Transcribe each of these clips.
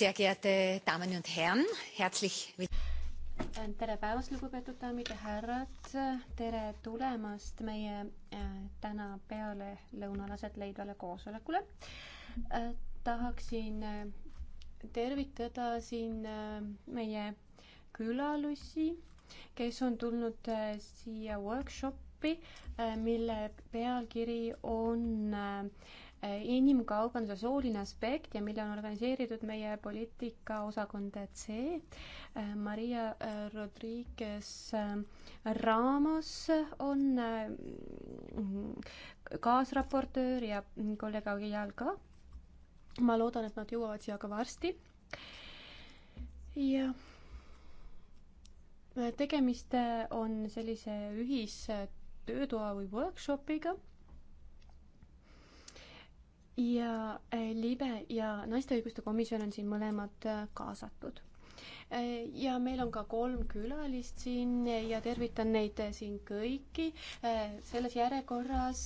Sehr geehrte Damen und Herren, herzlich willkommen. tere päevast, lugupeetud daamid ja härrad, tere tulemast meie äh, täna pealelõunal aset leidvale koosolekule. Äh, tahaksin äh, tervitada siin meie külalisi, kes on tulnud siia workshopi, mille pealkiri on äh, inimkaubanduse sooline aspekt ja mille on organiseeritud meie poliitikaosakond C. Maria äh, Rodriguez äh, Ramos on äh, kaasraportöör ja kolleeg Aguilar ka. ma loodan, et nad jõuavad siia ka varsti. ja tegemist on sellise ühistöötoa või workshopiga ja äh, libe ja naiste õiguste komisjon on siin mõlemad äh, kaasatud. Äh, ja meil on ka kolm külalist siin ja tervitan neid siin kõiki selles järjekorras,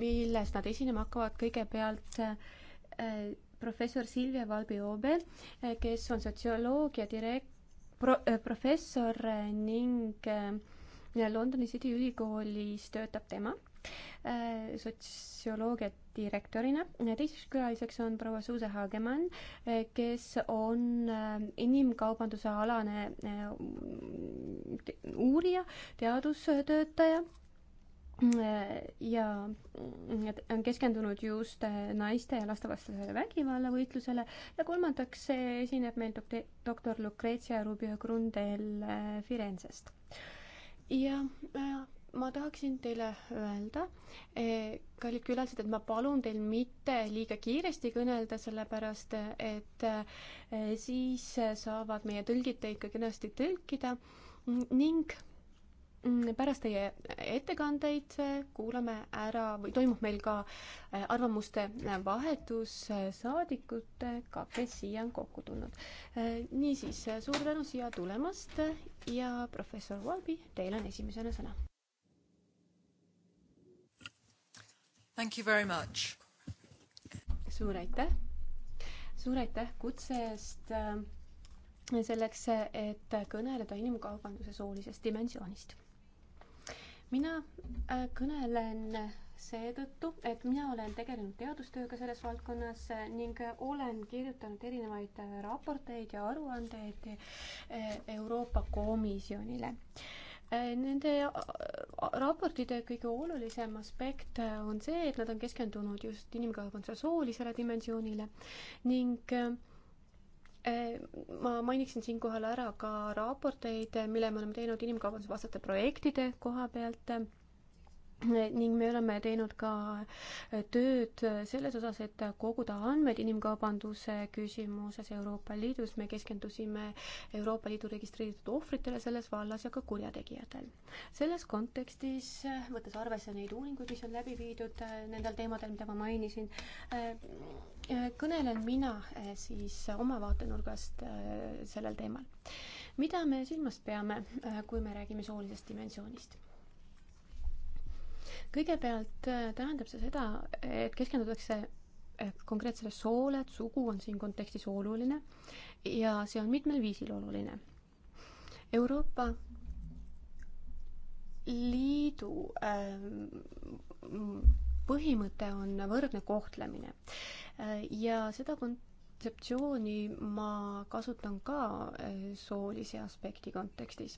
milles nad esinema hakkavad, kõigepealt professor Silvia Valbi-Oobel, kes on sotsioloogia direk-, pro-, professor ning Londoni City ülikoolis töötab tema Äh, sotsioloogia direktorina. teiseks külaliseks on proua Suuse Hagemann, äh, kes on äh, inimkaubanduse alane uurija, teadustöötaja ja on keskendunud just naiste ja lastevastasele vägivallavõitlusele ja kolmandaks esineb meil doktor, doktor Lucrezia Rubio Grundel Firenzest. ja ma tahaksin teile öelda, eh, kallid külalised, et ma palun teil mitte liiga kiiresti kõnelda, sellepärast et eh, siis saavad meie tõlgid teid ka kenasti tõlkida ning mm, pärast teie ettekandeid kuulame ära või toimub meil ka eh, arvamuste vahetus saadikutega, kes siia on kokku tulnud. niisiis, suur tänu siia tulemast ja professor Valbi, teil on esimesena sõna Thank you very much. suur aitäh, suur aitäh kutse eest äh, selleks, et kõneleda inimkaubanduse soolisest dimensioonist. mina äh, kõnelen seetõttu, et mina olen tegelenud teadustööga selles valdkonnas äh, ning olen kirjutanud erinevaid raporteid ja aruandeid Euroopa Komisjonile Äh, nende äh, raportide kõige olulisem aspekt äh, on see, et nad on keskendunud just inimkaubanduse soolisele dimensioonile ning ma mainiksin siinkohal ära ka raporteid, mille me oleme teinud inimkaubanduse vastaste projektide koha pealt ning me oleme teinud ka tööd selles osas, et koguda andmeid inimkaubanduse küsimuses Euroopa Liidus. me keskendusime Euroopa Liidu registreeritud ohvritele selles vallas ja ka kurjategijatel. selles kontekstis, võttes arvesse neid uuringuid, mis on läbi viidud äh, nendel teemadel, mida ma mainisin, äh, äh, kõnelen mina siis oma vaatenurgast sellel teemal. mida me silmas peame, kui me räägime soolisest dimensioonist? kõigepealt äh, tähendab see seda, et keskendutakse äh, konkreetsele soole, et sugu on siin kontekstis oluline ja see on mitmel viisil oluline. Euroopa Liidu ähm, põhimõte on võrdne kohtlemine äh, ja seda kont-, kontseptsiooni ma kasutan ka eh, soolise aspekti kontekstis.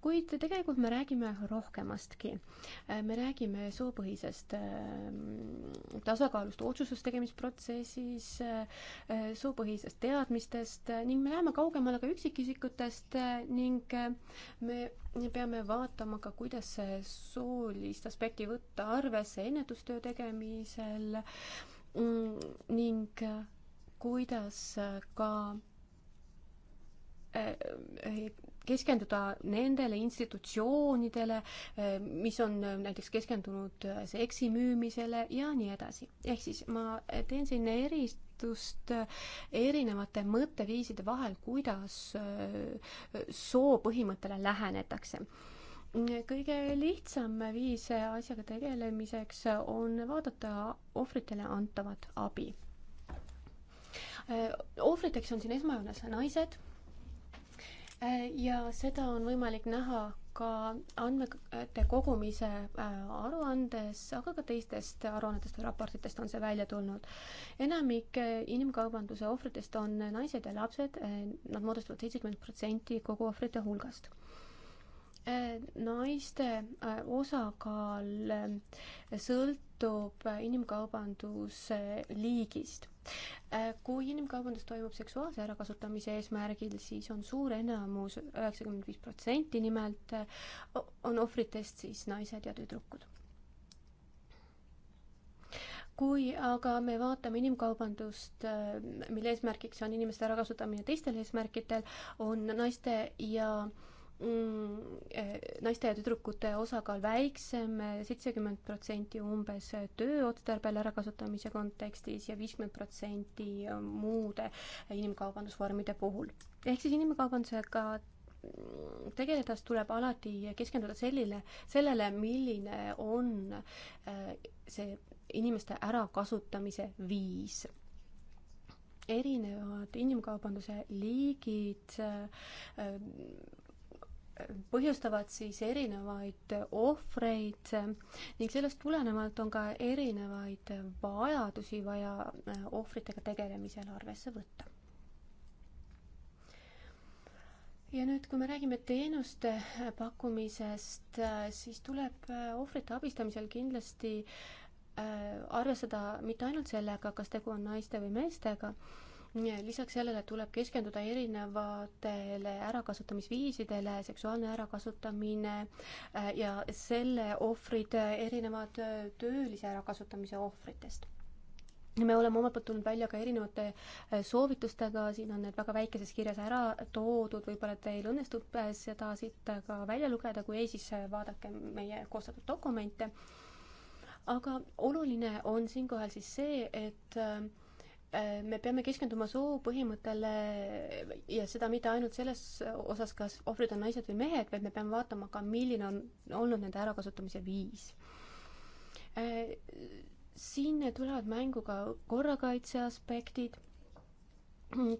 kuid tegelikult me räägime rohkemastki. Eh, me räägime soopõhisest ehm, tasakaalust otsustus tegemisprotsessis, eh, soopõhisest teadmistest ning me läheme kaugemale ka üksikisikutest ning me peame vaatama ka, kuidas soolist aspekti võtta arvesse ennetustöö tegemisel mm, ning kuidas äh, ka äh, äh, keskenduda nendele institutsioonidele, mis on näiteks keskendunud seksi müümisele ja nii edasi. ehk siis ma teen siin eristust erinevate mõtteviiside vahel, kuidas soopõhimõttele lähenetakse kõige lihtsam viis asjaga tegelemiseks on vaadata ohvritele antavat abi Äh, ohvriteks on siin esmajoones naised äh, ja seda on võimalik näha ka andmete kogumise äh, aruandes, aga ka teistest aruannetest või raportitest on see välja tulnud. enamik inimkaubanduse ohvritest on naised ja lapsed, nad moodustavad seitsekümmend protsenti kogu ohvrite hulgast naiste äh, osakaal äh, sõltub inimkaubanduse liigist. Äh, kui inimkaubandus toimub seksuaalse ärakasutamise eesmärgil, siis on suur enamus, üheksakümmend viis protsenti nimelt, on ohvritest siis naised ja tüdrukud. kui aga me vaatame inimkaubandust, mille eesmärgiks on inimeste ärakasutamine teistel eesmärkidel, on naiste ja äh, Mm, eh, naiste ja tüdrukute osakaal väiksem, seitsekümmend protsenti umbes tööotstarbel ärakasutamise kontekstis ja viiskümmend protsenti muude inimkaubandusvormide puhul. ehk siis inimkaubandusega tegeledes tuleb alati keskenduda sellile, sellele, milline on eh, see inimeste ärakasutamise viis erinevad inimkaubanduse liigid äh, põhjustavad siis erinevaid ohvreid ning sellest tulenevalt on ka erinevaid vajadusi vaja äh, ohvritega tegelemisel arvesse võtta. ja nüüd, kui me räägime teenuste pakkumisest, äh, siis tuleb äh, ohvrite abistamisel kindlasti arvestada mitte ainult sellega, kas tegu on naiste või meestega, lisaks sellele tuleb keskenduda erinevatele ärakasutamisviisidele, seksuaalne ärakasutamine äh, ja selle ohvrid erinevad äh, töölise ärakasutamise ohvritest me oleme omalt poolt tulnud välja ka erinevate äh, soovitustega, siin on need väga väikeses kirjas ära toodud, võib-olla teil õnnestub seda siit ka välja lugeda, kui ei, siis vaadake meie koostatud dokumente. aga oluline on siinkohal siis see, et Äh, me peame keskenduma soopõhimõttele ja seda mitte ainult selles osas, kas ohvrid on naised või mehed, vaid me peame vaatama ka, milline on olnud nende ärakasutamise viis. Äh, siin tulevad mängu ka korrakaitse aspektid.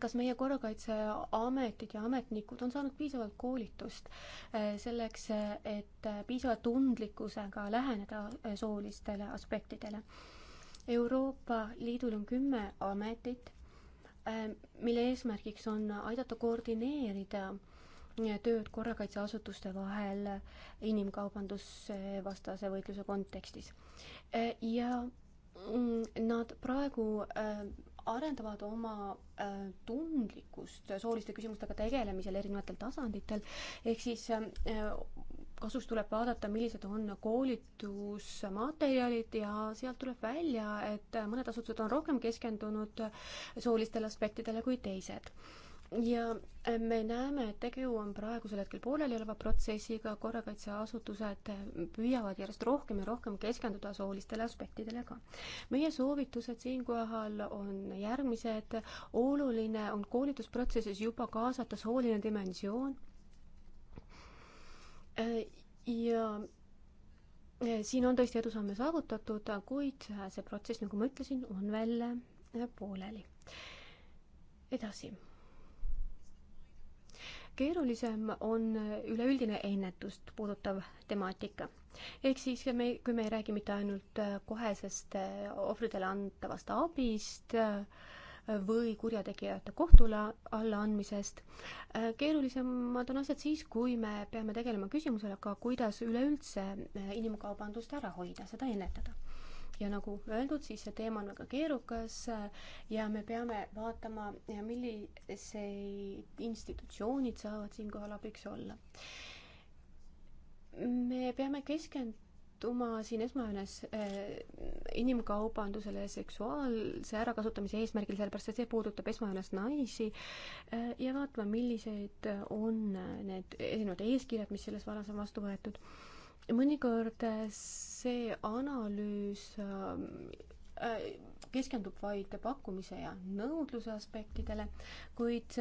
kas meie korrakaitseametid ja ametnikud on saanud piisavalt koolitust äh, selleks, et piisava tundlikkusega läheneda soolistele aspektidele? Euroopa Liidul on kümme ametit, ähm, mille eesmärgiks on aidata koordineerida äh, tööd korrakaitseasutuste vahel äh, inimkaubandusvastase võitluse kontekstis. Äh, ja mm, nad praegu arendavad oma tundlikkust sooliste küsimustega tegelemisel erinevatel tasanditel, ehk siis kasus tuleb vaadata, millised on koolitusmaterjalid ja sealt tuleb välja, et mõned asutused on rohkem keskendunud soolistele aspektidele kui teised ja me näeme, et tegu on praegusel hetkel poolelioleva protsessiga, korrakaitseasutused püüavad järjest rohkem ja rohkem keskenduda soolistele aspektidele ka. meie soovitused siinkohal on järgmised, oluline on koolitusprotsessis juba kaasata sooline dimensioon Äh, ja äh, siin on tõesti edusamme saavutatud, kuid äh, see protsess, nagu ma ütlesin, on veel pooleli. edasi. keerulisem on üleüldine ennetust puudutav temaatika. ehk siis me, kui me ei räägi mitte ainult kohesest ohvritele antavast abist äh,, või kurjategijate kohtule allaandmisest. keerulisemad on asjad siis, kui me peame tegelema küsimusega, kuidas üleüldse eh, inimkaubandust ära hoida, seda ennetada ja nagu öeldud, siis see teema on väga keerukas eh, ja me peame vaatama, eh, millised institutsioonid saavad siinkohal abiks olla. me peame keskenduma suhtuma siin esmajoones eh, inimkaubandusele ja seksuaalse ärakasutamise eesmärgil, sellepärast et see puudutab esmajoones naisi eh, ja vaatame, millised on need erinevad eeskirjad, mis selles vallas on vastu võetud. mõnikord see analüüs eh, keskendub vaid pakkumise ja nõudluse aspektidele, kuid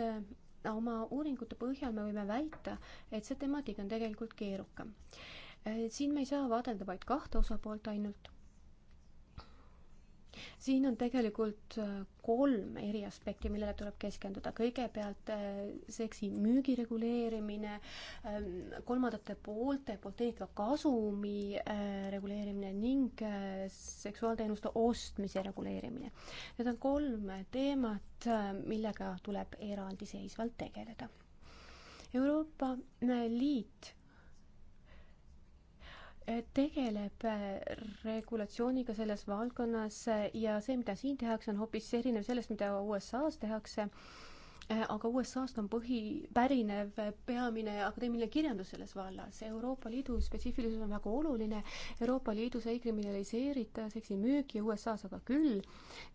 oma uuringute põhjal me võime väita, et see temaatika on tegelikult keerukam siin me ei saa vaadelda vaid kahte osapoolt ainult. siin on tegelikult äh, kolm eri aspekti, millele tuleb keskenduda. kõigepealt äh, seksi müügi reguleerimine, ähm, kolmandate poolte poolt teenitava kasumi äh, reguleerimine ning seksuaalteenuste ostmise reguleerimine. Need on kolm teemat, millega tuleb eraldiseisvalt tegeleda. Euroopa Liit tegeleb äh, regulatsiooniga selles valdkonnas äh, ja see, mida siin tehakse, on hoopis erinev sellest, mida USA-s tehakse. Äh, aga USA-st on põhi, pärinev peamine akadeemiline kirjandus selles vallas. Euroopa Liidu spetsiifilisus on väga oluline, Euroopa Liidus ei kriminaliseerita seksi müüki, USA-s aga küll.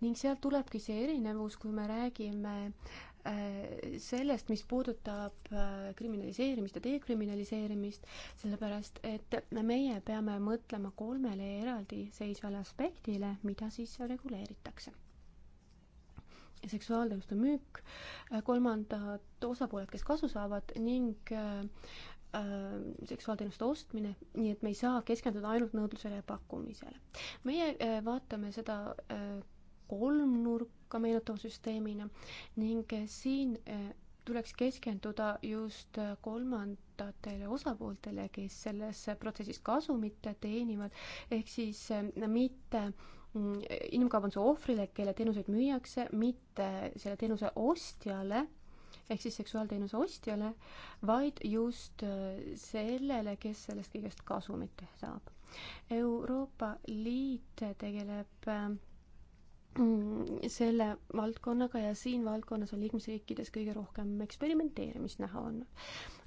ning sealt tulebki see erinevus, kui me räägime äh, Äh, sellest, mis puudutab äh, kriminaliseerimist ja dekriminaliseerimist, sellepärast et meie peame mõtlema kolmele eraldiseisvale aspektile, mida siis reguleeritakse. seksuaalteenuste müük, äh, kolmandad osapooled, kes kasu saavad ning seksuaalteenuste ostmine, nii et me ei saa keskenduda ainult nõudlusele ja pakkumisele. meie vaatame seda kolmnurka meenutava süsteemina ning siin eh, tuleks keskenduda just eh, kolmandatele osapooltele, kes selles protsessis kasumit teenivad, ehk siis eh, mitte mm, inimkaubanduse ohvrile, kelle teenuseid müüakse, mitte selle teenuse ostjale, ehk siis seksuaalteenuse ostjale, vaid just sellele, kes sellest kõigest kasumit saab. Euroopa Liit tegeleb äh, Mm, selle valdkonnaga ja siin valdkonnas on liikmesriikides kõige rohkem eksperimenteerimist näha olnud.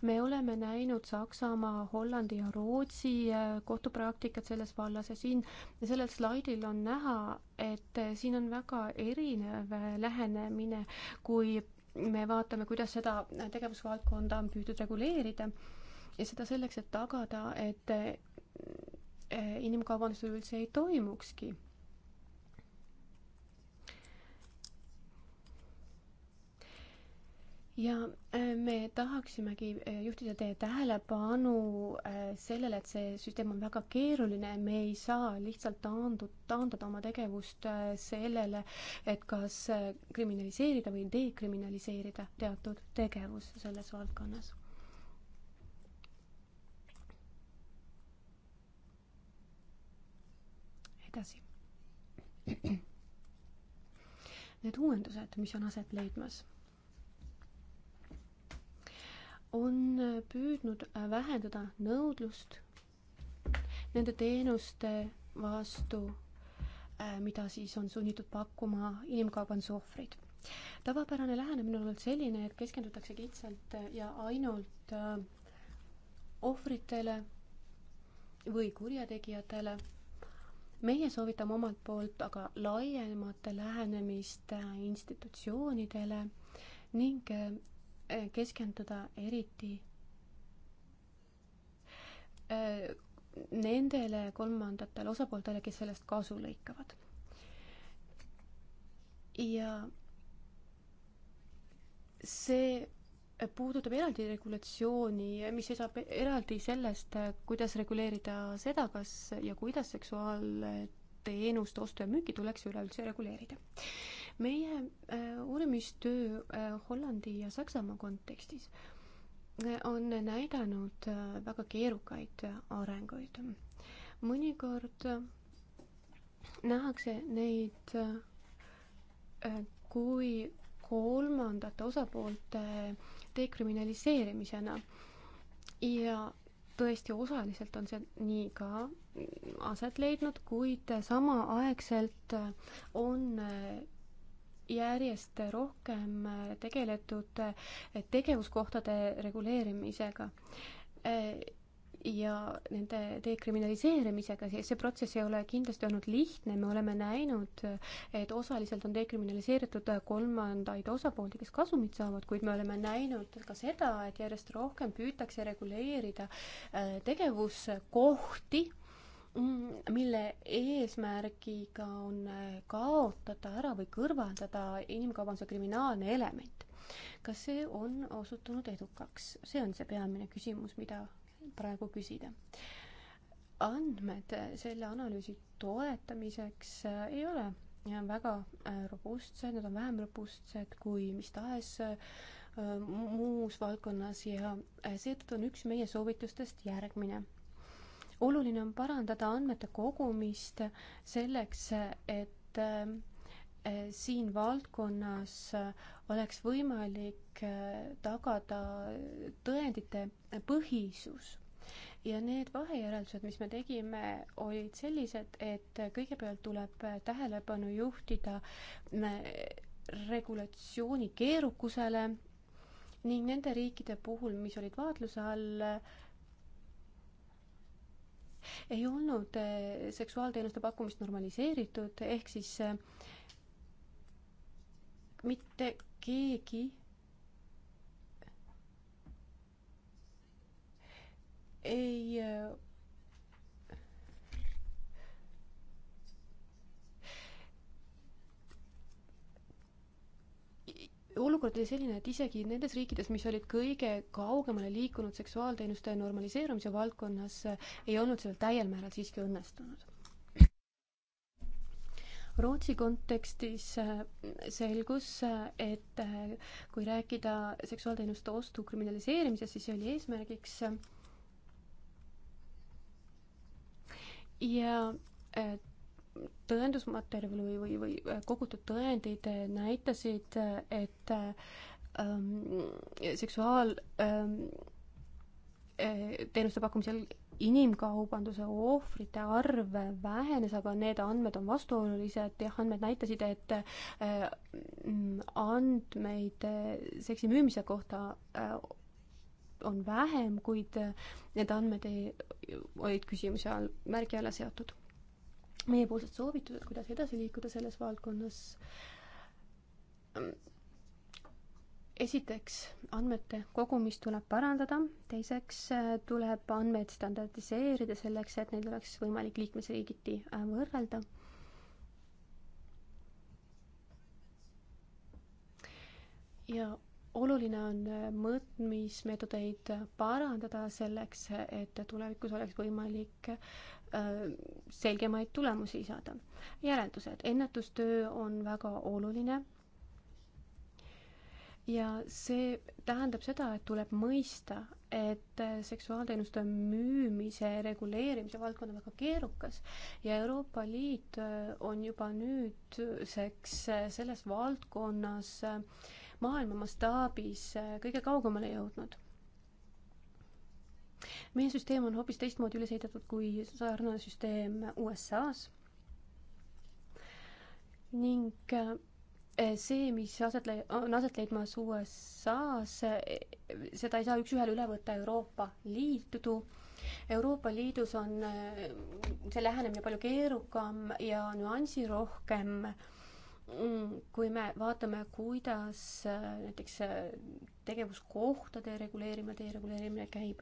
me oleme näinud Saksamaa, Hollandi ja Rootsi äh, kohtupraktikat selles vallas ja siin sellel slaidil on näha, et äh, siin on väga erinev äh, lähenemine, kui me vaatame, kuidas seda tegevusvaldkonda on püütud reguleerida ja seda selleks, et tagada, et inimkaubandus üleüldse ei toimukski ja äh, me tahaksimegi äh, juhtida teie tähelepanu äh, sellele, et see süsteem on väga keeruline, me ei saa lihtsalt taandu-, taandada oma tegevust sellele, et kas kriminaliseerida või dekriminaliseerida teatud tegevus selles valdkonnas edasi. Need uuendused, mis on aset leidmas on püüdnud vähendada nõudlust nende teenuste vastu, äh, mida siis on sunnitud pakkuma inimkaubanduse ohvrid. tavapärane lähenemine on olnud selline, et keskendutakse kitsalt ja ainult äh, ohvritele või kurjategijatele. meie soovitame omalt poolt aga laiemat lähenemist institutsioonidele ning äh, Äh, keskenduda eriti äh, nendele kolmandatele osapooltele, kes sellest kasu lõikavad. ja see puudutab eraldi regulatsiooni, mis seisab eraldi sellest, kuidas reguleerida seda, kas ja kuidas seksuaalteenuste ostu ja müüki tuleks üleüldse reguleerida meie äh, uurimistöö äh, Hollandi ja Saksamaa kontekstis äh, on näidanud väga keerukaid arenguid. mõnikord nähakse neid kui kolmandate osapoolte dekriminaliseerimisena ja tõesti, osaliselt on see nii ka aset leidnud, kuid samaaegselt on järjest rohkem tegeletud tegevuskohtade reguleerimisega eh, ja nende dekriminaliseerimisega, see protsess ei ole kindlasti olnud lihtne, me oleme näinud, et osaliselt on dekriminaliseeritud kolmandaid osapooli, kes kasumit saavad, kuid me oleme näinud ka seda, et järjest rohkem püütakse reguleerida eh, tegevuskohti Mm, mille eesmärgiga on äh, kaotada ära või kõrvaldada inimkaubanduse kriminaalne element. kas see on osutunud edukaks? see on see peamine küsimus, mida praegu küsida. andmed selle analüüsi toetamiseks äh, ei ole äh, väga robustsed, nad on vähem robustsed kui mis tahes muus valdkonnas ja seetõttu on üks meie soovitustest järgmine oluline on parandada andmete kogumist selleks, et äh, siin valdkonnas oleks võimalik äh, tagada tõendite põhisus. ja need vahejäreldused, mis me tegime, olid sellised, et kõigepealt tuleb tähelepanu juhtida äh, regulatsiooni keerukusele ning nende riikide puhul, mis olid vaatluse all, ei olnud eh, seksuaalteenuste pakkumist normaliseeritud, ehk siis eh, mitte keegi eh, ei olukord oli selline, et isegi nendes riikides, mis olid kõige kaugemale liikunud seksuaalteenuste normaliseerumise valdkonnas, ei olnud sellel täiel määral siiski õnnestunud. Rootsi kontekstis äh, selgus, äh, et äh, kui rääkida seksuaalteenuste ostu kriminaliseerimisest, siis see oli eesmärgiks ja et tõendusmaterjal või, või, või äh, kogutud tõendid äh, näitasid, äh, et ähm, seksuaal ähm, teenuste pakkumisel inimkaubanduse ohvrite arv vähenes, aga need andmed on vastuolulised, jah, andmed näitasid, et äh, mm, andmeid seksi müümise kohta äh, on vähem, kuid need andmed ei, olid küsimuse all, märgi alla seatud meiepoolsed soovitused, kuidas edasi liikuda selles valdkonnas. esiteks, andmete kogumist tuleb parandada, teiseks äh, tuleb andmeid standardiseerida selleks, et neid oleks võimalik liikmesriigiti äh, võrrelda. ja oluline on äh, mõõtmismeetodeid parandada selleks, et tulevikus oleks võimalik äh, selgemaid tulemusi saada. järeldused, ennetustöö on väga oluline. ja see tähendab seda, et tuleb mõista, et äh, seksuaalteenuste müümise reguleerimise valdkond on väga keerukas ja Euroopa Liit on juba nüüdseks selles valdkonnas äh, maailma mastaabis äh, kõige kaugemale jõudnud. meie süsteem on hoopis teistmoodi üles ehitatud kui sarnane süsteem USA-s ning äh, see, mis aset le-, on aset leidmas USA-s, äh, seda ei saa üks-ühele üle võtta Euroopa Liitu. Euroopa Liidus on see lähenemine palju keerukam ja nüansirohkem äh, kui me vaatame, kuidas äh, näiteks äh, tegevuskohtade reguleerimine, dereguleerimine käib,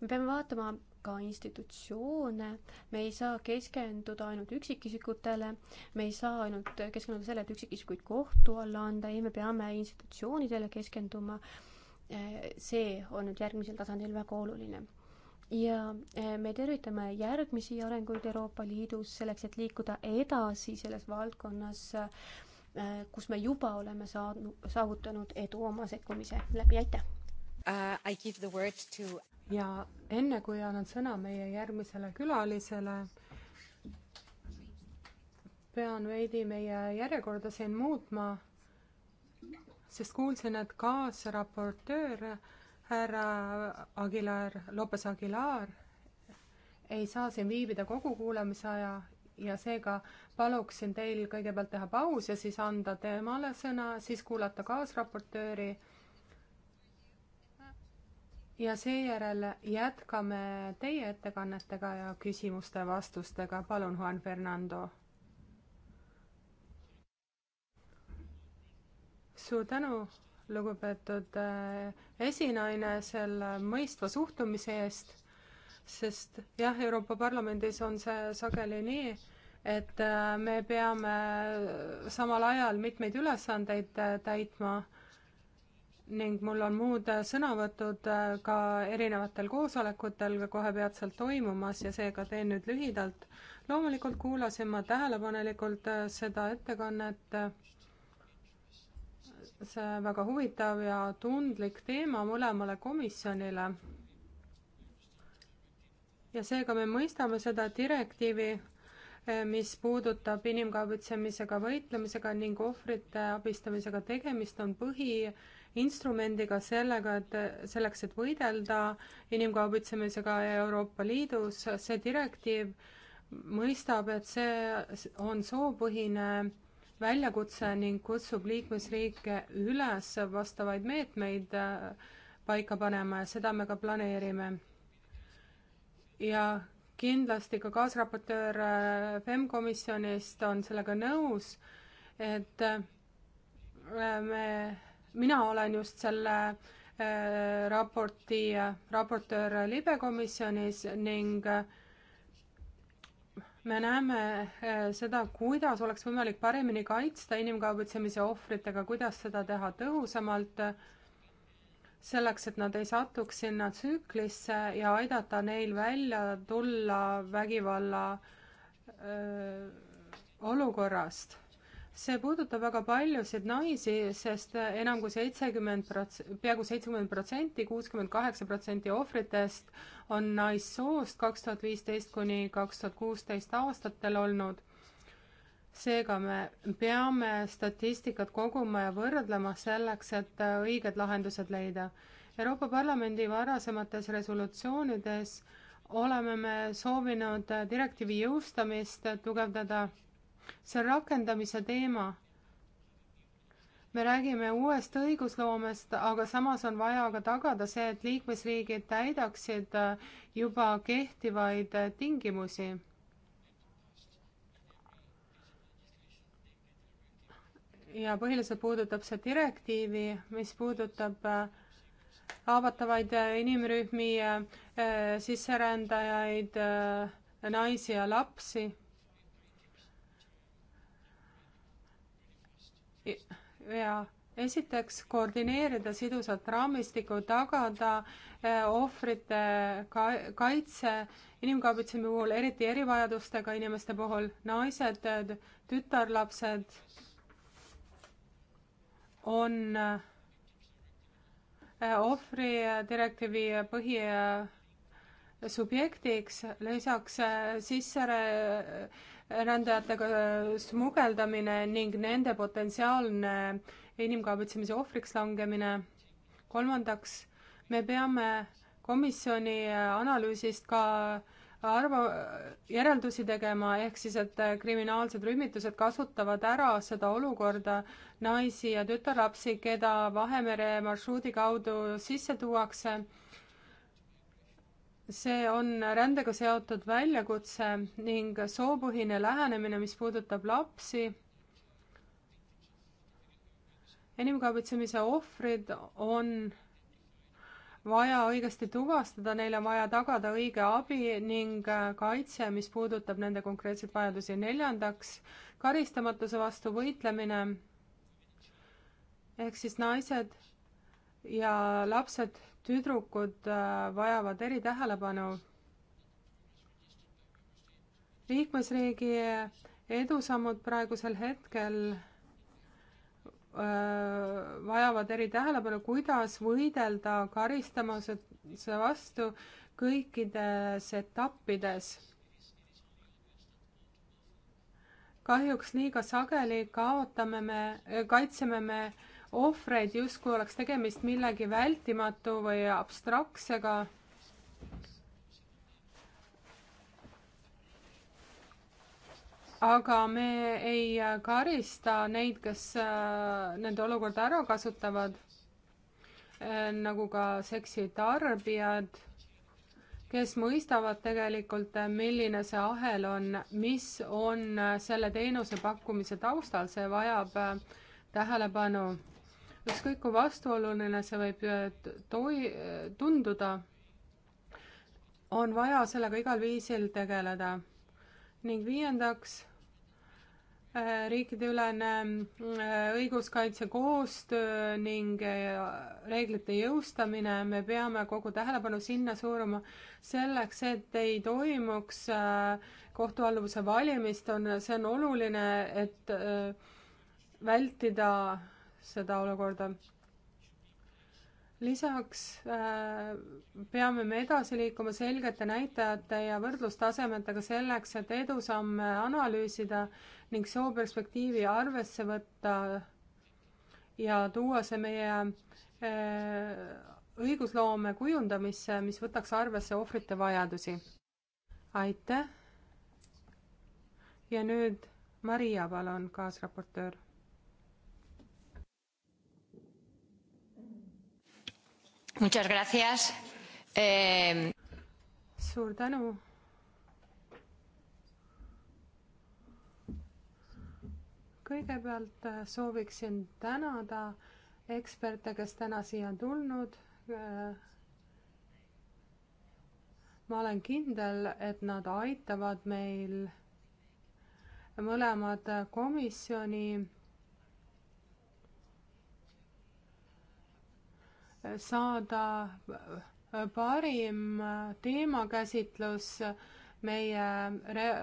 me peame vaatama ka institutsioone, me ei saa keskenduda ainult üksikisikutele, me ei saa ainult keskenduda sellele, et üksikisikuid kohtu alla anda, ei, me peame institutsioonidele keskenduma. Äh, see on nüüd järgmisel tasandil väga oluline ja eh, me tervitame järgmisi arenguid Euroopa Liidus selleks, et liikuda edasi selles valdkonnas, eh, kus me juba oleme saanud, saavutanud edu oma sekkumise läbi, aitäh! Uh, to... ja enne, kui annan sõna meie järgmisele külalisele, pean veidi meie järjekorda siin muutma, sest kuulsin, et kaasraportöör härra Aguilar, Lopes Aguilar ei saa siin viibida kogu kuulamise aja ja seega paluksin teil kõigepealt teha paus ja siis anda temale sõna, siis kuulata kaasraportööri. ja seejärel jätkame teie ettekannetega ja küsimuste-vastustega. palun, Juan Fernando. suur tänu lugupeetud äh, esinaine, selle mõistva suhtumise eest, sest jah, Euroopa Parlamendis on see sageli nii, et äh, me peame äh, samal ajal mitmeid ülesandeid täitma ning mul on muud sõnavõtud ka erinevatel koosolekutel kohe peatselt toimumas ja seega teen nüüd lühidalt. loomulikult kuulasin ma tähelepanelikult seda ettekannet see väga huvitav ja tundlik teema mõlemale komisjonile. ja seega me mõistame seda direktiivi, eh, mis puudutab inimkaubitsemisega võitlemisega ning ohvrite abistamisega tegemist, on põhiinstrumendiga sellega, et selleks, et võidelda inimkaubitsemisega Euroopa Liidus, see direktiiv mõistab, et see on soopõhine väljakutse ning kutsub liikmesriike üles vastavaid meetmeid äh, paika panema ja seda me ka planeerime. ja kindlasti ka kaasraportöör äh, FEM komisjonist on sellega nõus, et äh, me, mina olen just selle raporti raportöör libekomisjonis ning äh, me näeme äh, seda, kuidas oleks võimalik paremini kaitsta inimkaubitsemise ohvritega, kuidas seda teha tõhusamalt, selleks, et nad ei satuks sinna tsüklisse ja aidata neil välja tulla vägivalla öö, äh, olukorrast see puudutab väga paljusid naisi, sest enam kui seitsekümmend prots-, peaaegu seitsekümmend protsenti, kuuskümmend kaheksa protsenti ohvritest on naissoost kaks tuhat viisteist kuni kaks tuhat kuusteist aastatel olnud. seega me peame statistikat koguma ja võrdlema selleks, et õiged lahendused leida. Euroopa Parlamendi varasemates resolutsioonides oleme me soovinud direktiivi jõustamist tugevdada see on rakendamise teema. me räägime uuest õigusloomest, aga samas on vaja ka tagada see, et liikmesriigid täidaksid äh, juba kehtivaid äh, tingimusi ja põhiliselt puudutab see direktiivi, mis puudutab äh, haavatavaid inimrühmi, sisserändajaid, naisi ja lapsi. ja esiteks koordineerida sidusat raamistikku, tagada eh, ohvrite ka kaitse inimkaubitsemise puhul, eriti erivajadustega inimeste puhul, naised, tütarlapsed on eh, ohvri direktiivi põhi eh, subjektiks, lisaks sissere rändajatega äh, smugeldamine ning nende potentsiaalne inimkaubitsemise ohvriks langemine. kolmandaks, me peame komisjoni äh, analüüsist ka äh, arva, järeldusi tegema, ehk siis, et kriminaalsed rühmitused kasutavad ära seda olukorda naisi ja tütarlapsi, keda Vahemere marsruudi kaudu sisse tuuakse see on rändega seotud väljakutse ning soopõhine lähenemine, mis puudutab lapsi. inimkaubitsemise ohvrid on vaja õigesti tuvastada, neile on vaja tagada õige abi ning äh, kaitse, mis puudutab nende konkreetseid vajadusi. neljandaks, karistamatuse vastu võitlemine ehk siis naised ja lapsed, tüdrukud äh, vajavad eritähelepanu. liikmesriigi edusammud praegusel hetkel äh, vajavad eritähelepanu, kuidas võidelda karistamuse vastu kõikides etappides. kahjuks liiga sageli kaotame me, kaitseme me ohvreid, justkui oleks tegemist millegi vältimatu või abstraktsega. aga me ei karista neid, kes äh, nende olukorda ära kasutavad, äh, nagu ka seksitarbijad, kes mõistavad tegelikult, äh, milline see ahel on, mis on selle teenuse pakkumise taustal, see vajab tähelepanu ükskõik kui vastuoluline see võib äh, toi-, tunduda, on vaja sellega igal viisil tegeleda. ning viiendaks, äh, riikideülene äh, õiguskaitse koostöö ning reeglite jõustamine, me peame kogu tähelepanu sinna suuruma selleks, et ei toimuks kohtualluvuse valimist, on, see on oluline, et vältida seda olukorda. lisaks äh, peame me edasi liikuma selgete näitajate ja võrdlustasemetega selleks, et edusamme analüüsida ning sooperspektiivi arvesse võtta ja tuua see meie äh, õigusloome kujundamisse, mis võtaks arvesse ohvrite vajadusi. aitäh! ja nüüd Maria, palun, kaasraportöör. Muchas gracias eh.... suur tänu. kõigepealt äh, sooviksin tänada eksperte, kes täna siia on tulnud. Äh, ma olen kindel, et nad aitavad meil mõlemad komisjoni saada parim teemakäsitlus meie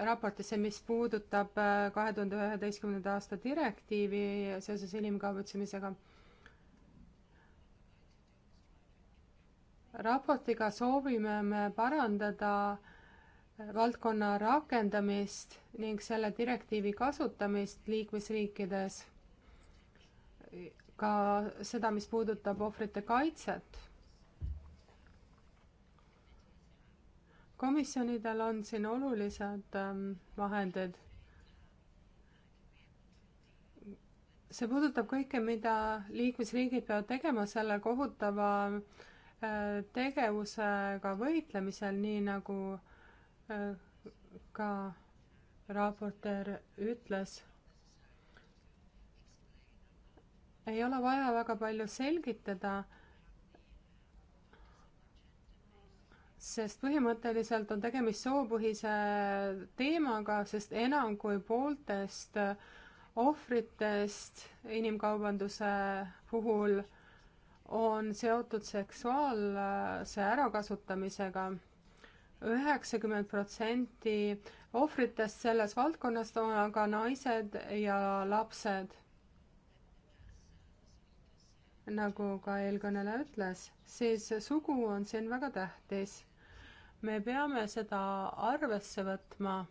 raportisse, mis puudutab äh, kahe tuhande üheteistkümnenda aasta direktiivi seoses inimkaubitsemisega. raportiga soovime me parandada äh, valdkonna rakendamist ning selle direktiivi kasutamist liikmesriikides ka seda, mis puudutab ohvrite kaitset. komisjonidel on siin olulised ähm, vahendid. see puudutab kõike, mida liikmesriigid peavad tegema selle kohutava äh, tegevusega võitlemisel, nii nagu äh, ka raportöör ütles ei ole vaja väga palju selgitada, sest põhimõtteliselt on tegemist soopõhise teemaga, sest enam kui pooltest ohvritest inimkaubanduse puhul on seotud seksuaalse ärakasutamisega. üheksakümmend protsenti ohvritest selles valdkonnas on aga naised ja lapsed nagu ka eelkõneleja ütles, siis sugu on siin väga tähtis. me peame seda arvesse võtma.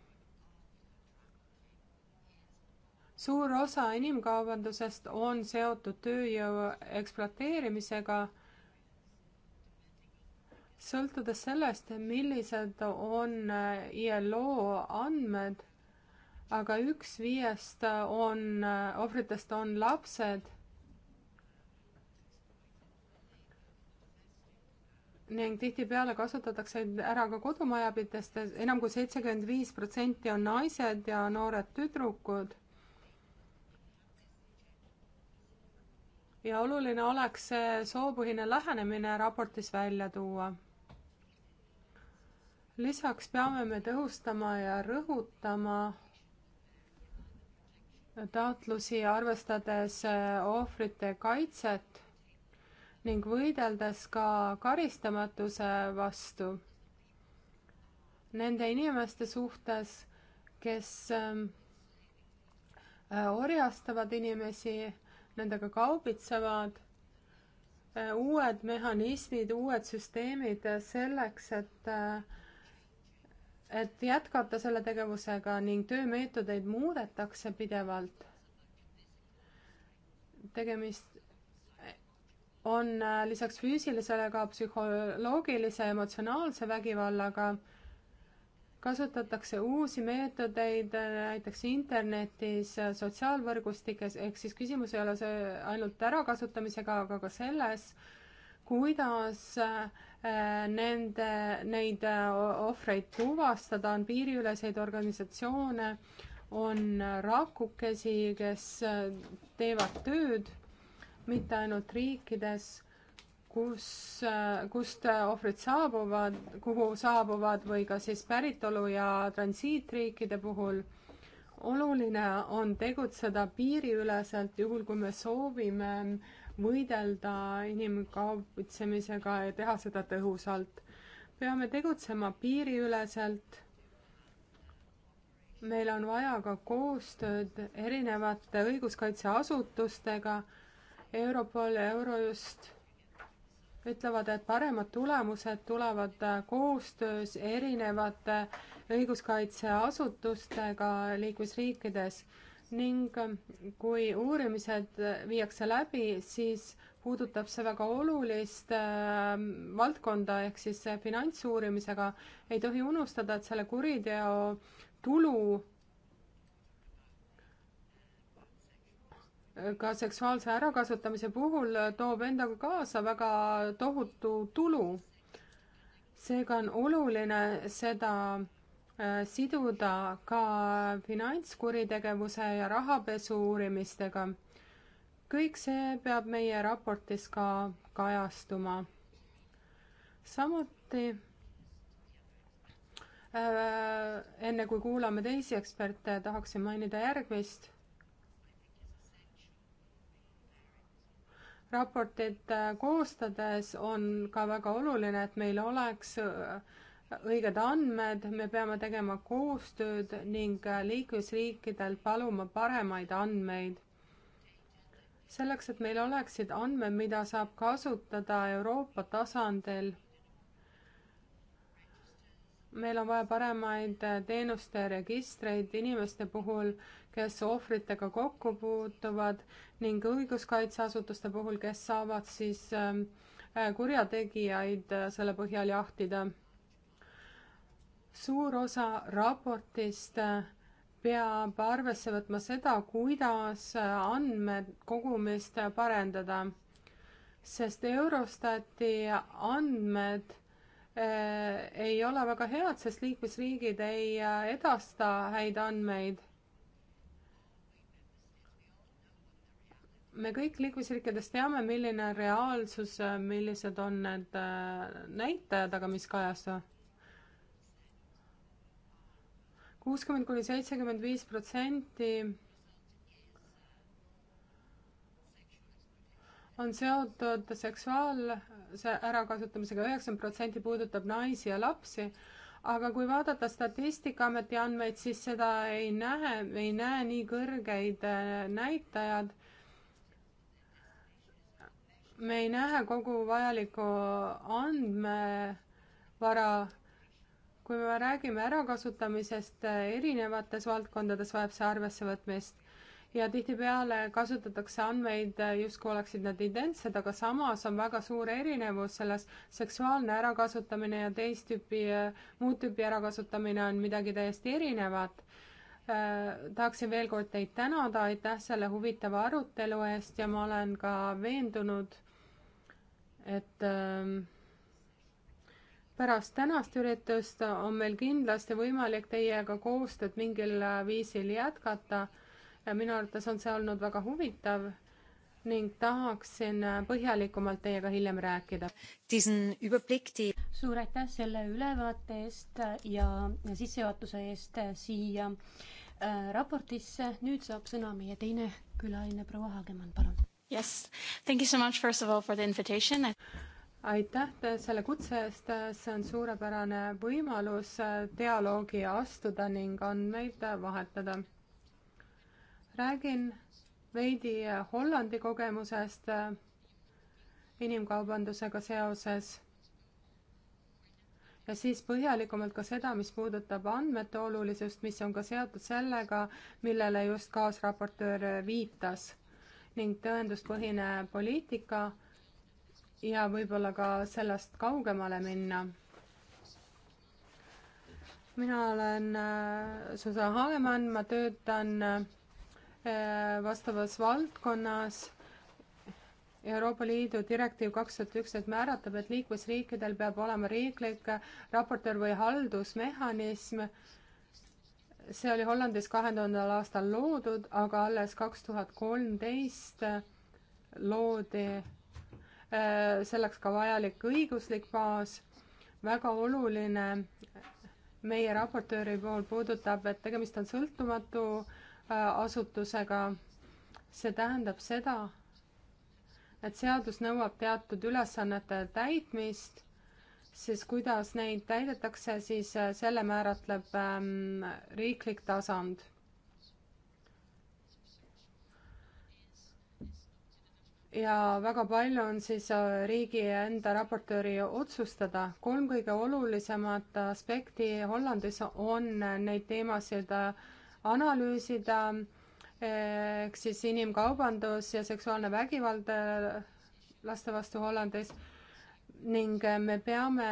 suur osa inimkaubandusest on seotud tööjõu ekspluateerimisega, sõltudes sellest, millised on ILO andmed, aga üks viiest on, ohvritest on lapsed ning tihtipeale kasutatakse ära ka kodumajapidest, enam kui seitsekümmend viis protsenti on naised ja noored tüdrukud. ja oluline oleks see soopõhine lähenemine raportis välja tuua. lisaks peame me tõhustama ja rõhutama taotlusi, arvestades ohvrite kaitset ning võideldes ka karistamatuse vastu nende inimeste suhtes, kes ähm, äh, orjastavad inimesi, nendega kaubitsevad, äh, uued mehhanismid, uued süsteemid selleks, et äh, et jätkata selle tegevusega ning töömeetodeid muudetakse pidevalt. tegemist on äh, lisaks füüsilisele ka psühholoogilise emotsionaalse vägivallaga, kasutatakse uusi meetodeid äh, näiteks internetis, äh, sotsiaalvõrgustikes, ehk siis küsimus ei ole see ainult ärakasutamisega, aga ka selles, kuidas nende, neid ohvreid tuvastada, on piiriüleseid organisatsioone, on rakukesi, kes teevad tööd mitte ainult riikides, kus, kust ohvrid saabuvad, kuhu saabuvad või ka siis päritolu ja transiitriikide puhul. oluline on tegutseda piiriüleselt, juhul kui me soovime võidelda inimkaubitsemisega ja teha seda tõhusalt. peame tegutsema piiriüleselt meil on vaja ka koostööd erinevate õiguskaitseasutustega Europol ja Eurojust ütlevad, et paremad tulemused tulevad äh, koostöös erinevate õiguskaitseasutustega liikmesriikides ning äh, kui uurimised viiakse läbi, siis puudutab see väga olulist äh, valdkonda ehk siis äh, finantsuurimisega ei tohi unustada, et selle kuriteo tulu ka seksuaalse ärakasutamise puhul toob endaga kaasa väga tohutu tulu. seega on oluline seda äh, siduda ka finantskuritegevuse ja rahapesu uurimistega. kõik see peab meie raportis ka kajastuma. samuti äh, enne kui kuulame teisi eksperte, tahaksin mainida järgmist raportit äh, koostades on ka väga oluline, et meil oleks äh, õiged andmed, me peame tegema koostööd ning äh, liikmesriikidel paluma paremaid andmeid. selleks, et meil oleksid andmed, mida saab kasutada Euroopa tasandil. meil on vaja paremaid teenuste registreid inimeste puhul kes ohvritega kokku puutuvad ning õiguskaitseasutuste puhul, kes saavad siis ähm, äh, kurjategijaid äh, selle põhjal jahtida. suur osa raportist äh, peab arvesse võtma seda, kuidas andmekogumist parendada, sest Eurostati andmed ei ole väga head, sest liikmesriigid ei edasta häid andmeid me kõik liikmesriikides teame, milline on reaalsus, millised on need äh, näitajad, aga mis kajastuvad? kuuskümmend kuni seitsekümmend viis protsenti on seotud seksuaalse ärakasutamisega, üheksakümmend protsenti puudutab naisi ja lapsi, aga kui vaadata Statistikaameti andmeid, siis seda ei näe, ei näe nii kõrgeid äh, näitajad me ei näe kogu vajalikku andmevara. kui me räägime ärakasutamisest eh, erinevates valdkondades, vajab see arvesse võtmist ja tihtipeale kasutatakse andmeid eh, justkui oleksid nad identsed, aga samas on väga suur erinevus selles seksuaalne ärakasutamine ja teist tüüpi, eh, muud tüüpi ärakasutamine on midagi täiesti erinevat Äh, tahaksin veel kord teid tänada, aitäh selle huvitava arutelu eest ja ma olen ka veendunud, et äh, pärast tänast üritust on meil kindlasti võimalik teiega koostööd mingil viisil jätkata ja minu arvates on see olnud väga huvitav ning tahaksin äh, põhjalikumalt teiega hiljem rääkida. suur aitäh selle ülevaate eest äh, ja sissejuhatuse eest äh, siia raportisse. nüüd saab sõna meie teine külaline, proua Haagemann, palun. Yes, thank you so much first of all for the invitation I aitäh selle kutse eest, see on suurepärane võimalus dialoogi astuda ning andmeid vahetada. räägin veidi äh, Hollandi kogemusest äh, inimkaubandusega seoses ja siis põhjalikumalt ka seda, mis puudutab andmete olulisust, mis on ka seotud sellega, millele just kaasraportöör äh, viitas ning tõenduspõhine poliitika ja võib-olla ka sellest kaugemale minna. mina olen Susan Haagemann, ma töötan Äh, vastavas valdkonnas. Euroopa Liidu direktiiv kaks tuhat üksteist määratab, et liikmesriikidel peab olema riiklik raportöör või haldusmehhanism. see oli Hollandis kahe tuhandel aastal loodud, aga alles kaks tuhat kolmteist loodi äh, selleks ka vajalik õiguslik baas. väga oluline meie raportööri pool puudutab, et tegemist on sõltumatu äh, asutusega. see tähendab seda, et seadus nõuab teatud ülesannete täitmist, siis kuidas neid täidetakse, siis äh, selle määratleb ähm, riiklik tasand ja väga palju on siis äh, riigi enda raportööri otsustada. kolm kõige olulisemat aspekti Hollandis on äh, neid teemasid analüüsida ehk siis inimkaubandus ja seksuaalne vägivald äh, laste vastu Hollandis ning äh, me peame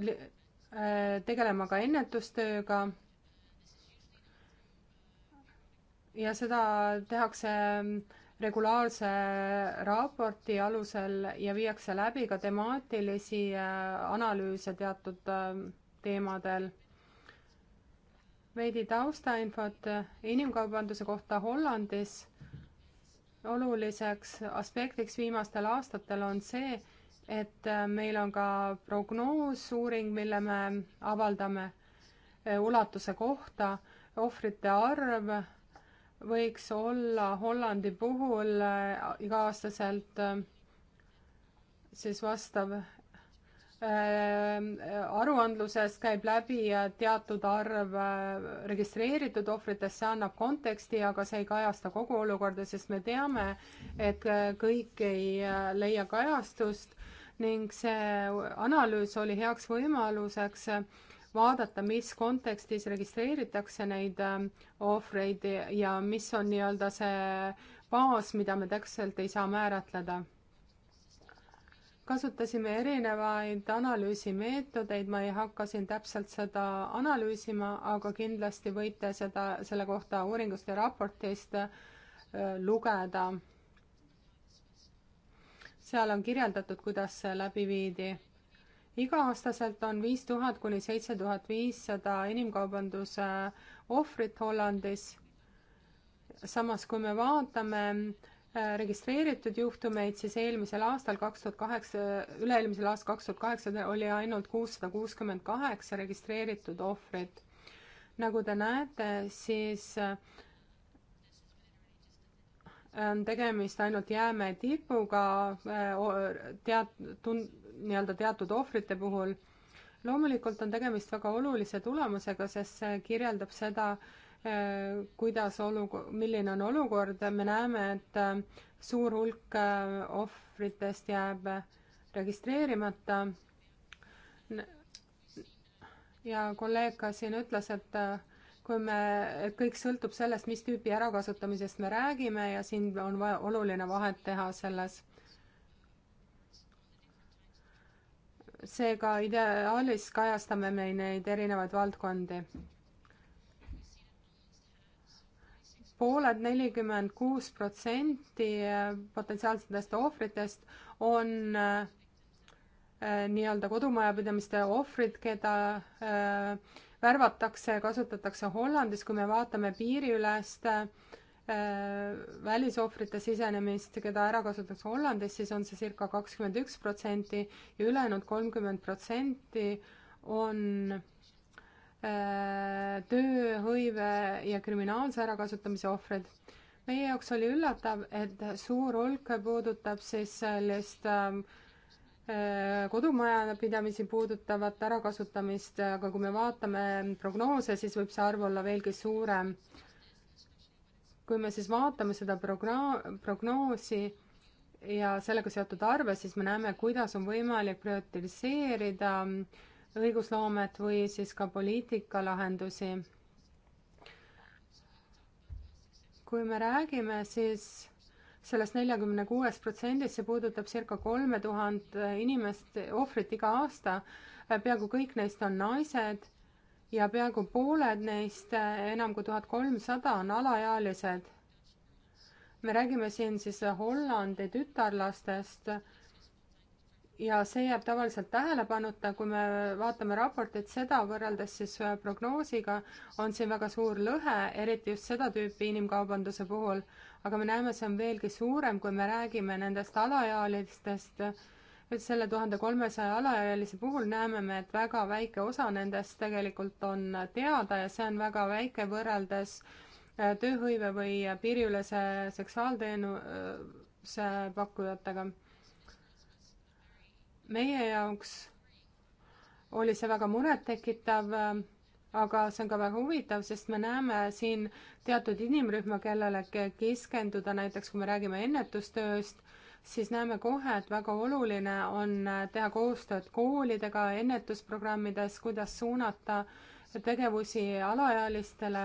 äh, tegelema ka ennetustööga. ja seda tehakse ähm, regulaarse raporti alusel ja viiakse läbi ka temaatilisi analüüse teatud teemadel veidi taustainfot äh, inimkaubanduse kohta Hollandis. oluliseks aspektiks viimastel aastatel on see, et äh, meil on ka prognoosuuring, mille me avaldame äh, ulatuse kohta. ohvrite arv võiks olla Hollandi puhul iga-aastaselt siis vastav Ehm, eh, aruandlusest käib läbi äh, teatud arv äh, registreeritud ohvritest, see annab konteksti, aga see ei kajasta kogu olukorda, sest me teame, et äh, kõik ei leia kajastust ning see analüüs oli heaks võimaluseks vaadata, mis kontekstis registreeritakse neid ohvreid ja mis on nii-öelda see baas, mida me täpselt ei saa määratleda kasutasime erinevaid analüüsimeetodeid, ma ei hakka siin täpselt seda analüüsima, aga kindlasti võite seda, selle kohta uuringust ja raportist äh, lugeda. seal on kirjeldatud, kuidas see läbi viidi. iga-aastaselt on viis tuhat kuni seitse tuhat viissada inimkaubanduse ohvrit Hollandis. samas, kui me vaatame Äh, registreeritud juhtumeid, siis eelmisel aastal kaks tuhat kaheksa, üle-eelmisel aastal kaks tuhat kaheksa oli ainult kuussada kuuskümmend kaheksa registreeritud ohvrit. nagu te näete, siis äh, on tegemist ainult jäämäe tipuga äh, teat-, tun-, nii-öelda teatud ohvrite puhul. loomulikult on tegemist väga olulise tulemusega, sest see kirjeldab seda, Äh, kuidas olukord, milline on olukord, me näeme, et äh, suur hulk äh, ohvritest jääb registreerimata. ja kolleeg ka siin ütles, et kui me, et kõik sõltub sellest, mis tüüpi ärakasutamisest me räägime ja siin on vaja, oluline vahet teha selles. seega ideaalis kajastame me neid erinevaid valdkondi pooled, nelikümmend kuus protsenti eh, potentsiaalsetest ohvritest on eh, eh, nii-öelda kodumajapidamiste ohvrid, keda värvatakse, kasutatakse Hollandis, kui me vaatame piiriülest välisohvrite sisenemist, keda ära kasutatakse Hollandis, siis on see circa kakskümmend üks protsenti ja ülejäänud kolmkümmend protsenti on Äh, tööhõive ja kriminaalse ärakasutamise ohvrid. meie jaoks oli üllatav, et suur hulk puudutab siis sellist ähm, äh, kodumajapidamisi puudutavat ärakasutamist, aga kui me vaatame prognoose, siis võib see arv olla veelgi suurem. kui me siis vaatame seda progra-, prognoosi ja sellega seotud arve, siis me näeme, kuidas on võimalik prioritiseerida äh, õigusloomet või siis ka poliitikalahendusi. kui me räägime, siis sellest neljakümne kuuest protsendist, see puudutab circa kolme tuhat inimest, ohvrit iga aasta, peaaegu kõik neist on naised ja peaaegu pooled neist, enam kui tuhat kolmsada, on alaealised. me räägime siin siis Hollandi tütarlastest ja see jääb tavaliselt tähelepanuta, kui me vaatame raportit seda võrreldes siis äh, prognoosiga, on siin väga suur lõhe, eriti just seda tüüpi inimkaubanduse puhul. aga me näeme, see on veelgi suurem, kui me räägime nendest alaealistest, selle tuhande kolmesaja alaealise puhul näeme me, et väga väike osa nendest tegelikult on teada ja see on väga väike võrreldes äh, tööhõive või piiriülese seksuaalteenuse pakkujatega meie jaoks oli see väga murettekitav, aga see on ka väga huvitav, sest me näeme siin teatud inimrühma, kellele keskenduda, näiteks kui me räägime ennetustööst, siis näeme kohe, et väga oluline on teha koostööd koolidega ennetusprogrammides, kuidas suunata tegevusi alaealistele.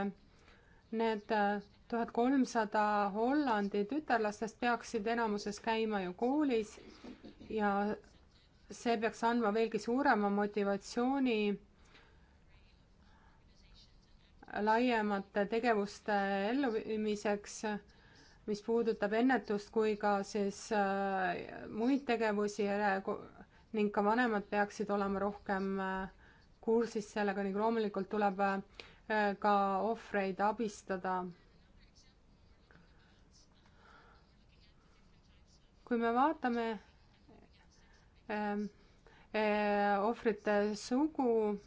Need äh, tuhat kolmsada Hollandi tütarlastest peaksid enamuses käima ju koolis ja see peaks andma veelgi suurema motivatsiooni laiemate tegevuste elluviimiseks, mis puudutab ennetust kui ka siis äh, muid tegevusi ning ka vanemad peaksid olema rohkem äh, kursis sellega ning loomulikult tuleb äh, ka ohvreid abistada. kui me vaatame Ähm, äh, ohvrite sugu,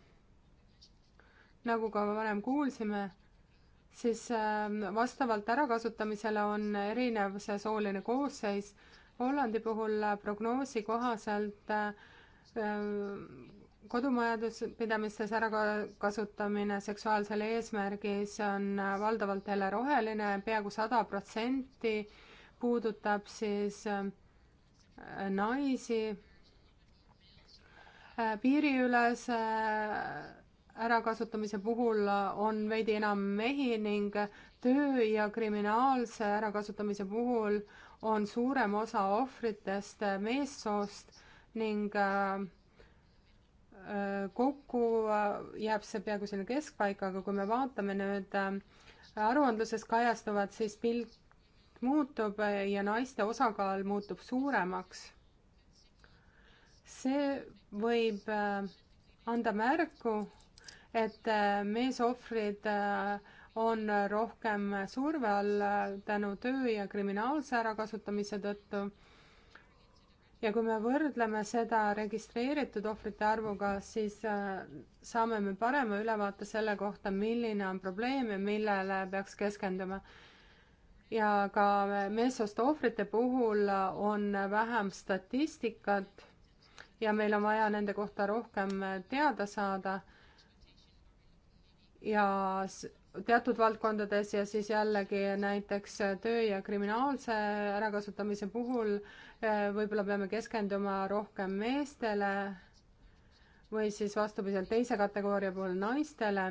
nagu ka varem kuulsime, siis ähm, vastavalt ärakasutamisele on erinev see sooline koosseis. Hollandi puhul prognoosi kohaselt äh, kodumajandusmajandamises ärakasutamine seksuaalsel eesmärgis on valdavalt jälle roheline peaaegu, peaaegu sada protsenti puudutab siis äh, naisi Äh, piiriülese äh, ärakasutamise puhul äh, on veidi enam mehi ning töö ja kriminaalse ärakasutamise puhul on suurem osa ohvritest meessoost ning kokku jääb see peaaegu sinna keskpaika, aga kui me vaatame nüüd aruandluses kajastuvat, siis pilt muutub ja naiste osakaal muutub suuremaks. see võib äh, anda märku, et äh, meesohvrid äh, on rohkem surve all tänu töö ja kriminaalse ärakasutamise tõttu. ja kui me võrdleme seda registreeritud ohvrite arvuga, siis saame me parema ülevaate selle kohta, milline on probleem ja millele peaks keskenduma. ja ka meessoost ohvrite puhul on vähem statistikat ja meil on vaja nende kohta rohkem äh, teada saada. ja teatud valdkondades ja siis jällegi näiteks äh, töö ja kriminaalse ärakasutamise puhul äh, võib-olla peame keskenduma rohkem meestele või siis vastupidiselt teise kategooria puhul naistele.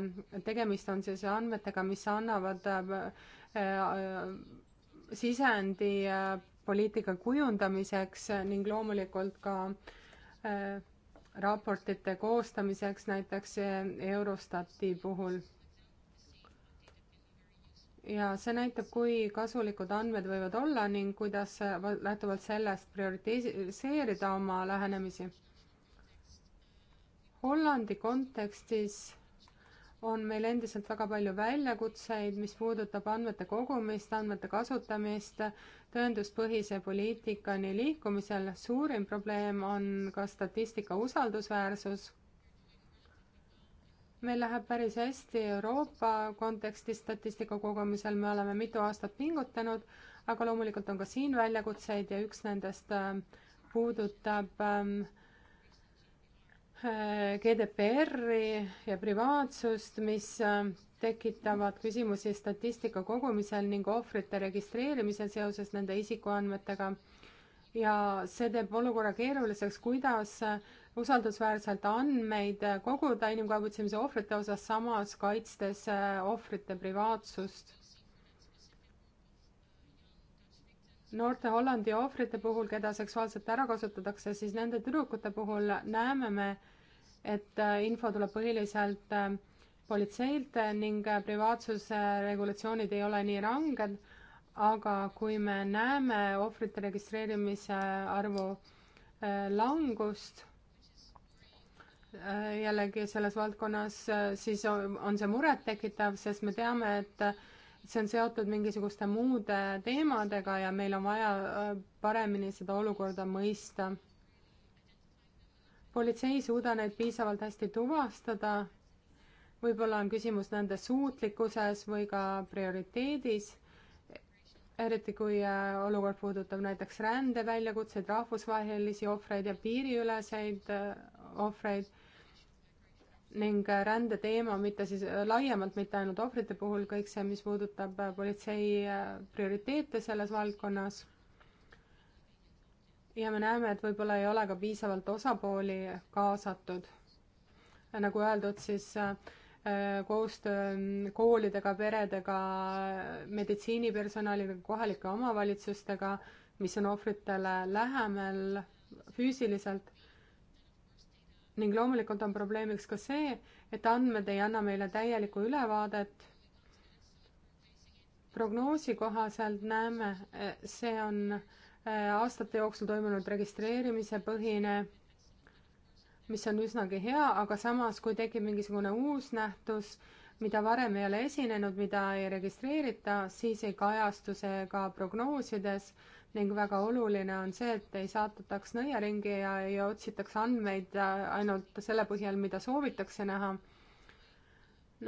tegemist on siis andmetega, mis annavad sisendi poliitika kujundamiseks ning loomulikult ka äh, Äh, raportite koostamiseks näiteks Eurostati puhul. ja see näitab, kui kasulikud andmed võivad olla ning kuidas lähtuvalt sellest prioritiseerida oma lähenemisi. Hollandi kontekstis on meil endiselt väga palju väljakutseid, mis puudutab andmete kogumist, andmete kasutamist, tõenduspõhise poliitikani liikumisel. suurim probleem on ka statistika usaldusväärsus. meil läheb päris hästi Euroopa kontekstis statistika kogumisel, me oleme mitu aastat pingutanud, aga loomulikult on ka siin väljakutseid ja üks nendest äh, puudutab äh, Äh, GDPR-i ja privaatsust, mis äh, tekitavad küsimusi statistika kogumisel ning ohvrite registreerimisel seoses nende isikuandmetega. ja see teeb olukorra keeruliseks, kuidas äh, usaldusväärselt andmeid koguda inimkaubitsemise ohvrite osas, samas kaitstes ohvrite privaatsust. noorte Hollandi ohvrite puhul, keda seksuaalselt ära kasutatakse, siis nende tüdrukute puhul näeme me, et äh, info tuleb põhiliselt äh, politseilt äh, ning privaatsuse regulatsioonid ei ole nii ranged, aga kui me näeme ohvrite registreerimise arvu langust, jällegi selles valdkonnas, siis on see murettekitav, sest me teame, et see on seotud mingisuguste muude teemadega ja meil on vaja paremini seda olukorda mõista politsei ei suuda neid piisavalt hästi tuvastada, võib-olla on küsimus nende suutlikkuses või ka prioriteedis, eriti kui äh, olukord puudutab näiteks rände väljakutseid, rahvusvahelisi ohvreid ja piiriüleseid äh, ohvreid ning äh, rände teema mitte siis laiemalt, mitte ainult ohvrite puhul, kõik see, mis puudutab politsei prioriteete selles valdkonnas ja me näeme, et võib-olla ei ole ka piisavalt osapooli kaasatud. nagu öeldud, siis äh, koostöö mm, koolidega, peredega, meditsiinipersonaliga, kohalike omavalitsustega, mis on ohvritele lähemal füüsiliselt. ning loomulikult on probleemiks ka see, et andmed ei anna meile täielikku ülevaadet. prognoosi kohaselt näeme, äh, see on äh, Äh, aastate jooksul toimunud registreerimise põhine, mis on üsnagi hea, aga samas, kui tekib mingisugune uus nähtus, mida varem ei ole esinenud, mida ei registreerita, siis ei kajastu see ka prognoosides ning väga oluline on see, et ei saatutaks nõiaringi ja ei otsitaks andmeid äh, ainult selle põhjal, mida soovitakse näha.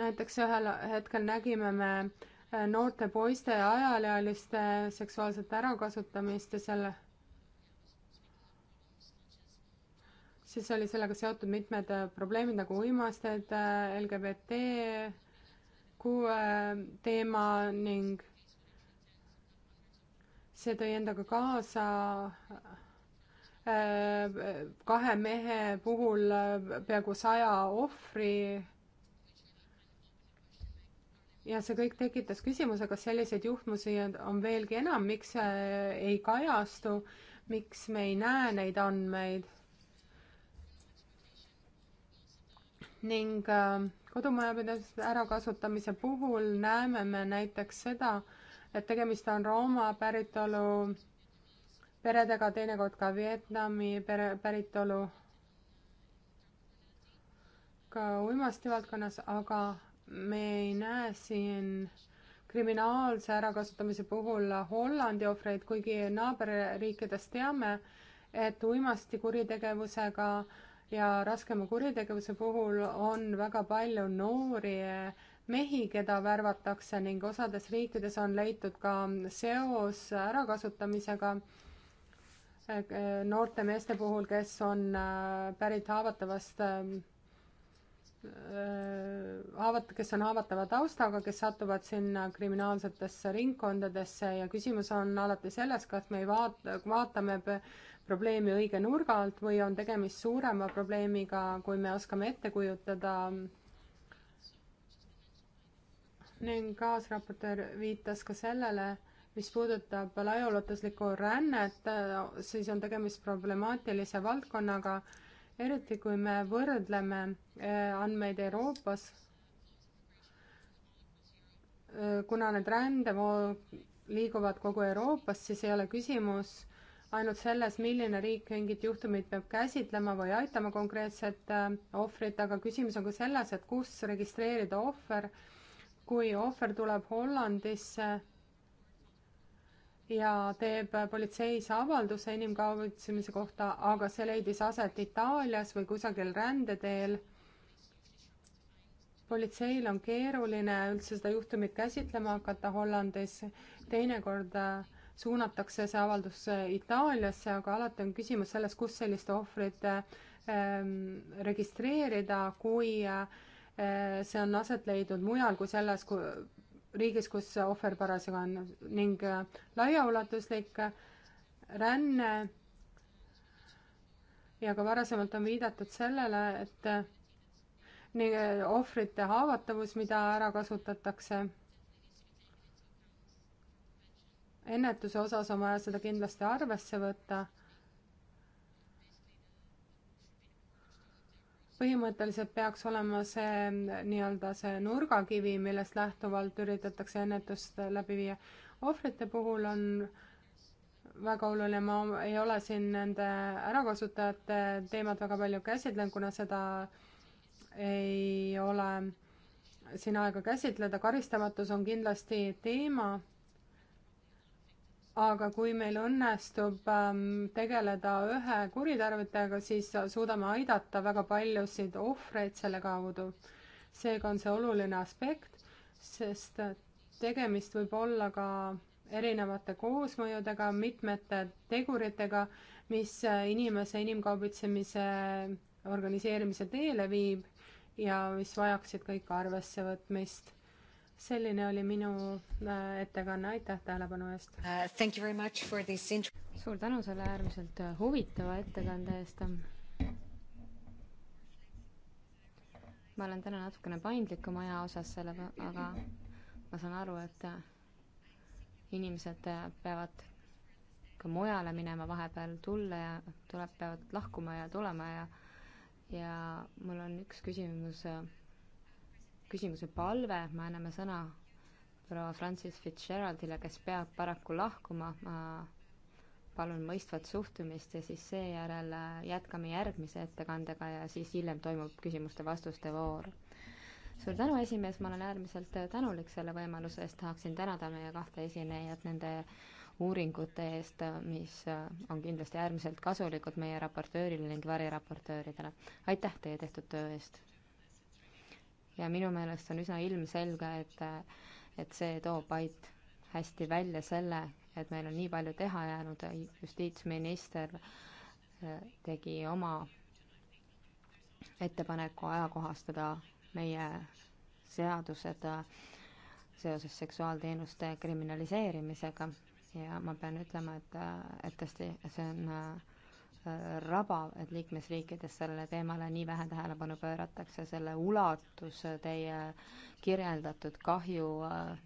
näiteks ühel hetkel nägime me noorte poiste ja alaealiste seksuaalset ärakasutamist ja selle siis oli sellega seotud mitmed probleemid nagu uimasted, LGBT teema ning see tõi endaga kaasa äh, kahe mehe puhul peaaegu saja ohvri ja see kõik tekitas küsimuse, kas selliseid juhtmusi on veelgi enam, miks see ei kajastu, miks me ei näe neid andmeid. ning äh, kodumajapidamiste ärakasutamise puhul näeme me näiteks seda, et tegemist on Rooma päritolu peredega, teinekord ka Vietnami pere, päritolu ka uimastivaldkonnas, aga me ei näe siin kriminaalse ärakasutamise puhul Hollandi ohvreid, kuigi naaberriikides teame, et uimastikuritegevusega ja raskema kuritegevuse puhul on väga palju noori mehi, keda värvatakse ning osades riikides on leitud ka seos ärakasutamisega eh, noorte meeste puhul, kes on eh, pärit haavatavast eh, Äh, haavat-, kes on haavatava taustaga, kes satuvad sinna kriminaalsetesse ringkondadesse ja küsimus on alati selles, kas me ei vaat-, vaatame probleemi õige nurga alt või on tegemist suurema probleemiga, kui me oskame ette kujutada. ning kaasraportöör viitas ka sellele, mis puudutab laiaulatuslikku rännet, äh, siis on tegemist problemaatilise valdkonnaga eriti kui me võrdleme äh, andmeid Euroopas, äh, kuna need rändevood liiguvad kogu Euroopas, siis ei ole küsimus ainult selles, milline riik mingit juhtumit peab käsitlema või aitama konkreetset äh, ohvrit, aga küsimus on ka selles, et kus registreerida ohver. kui ohver tuleb Hollandisse ja teeb politseis avalduse inimkaubitsemise kohta, aga see leidis aset Itaalias või kusagil rändeteel. politseil on keeruline üldse seda juhtumit käsitlema hakata Hollandis, teinekord äh, suunatakse see avaldus Itaaliasse, aga alati on küsimus selles, kus sellist ohvrit äh, ähm, registreerida, kui äh, äh, see on aset leidnud mujal kui selles riigis, kus ohver parasjagu on ning äh, laiaulatuslik äh, ränne ja ka varasemalt on viidatud sellele, et äh, nii ohvrite haavatavus, mida ära kasutatakse, ennetuse osas on vaja seda kindlasti arvesse võtta põhimõtteliselt peaks olema see mm, nii-öelda see nurgakivi, millest lähtuvalt üritatakse ennetust läbi viia. ohvrite puhul on väga oluline, ma ei ole siin nende ärakasutajate teemat väga palju käsitlenud, kuna seda ei ole siin aega käsitleda, karistamatus on kindlasti teema aga kui meil õnnestub ähm, tegeleda ühe kuritarvitajaga, siis suudame aidata väga paljusid ohvreid selle kaudu. seega on see oluline aspekt, sest äh, tegemist võib olla ka erinevate koosmõjudega, mitmete teguritega, mis äh, inimese inimkaubitsemise organiseerimise teele viib ja mis vajaksid kõik arvesse võtmist selline oli minu äh, ettekanne, aitäh tähelepanu eest uh,! This... suur tänu selle äärmiselt äh, huvitava ettekande eest! ma olen täna natukene paindlikum aja osas selle, aga ma saan aru, et äh, inimesed peavad ka mujale minema vahepeal, tulla ja tuleb, peavad lahkuma ja tulema ja ja mul on üks küsimus küsimuse palve, me anname sõna proua Francis Fitzgeraldile, kes peab paraku lahkuma, ma palun mõistvat suhtumist ja siis seejärel äh, jätkame järgmise ettekandega ja siis hiljem toimub küsimuste-vastuste voor suur tänu, esimees, ma olen äärmiselt äh, tänulik selle võimaluse eest, tahaksin tänada meie kahte esinejat nende uuringute eest, äh, mis on kindlasti äärmiselt kasulikud meie raportöörile ning variraportööridele. aitäh teie tehtud töö eest! ja minu meelest on üsna ilmselge, et, et see toob vaid hästi välja selle, et meil on nii palju teha jäänud, justiitsminister äh, tegi oma ettepaneku ajakohastada meie seadused äh, seoses seksuaalteenuste kriminaliseerimisega ja ma pean ütlema, et, äh, et tõesti, see on rabav, et liikmesriikides sellele teemale nii vähe tähelepanu pööratakse, selle ulatus teie kirjeldatud kahju äh,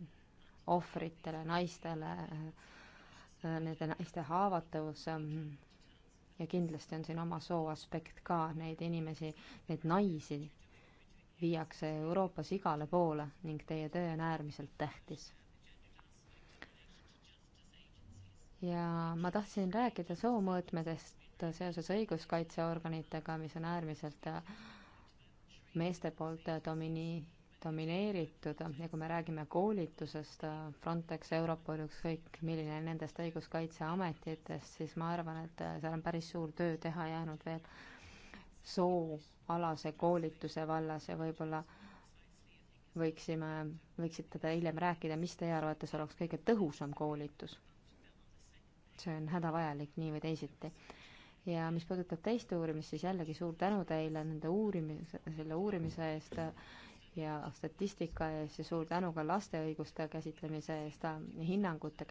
ohvritele, naistele, äh, nende naiste haavatavus ähm, ja kindlasti on siin oma soo aspekt ka, neid inimesi, neid naisi viiakse Euroopas igale poole ning teie töö on äärmiselt tähtis ja ma tahtsin rääkida soomõõtmedest tööd seoses õiguskaitseorganitega, mis on äärmiselt meeste poolt domini-, domineeritud ja kui me räägime koolitusest, Frontex, Europol, ükskõik milline nendest õiguskaitseametitest, siis ma arvan, et seal on päris suur töö teha jäänud veel sooalase koolituse vallas ja võib-olla võiksime, võiksite te hiljem rääkida, mis teie arvates oleks kõige tõhusam koolitus? see on hädavajalik nii või teisiti ja mis puudutab teist uurimist, siis jällegi suur tänu teile nende uurimise, selle uurimise eest ja statistika eest ja suur tänu ka laste õiguste käsitlemise eest, hinnangute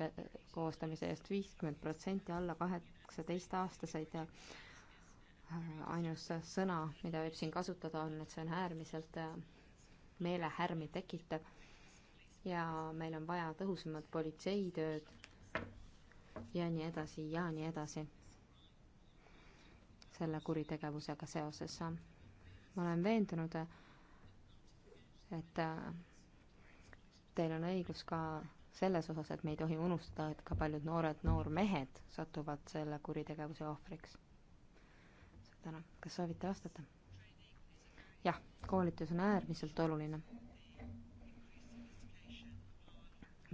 koostamise eest, viiskümmend protsenti alla kaheksateistaastaseid ja ainus sõna, mida võib siin kasutada, on, et see on äärmiselt meelehärmi tekitav ja meil on vaja tõhusamat politseitööd ja nii edasi ja nii edasi selle kuritegevusega seoses. ma olen veendunud, et teil on õigus ka selles osas, et me ei tohi unustada, et ka paljud noored noormehed satuvad selle kuritegevuse ohvriks. suur tänu, kas soovite vastata? jah, koolitus on äärmiselt oluline.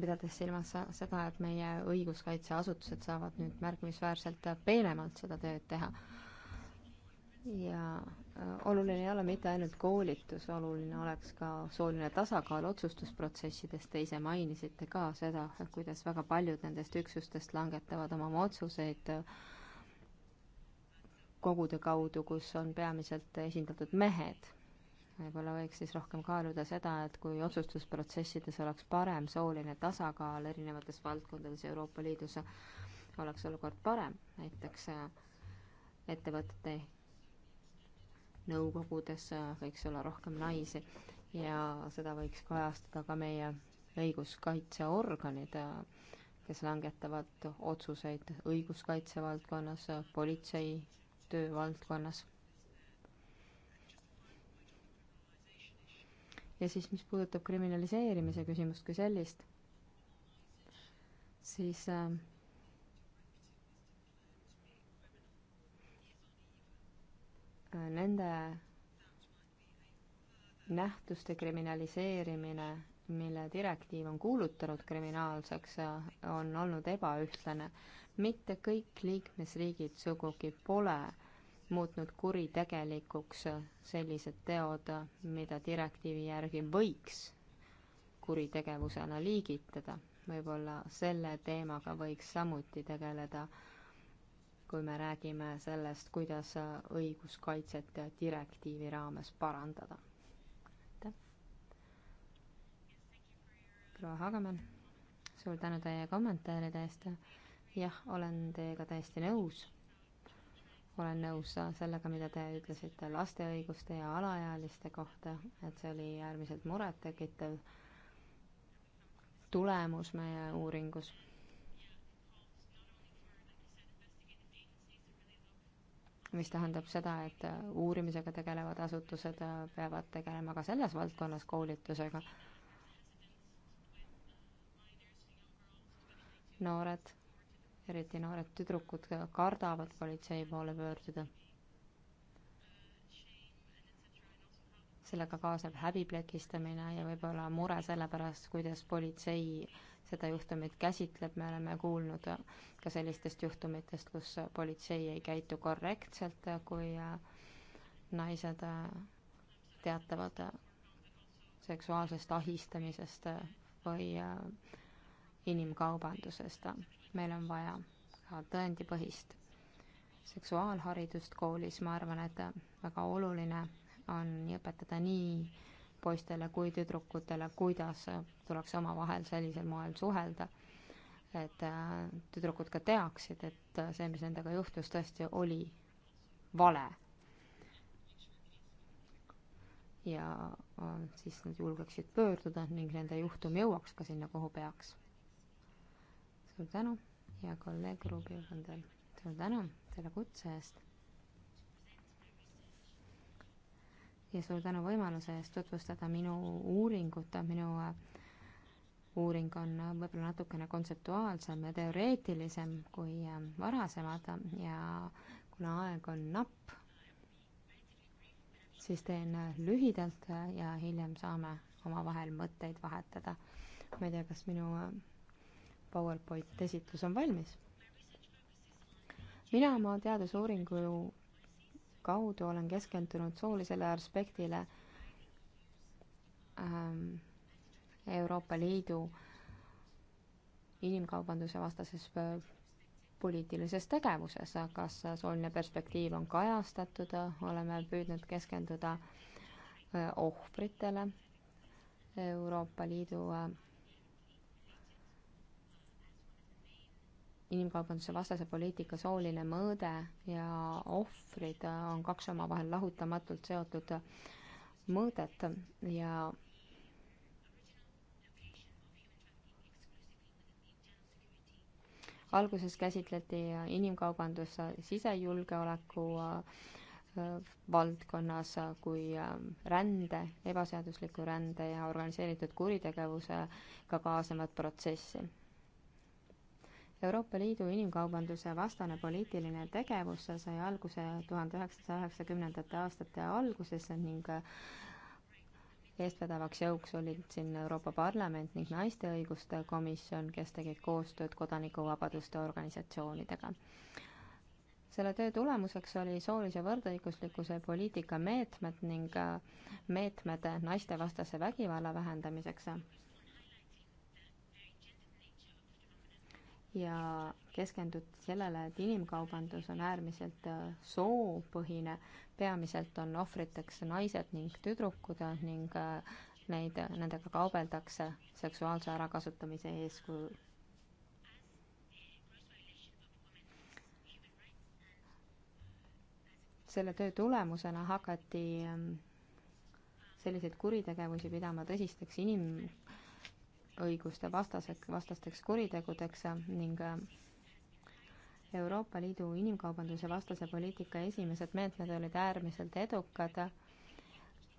pidades silmas seda, et meie õiguskaitseasutused saavad nüüd märkimisväärselt peenemalt seda tööd teha ja äh, oluline ei ole mitte ainult koolitus, oluline oleks ka sooline tasakaal otsustusprotsessides, te ise mainisite ka seda, kuidas väga paljud nendest üksustest langetavad oma otsuseid äh, kogude kaudu, kus on peamiselt esindatud mehed. võib-olla võiks siis rohkem kaaluda seda, et kui otsustusprotsessides oleks parem sooline tasakaal erinevates valdkondades Euroopa Liidus, oleks olukord parem, näiteks äh, ettevõtete nõukogudes äh, võiks olla rohkem naisi ja seda võiks kajastada ka meie õiguskaitseorganid, äh, kes langetavad otsuseid õiguskaitse valdkonnas, äh, politsei töö valdkonnas. ja siis, mis puudutab kriminaliseerimise küsimust kui sellist, siis äh, nende nähtuste kriminaliseerimine, mille direktiiv on kuulutanud kriminaalseks, on olnud ebaühtlane. mitte kõik liikmesriigid sugugi pole muutnud kuritegelikuks sellised teod, mida direktiivi järgi võiks kuritegevusena liigitada. võib-olla selle teemaga võiks samuti tegeleda äh, kui me räägime sellest, kuidas õiguskaitset direktiivi raames parandada. aitäh. proua Hagamäe, suur tänu teie kommentaaride eest. jah, olen teiega täiesti nõus. olen nõus sellega, mida te ütlesite laste õiguste ja alaealiste kohta, et see oli äärmiselt murettekitav tulemus meie uuringus mis tähendab seda, et äh, uurimisega tegelevad asutused äh, peavad tegelema ka selles valdkonnas koolitusega. noored, eriti noored tüdrukud äh, kardavad politsei poole pöörduda. sellega kaasneb häbiplekistamine ja võib-olla mure selle pärast, kuidas politsei äh, seda juhtumit käsitleb, me oleme kuulnud ka sellistest juhtumitest, kus politsei ei käitu korrektselt, kui äh, naised äh, teatavad äh, seksuaalsest ahistamisest või inimkaubandusest. meil on vaja ka tõendipõhist seksuaalharidust koolis, ma arvan, et väga oluline on õpetada nii poistele kui tüdrukutele, kuidas tuleks omavahel sellisel moel suhelda, et äh, tüdrukud ka teaksid, et äh, see, mis nendega juhtus, tõesti oli vale. ja äh, siis nad julgeksid pöörduda ning nende juhtum jõuaks ka sinna, kuhu peaks. suur tänu, hea kolleeg Ruubi Vandel, suur tänu selle kutse eest ja suur tänu võimaluse eest tutvustada minu uuringut, minu äh, uuring on äh, võib-olla natukene kontseptuaalsem ja teoreetilisem kui äh, varasemad ja kuna aeg on napp, siis teen lühidalt ja hiljem saame omavahel mõtteid vahetada. ma ei tea, kas minu PowerPoint esitlus on valmis? mina oma teadusuuringu kaudu olen keskendunud soolisele aspektile ähm, Euroopa Liidu inimkaubanduse vastases äh, poliitilises tegevuses, kas sooline perspektiiv on kajastatud, oleme püüdnud keskenduda äh, ohvritele Euroopa Liidu äh, inimkaubanduse vastase poliitika sooline mõõde ja ohvrid on kaks omavahel lahutamatult seotud mõõdet ja alguses käsitleti inimkaubandust sisejulgeoleku äh, valdkonnas kui äh, rände, ebaseadusliku rände ja organiseeritud kuritegevusega kaasnevat protsessi Euroopa Liidu inimkaubanduse vastane poliitiline tegevus sai alguse tuhande üheksasaja üheksakümnendate aastate alguses ning eestvedavaks jõuks olid siin Euroopa Parlament ning Naiste Õiguste Komisjon, kes tegid koostööd kodanikuvabaduste organisatsioonidega. selle töö tulemuseks oli soolise võrdõiguslikkuse poliitika meetmed ning meetmed naistevastase vägivalla vähendamiseks ja keskenduti sellele, et inimkaubandus on äärmiselt äh, soopõhine, peamiselt on ohvriteks naised ning tüdrukud ning äh, neid, nendega kaubeldakse seksuaalse ärakasutamise eeskujul. selle töö tulemusena hakati ähm, selliseid kuritegevusi pidama tõsisteks inim-, inimõiguste vastaseks, vastasteks kuritegudeks ning äh, Euroopa Liidu inimkaubanduse vastase poliitika esimesed meetmed olid äärmiselt edukad.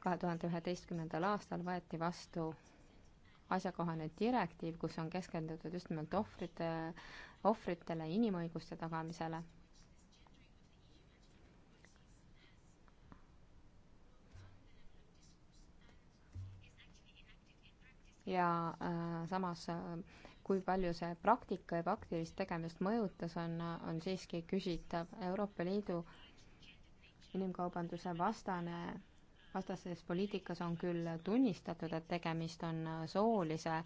kahe tuhande üheteistkümnendal aastal võeti vastu asjakohane direktiiv, kus on keskendutud just nimelt ohvrite, ohvritele inimõiguste tagamisele ja äh, samas äh, kui palju see praktika ja praktilist tegemist mõjutas, on, on siiski küsitav. Euroopa Liidu inimkaubanduse vastane, vastases poliitikas on küll tunnistatud, et tegemist on äh, soolise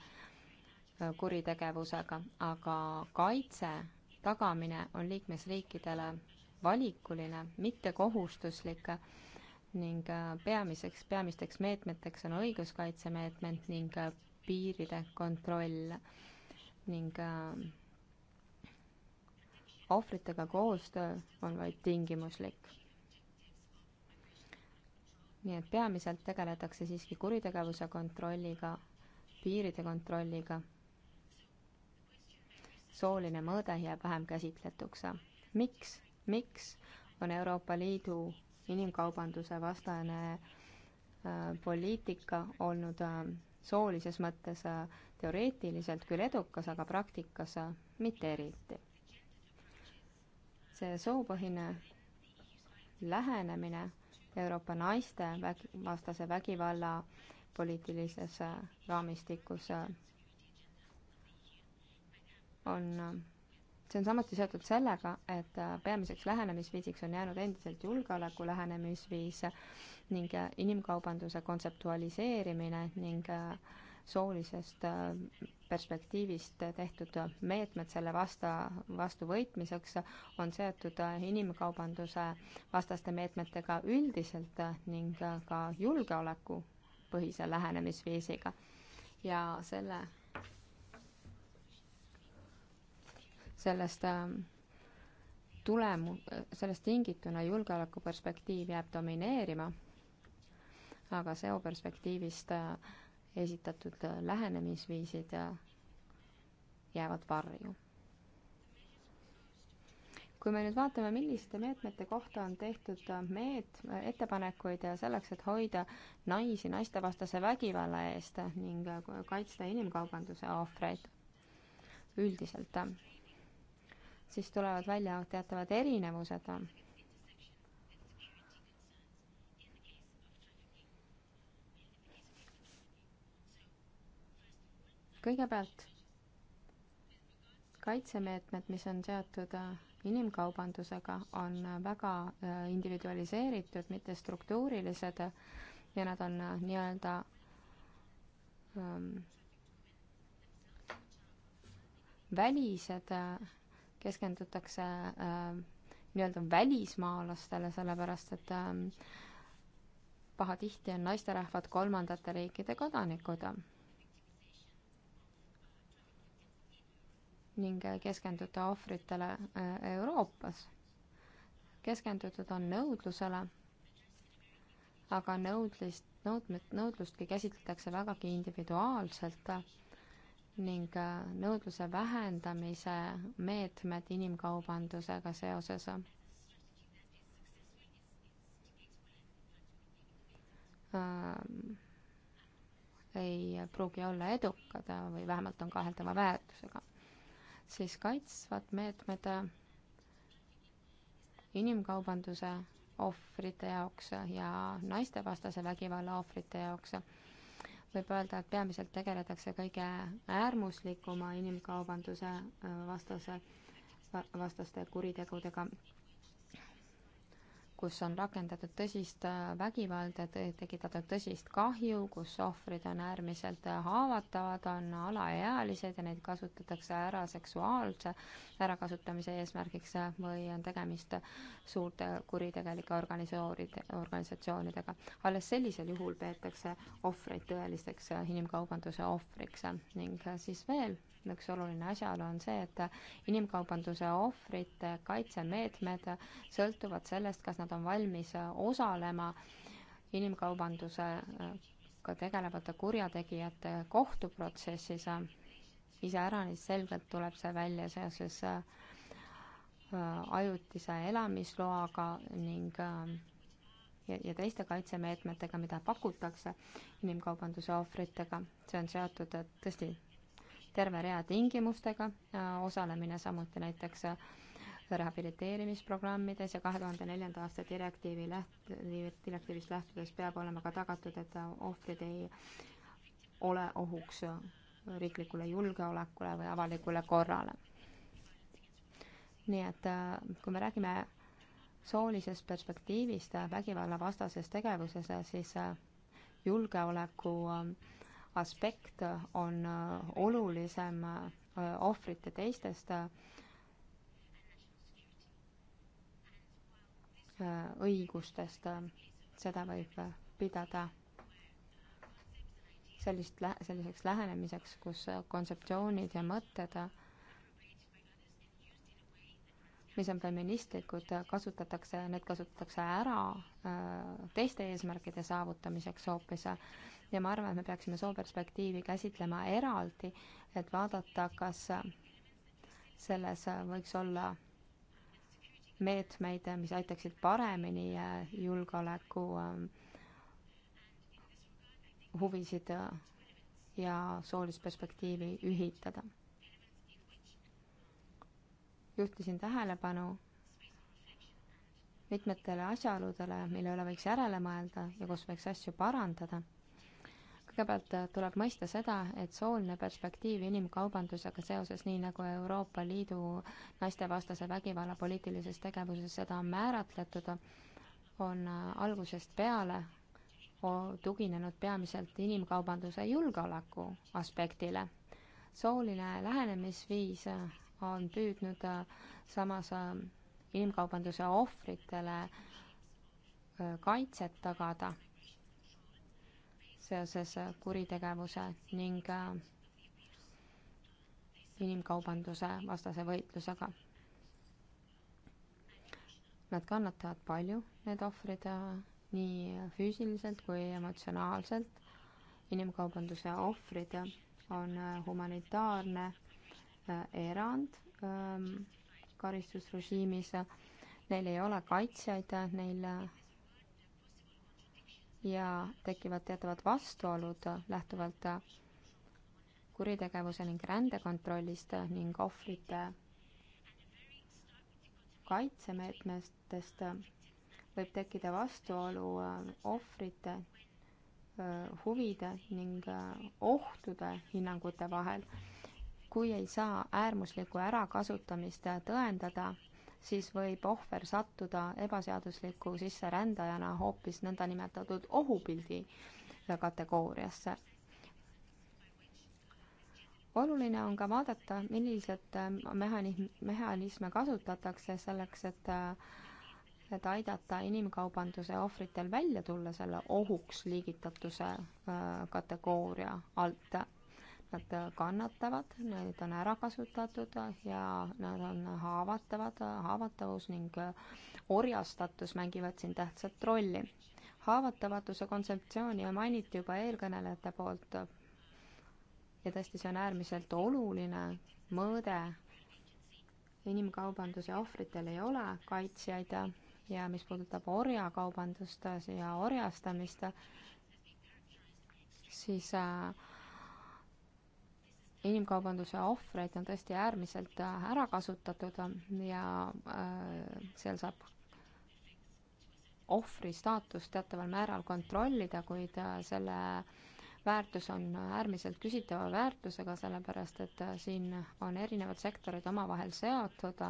kuritegevusega, aga kaitse tagamine on liikmesriikidele valikuline, mitte kohustuslik ning peamiseks, peamisteks meetmeteks on õiguskaitsemeetmed ning piiride kontroll ning äh, ohvritega koostöö on vaid tingimuslik. nii et peamiselt tegeletakse siiski kuritegevuse kontrolliga, piiride kontrolliga. sooline mõõde jääb vähem käsitletuks. miks, miks on Euroopa Liidu inimkaubanduse vastane äh, poliitika olnud äh, soolises mõttes äh, teoreetiliselt küll edukas, aga praktikas äh, mitte eriti. see soopõhine lähenemine Euroopa naiste vägi, vastase vägivalla poliitilises äh, raamistikus on, see on samuti seotud sellega, et peamiseks lähenemisviisiks on jäänud endiselt julgeoleku lähenemisviis ning äh, inimkaubanduse kontseptualiseerimine ning äh, soolisest äh, perspektiivist tehtud meetmed selle vasta, vastu võitmiseks on seotud inimkaubanduse vastaste meetmetega üldiselt ning ka julgeolekupõhise lähenemisviisiga. ja selle, sellest tulemu-, sellest tingituna julgeolekuperspektiiv jääb domineerima aga seoperspektiivist äh, esitatud äh, lähenemisviisid äh, jäävad varju. kui me nüüd vaatame, milliste meetmete kohta on tehtud meet-, ettepanekuid selleks, et hoida naisi naistevastase vägivalla eest ning kaitsta inimkaubanduse ohvreid üldiselt, siis tulevad välja teatavad erinevused kõigepealt kaitsemeetmed, mis on seotud äh, inimkaubandusega, on äh, väga äh, individualiseeritud, mitte struktuurilised ja nad on nii-öelda ähm, välised, keskendutakse nii-öelda välismaalastele, sellepärast et ähm, pahatihti on naisterahvad kolmandate riikide kodanikud ning keskenduda ohvritele äh, Euroopas. keskendutud on nõudlusele, aga nõudlist, nõudmet, nõudlustki käsitletakse vägagi individuaalselt äh, ning äh, nõudluse vähendamise meetmed inimkaubandusega seoses. ei pruugi olla edukad või vähemalt on kaheldava väärtusega siis kaitsvad meetmed inimkaubanduse ohvrite jaoks ja naistevastase vägivalla ohvrite jaoks võib öelda, et peamiselt tegeletakse kõige äärmuslikuma inimkaubanduse vastase, vastaste kuritegudega kus on rakendatud tõsist äh, vägivalda, tekitatud tõsist kahju, kus ohvrid on äärmiselt äh, haavatavad, on alaealised ja neid kasutatakse ära seksuaalse ärakasutamise eesmärgiks äh, või on tegemist suurte kuritegelike organisatsioonide, organisatsioonidega. alles sellisel juhul peetakse ohvreid tõelisteks inimkaubanduse ohvriks ning siis veel üks oluline asjaolu on see, et inimkaubanduse ohvrite kaitsemeetmed sõltuvad sellest, kas nad on valmis osalema inimkaubandusega tegelevate kurjategijate kohtuprotsessis. iseäranis selgelt tuleb see välja seoses äh, ajutise elamisloaga ning äh, ja, ja teiste kaitsemeetmetega, mida pakutakse inimkaubanduse ohvritega, see on seotud tõesti terve rea tingimustega, äh, osalemine samuti näiteks äh, rehabiliteerimisprogrammides ja kahe tuhande neljanda aasta direktiivi läht-, direktiivist lähtudes peab olema ka tagatud, et ohvrid ei ole ohuks äh, riiklikule julgeolekule või avalikule korrale. nii et kui me räägime soolisest perspektiivist vägivallavastasest tegevuses, siis julgeoleku äh, aspekt on äh, olulisem äh, ohvrite teistest äh, õigustest, seda võib pidada sellist lä-, selliseks lähenemiseks, kus kontseptsioonid ja mõtted, mis on feministlikud, kasutatakse, need kasutatakse ära teiste eesmärkide saavutamiseks hoopis ja ma arvan, et me peaksime sooperspektiivi käsitlema eraldi, et vaadata, kas selles võiks olla meetmeid, mis aitaksid paremini julgeoleku äh, huvisid äh, ja soolist perspektiivi ühitada. juhtisin tähelepanu mitmetele asjaoludele, mille üle võiks järele mõelda ja kus võiks asju parandada kõigepealt äh, tuleb mõista seda, et sooline perspektiiv inimkaubandusega seoses, nii nagu Euroopa Liidu naistevastase vägivalla poliitilises tegevuses seda on määratletud, on äh, algusest peale tuginenud peamiselt inimkaubanduse julgeoleku aspektile. sooline lähenemisviis äh, on püüdnud samas inimkaubanduse ohvritele kaitset tagada seoses äh, kuritegevuse ning äh, inimkaubanduse vastase võitlusega. Nad kannatavad palju, need ohvrid, äh, nii füüsiliselt kui emotsionaalselt. inimkaubanduse ohvrid on humanitaarne erand ähm, karistusrežiimis. Neil ei ole kaitsjaid, neil ja tekivad teatavad vastuolud lähtuvalt kuritegevuse ning rändekontrollist ning ohvrite kaitsemeetmetest võib tekkida vastuolu ohvrite huvide ning ohtude hinnangute vahel, kui ei saa äärmuslikku ärakasutamist tõendada siis võib ohver sattuda ebaseadusliku sisserändajana hoopis nõndanimetatud ohupildi kategooriasse. oluline on ka vaadata, millised äh, mehhanism, mehhanisme kasutatakse selleks, et äh, et aidata inimkaubanduse ohvritel välja tulla selle ohuks liigitatuse äh, kategooria alt nad kannatavad, need on ära kasutatud ja nad on haavatavad, haavatavus ning orjastatus mängivad siin tähtsat rolli. haavatavatuse kontseptsiooni mainiti juba eelkõnelejate poolt ja tõesti, see on äärmiselt oluline mõõde. inimkaubanduse ohvritel ei ole kaitsjaid ja, ja mis puudutab orjakaubandust ja orjastamist, siis äh, inimkaubanduse ohvreid on tõesti äärmiselt äh, ära kasutatud ja äh, seal saab ohvri staatust teataval määral kontrollida, kuid äh, selle väärtus on äärmiselt küsitava väärtusega, sellepärast et siin on erinevad sektorid omavahel seotud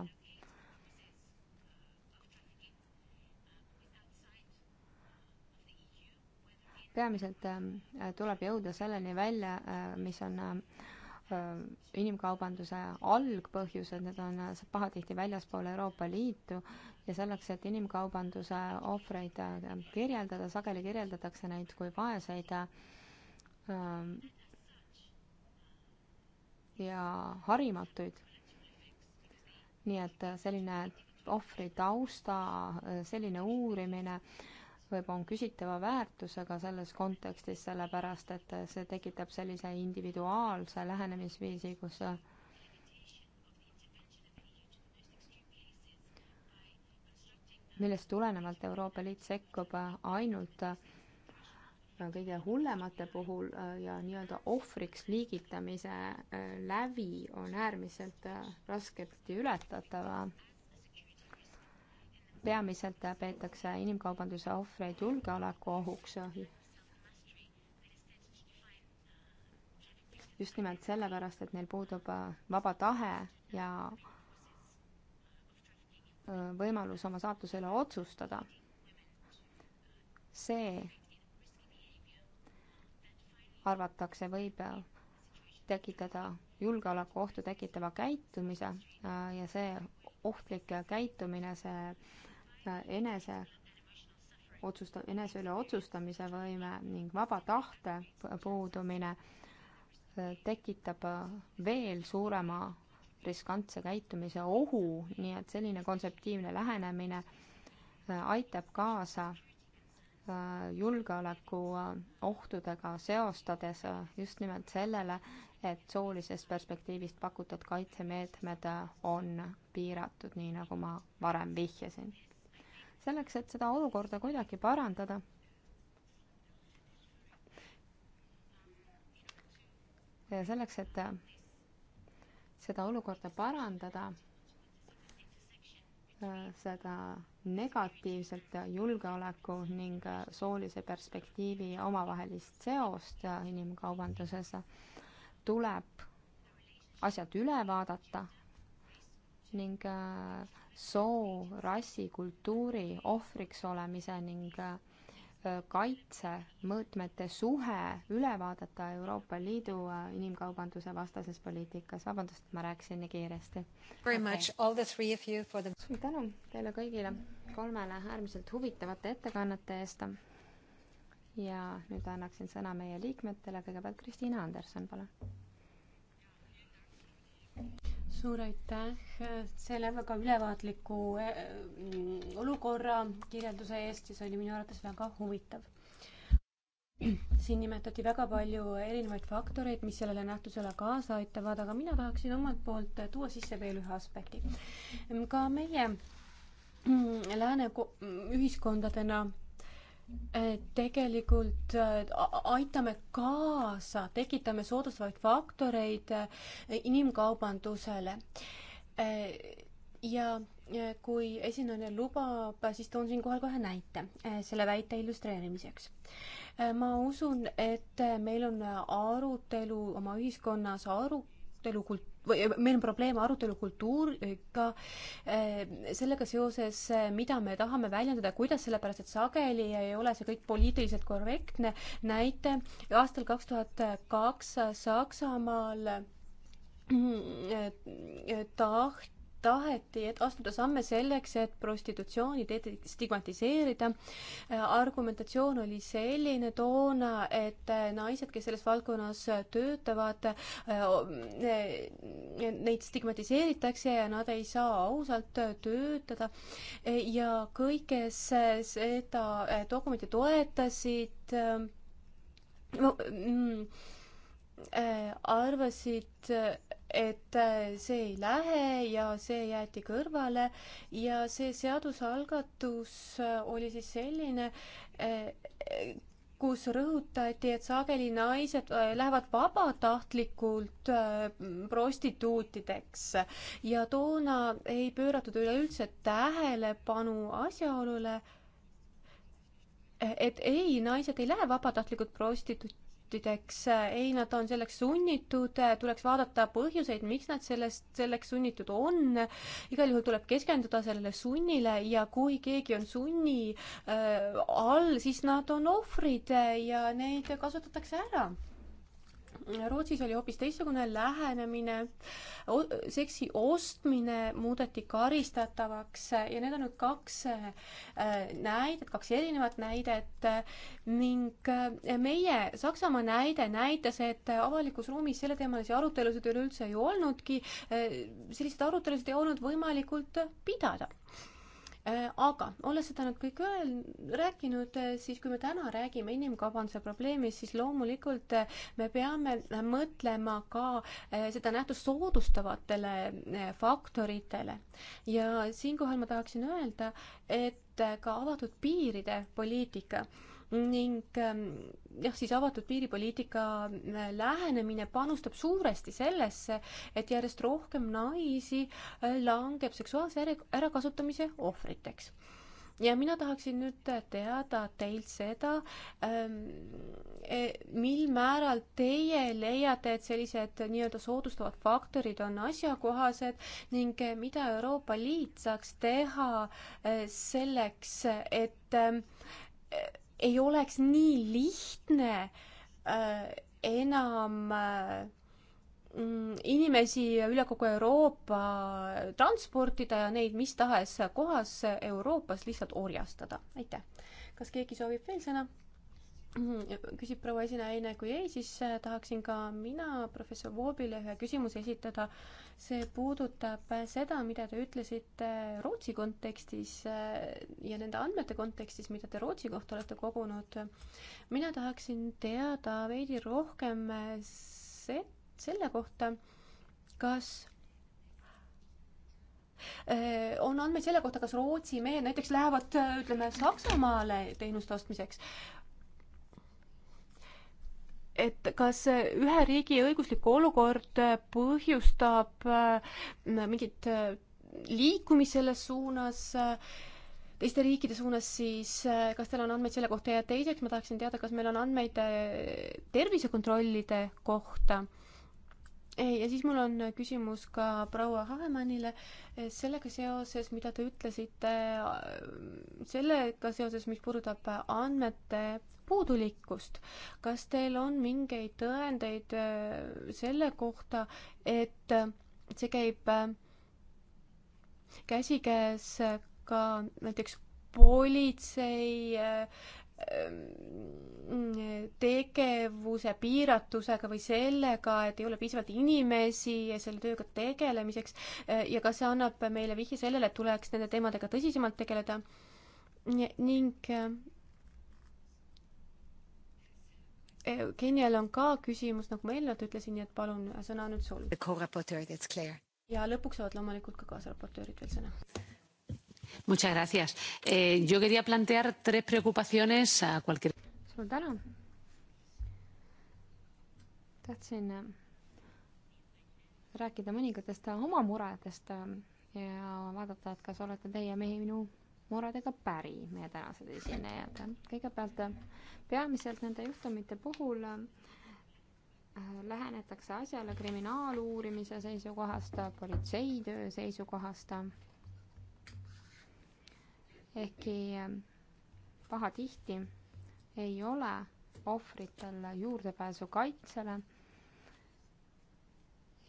peamiselt ähm, tuleb jõuda selleni välja, mis on inimkaubanduse algpõhjused, need on äh, pahatihti väljaspool Euroopa Liitu ja selleks, et inimkaubanduse ohvreid äh, kirjeldada, sageli kirjeldatakse neid kui vaeseid äh, ja harimatuid. nii et selline ohvri tausta, selline uurimine äh, võib, on küsitava väärtusega selles kontekstis, sellepärast et see tekitab sellise individuaalse lähenemisviisi, kus millest tulenevalt Euroopa Liit sekkub ainult äh, kõige hullemate puhul äh, ja nii-öelda ohvriks liigitamise äh, lävi on äärmiselt raskesti ületatav peamiselt peetakse inimkaubanduse ohvreid julgeolekuohuks. just nimelt sellepärast, et neil puudub äh, vaba tahe ja äh, võimalus oma saatuse üle otsustada. see arvatakse, võib äh, tekitada julgeolekuohtu tekitava käitumise ja see ohtlik käitumine, see enese otsusta-, enese üle otsustamise võime ning vaba tahte puudumine äh, tekitab äh, veel suurema riskantse käitumise ohu, nii et selline kontseptiivne lähenemine äh, aitab kaasa julgeolekuohtudega seostades just nimelt sellele, et soolisest perspektiivist pakutud kaitsemeetmed on piiratud, nii nagu ma varem vihjasin selleks, et seda olukorda kuidagi parandada, ja selleks, et äh, seda olukorda parandada, äh, seda negatiivset julgeoleku ning äh, soolise perspektiivi omavahelist seost inimkaubanduses, tuleb asjad üle vaadata ning soo, rassi, kultuuri ohvriks olemise ning äh, kaitsemõõtmete suhe üle vaadata Euroopa Liidu äh, inimkaubanduse vastases poliitikas. vabandust, et ma rääkisin nii kiiresti. suur tänu teile kõigile kolmele äärmiselt huvitavate ettekannete eest. ja nüüd annaksin sõna meie liikmetele, kõigepealt Kristiina Anderson, palun suur aitäh selle väga ülevaatliku eh, olukorra kirjelduse eest ja see oli minu arvates väga huvitav. siin nimetati väga palju erinevaid faktoreid, mis sellele nähtusele kaasa aitavad, aga mina tahaksin omalt poolt tuua sisse veel ühe aspekti. ka meie mm, lääne ühiskondadena tegelikult äh, aitame kaasa, tekitame soodustavaid faktoreid äh, inimkaubandusele. Äh, ja kui esinejale lubab, siis toon siinkohal kohe näite selle väite illustreerimiseks. ma usun, et meil on arutelu oma ühiskonnas arutelu kult-, või meil on probleem arutelukultuuriga, eh, sellega seoses, eh, mida me tahame väljendada, kuidas, sellepärast et sageli ei ole see kõik poliitiliselt korrektne. näite aastal kaks tuhat kaks Saksamaal mm, eh, tahti taheti, et astuda samme selleks, et prostitutsiooni stigmatiseerida. argumentatsioon oli selline toona, et äh, naised, kes selles valdkonnas töötavad, äh, neid stigmatiseeritakse ja nad ei saa ausalt töötada. ja kõik, kes äh, seda dokumenti toetasid, no, mm, arvasid, et äh, see ei lähe ja see jäeti kõrvale ja see seadusalgatus äh, oli siis selline, äh, kus rõhutati, et sageli naised lähevad vabatahtlikult prostituutideks ja toona ei pööratud üleüldse tähelepanu asjaolule, et ei, naised ei lähe vabatahtlikult prostitu-, juhtideks, ei, nad on selleks sunnitud, tuleks vaadata põhjuseid, miks nad sellest, selleks sunnitud on. igal juhul tuleb keskenduda sellele sunnile ja kui keegi on sunni äh, all, siis nad on ohvrid ja neid kasutatakse ära Rootsis oli hoopis teistsugune lähenemine, seksi ostmine muudeti karistatavaks ja need on nüüd kaks äh, näidet, kaks erinevat näidet ning äh, meie Saksamaa näide näitas, et avalikus ruumis selleteemalisi arutelusid üleüldse ei olnudki, äh, selliseid arutelusid ei olnud võimalikult pidada Äh, aga olles seda nüüd kõik öel-, rääkinud, äh, siis kui me täna räägime inimkaubanduse probleemist, siis loomulikult äh, me peame mõtlema ka seda nähtust soodustavatele faktoritele. ja siinkohal ma tahaksin öelda, et ka avatud piiride poliitika ning ähm, jah, siis avatud piiripoliitika äh, lähenemine panustab suuresti sellesse, et järjest rohkem naisi äh, langeb seksuaalse ärakasutamise ohvriteks ja mina tahaksin nüüd äh, teada teilt seda, ähm, e, mil määral teie leiate, et sellised nii-öelda soodustavad faktorid on asjakohased ning mida Euroopa Liit saaks teha selleks, et ähm, e, ei oleks nii lihtne äh, enam äh, mm, inimesi üle kogu Euroopa transportida ja neid mis tahes kohas Euroopas lihtsalt orjastada. aitäh. kas keegi soovib veel sõna? Mm, küsib proua esinaine, kui ei, siis äh, tahaksin ka mina professor Voobile ühe küsimuse esitada äh, see puudutab seda, mida te ütlesite Rootsi kontekstis äh, ja nende andmete kontekstis, mida te Rootsi kohta olete kogunud. mina tahaksin teada veidi rohkem äh, se-, selle kohta, kas äh, on andmeid selle kohta, kas Rootsi mehed näiteks lähevad, ütleme, Saksamaale teenuste ostmiseks et kas ühe riigi õiguslik olukord põhjustab äh, mingit äh, liikumist selles suunas, äh, teiste riikide suunas, siis kas teil on andmeid selle kohta ja teiseks ma tahaksin teada, kas meil on andmeid tervisekontrollide kohta? ja siis mul on küsimus ka proua Hahemannile sellega seoses, mida te ütlesite, sellega seoses, mis puudutab andmete puudulikkust. kas teil on mingeid tõendeid äh, selle kohta, et äh, see käib äh, käsikäes ka näiteks politsei tegevuse piiratusega või sellega, et ei ole piisavalt inimesi selle tööga tegelemiseks ja kas see annab meile vihje sellele, et tuleks nende teemadega tõsisemalt tegeleda? ning Eh, Keenial on ka küsimus, nagu ma eelnevalt ütlesin, nii et palun, äh, sõna nüüd sul. ja lõpuks saavad loomulikult ka kaasraportöörid veel sõna. Muchas gracias. Eh, yo quería plantear tres preocupaciones a cualquier. Suur tänu. tahtsin äh, rääkida mõningatest oma muredest äh, ja vaadata, et kas olete teie mehi minu muredega päri, meie tänased esinejad. kõigepealt peamiselt nende juhtumite puhul äh, lähenetakse asjale kriminaaluurimise seisukohast, politseitöö seisukohast. ehkki äh, pahatihti ei ole ohvritel juurdepääsu kaitsele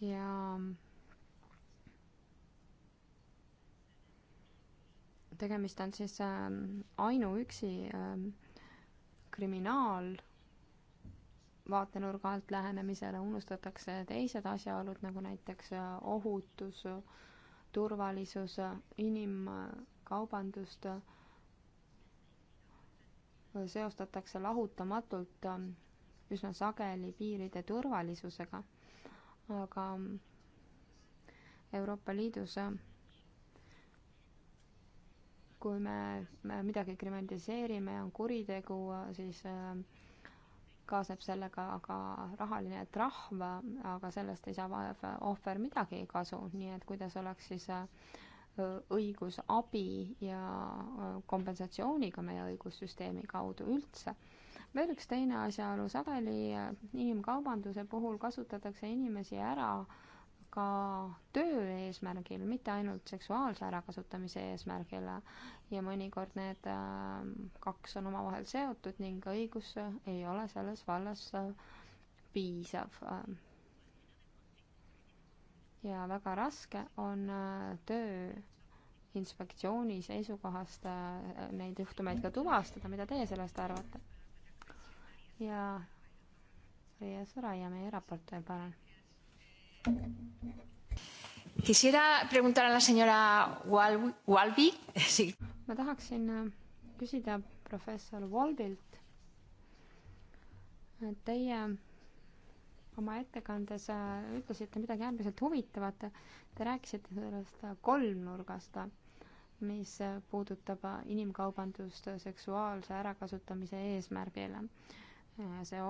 ja tegemist on siis ähm, ainuüksi ähm, kriminaal vaatenurga alt lähenemisele unustatakse teised asjaolud, nagu näiteks äh, ohutus, turvalisus, inimkaubandust, seostatakse lahutamatult ähm, üsna sageli piiride turvalisusega. aga Euroopa Liidus äh, kui me midagi kriminaliseerime, on kuritegu, siis äh, kaasneb sellega ka rahaline trahv, aga sellest ei saa ohver midagi kasu, nii et kuidas oleks siis äh, õigus abi ja äh, kompensatsiooniga meie õigussüsteemi kaudu üldse. veel üks teine asjaolu, sageli inimkaubanduse puhul kasutatakse inimesi ära äh, ka töö eesmärgil, mitte ainult seksuaalse ärakasutamise eesmärgil ja mõnikord need ähm, kaks on omavahel seotud ning õigus ei ole selles vallas äh, piisav. ja väga raske on äh, tööinspektsiooni seisukohast äh, neid juhtumeid ka tuvastada, mida teie sellest arvate? ja Riia Sõra ja meie raportöör, palun ma tahaksin äh, küsida professor Walbilt. Teie oma ettekandes äh, ütlesite midagi äärmiselt huvitavat. Te rääkisite sellest äh, kolmnurgast, mis puudutab inimkaubandust seksuaalse ärakasutamise eesmärgil. see,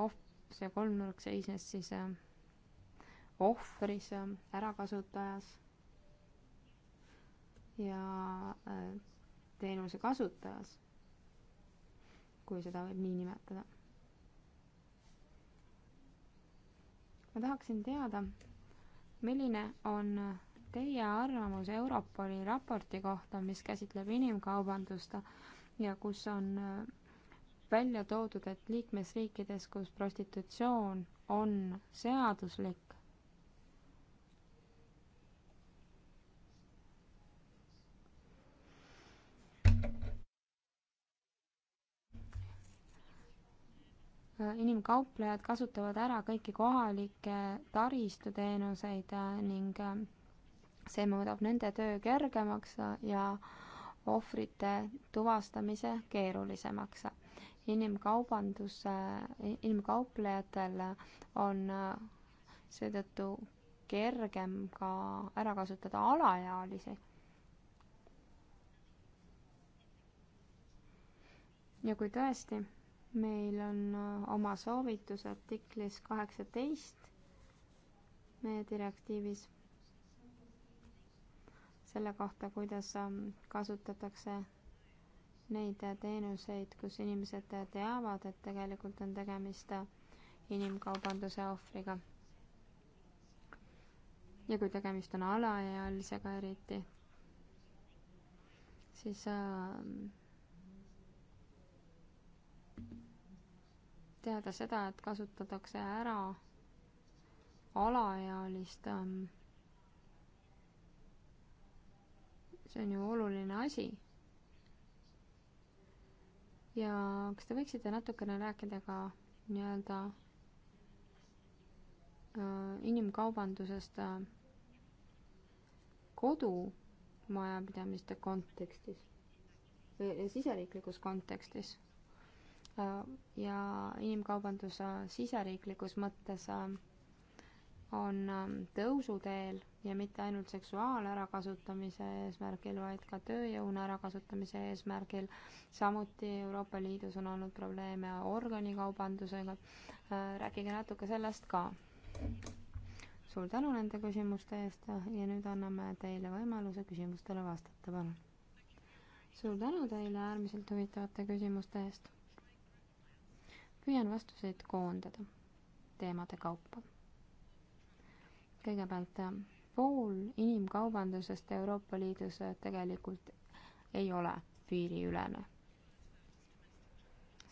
see kolmnurk seisnes siis ohvris, ähm, ärakasutajas ja äh, teenuse kasutajas, kui seda võib nii nimetada. ma tahaksin teada, milline on teie arvamus Europoli raporti kohta, mis käsitleb inimkaubandust ja kus on äh, välja toodud, et liikmesriikides, kus prostitutsioon on seaduslik, Äh, inimkauplejad kasutavad ära kõiki kohalikke taristuteenuseid äh, ning äh, see muudab nende töö kergemaks ja ohvrite tuvastamise keerulisemaks. inimkaubandus, inimkauplejatel on seetõttu kergem ka ära kasutada alaealisi ja kui tõesti meil on äh, oma soovitus artiklis kaheksateist meie direktiivis selle kohta, kuidas ähm, kasutatakse neid äh, teenuseid, kus inimesed äh, teavad, et tegelikult on tegemist inimkaubanduse ohvriga. ja kui tegemist on alaealisega eriti, siis äh, teada seda, et kasutatakse ära alaealist ähm, see on ju oluline asi. ja kas te võiksite natukene rääkida ka nii-öelda äh, inimkaubandusest äh, kodumajapidamiste kontekstis või siseriiklikus kontekstis? Äh, ja inimkaubandus siseriiklikus mõttes äh, on ähm, tõusuteel ja mitte ainult seksuaalarakasutamise eesmärgil, vaid ka tööjõuna ärakasutamise eesmärgil. samuti Euroopa Liidus on olnud probleeme organikaubandusega. Äh, rääkige natuke sellest ka. suur tänu nende küsimuste eest ja nüüd anname teile võimaluse küsimustele vastata, palun. suur tänu teile äärmiselt huvitavate küsimuste eest püüan vastuseid koondada teemade kaupa. kõigepealt äh, pool inimkaubandusest Euroopa Liidus äh, tegelikult ei ole piiriülene.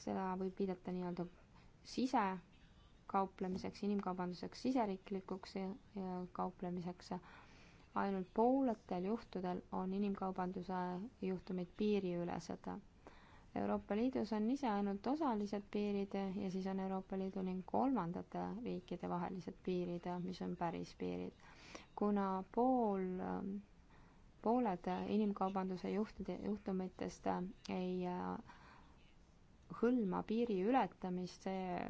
seda võib pidada nii-öelda sisekauplemiseks, inimkaubanduseks siseriiklikuks äh, kauplemiseks. ainult pooletel juhtudel on inimkaubanduse juhtumid piiriülesed Euroopa Liidus on ise ainult osalised piirid ja siis on Euroopa Liidu ning kolmandate riikide vahelised piirid, mis on päris piirid. kuna pool, pooled inimkaubanduse juhtide, juhtumitest ei äh, hõlma piiri ületamist, see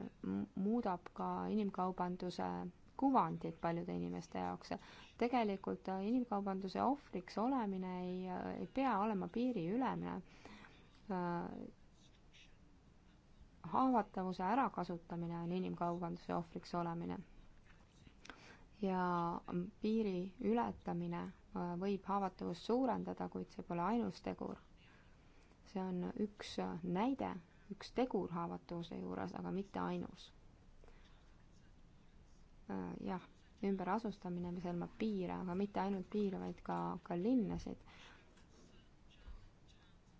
muudab ka inimkaubanduse kuvandit paljude inimeste jaoks. tegelikult inimkaubanduse ohvriks olemine ei, äh, ei pea olema piiriülemine Äh, haavatavuse ärakasutamine on inimkaubanduse ohvriks olemine. ja piiri ületamine äh, võib haavatavust suurendada, kuid see pole ainus tegur. see on üks äh, näide, üks tegur haavatavuse juures, aga mitte ainus. jah, ümberasustamine hõlmab piire, aga mitte ainult piire, vaid ka, ka linnasid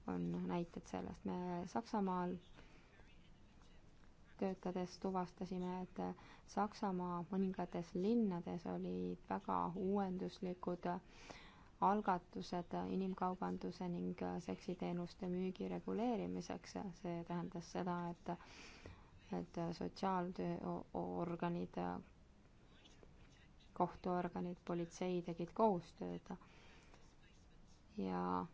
on näited sellest. me Saksamaal töötades tuvastasime, et Saksamaa mõningates linnades olid väga uuenduslikud algatused inimkaubanduse ning seksiteenuste müügi reguleerimiseks. see tähendas seda, et, et sotsiaaltööorganid, kohtuorganid, politsei tegid koostööd ja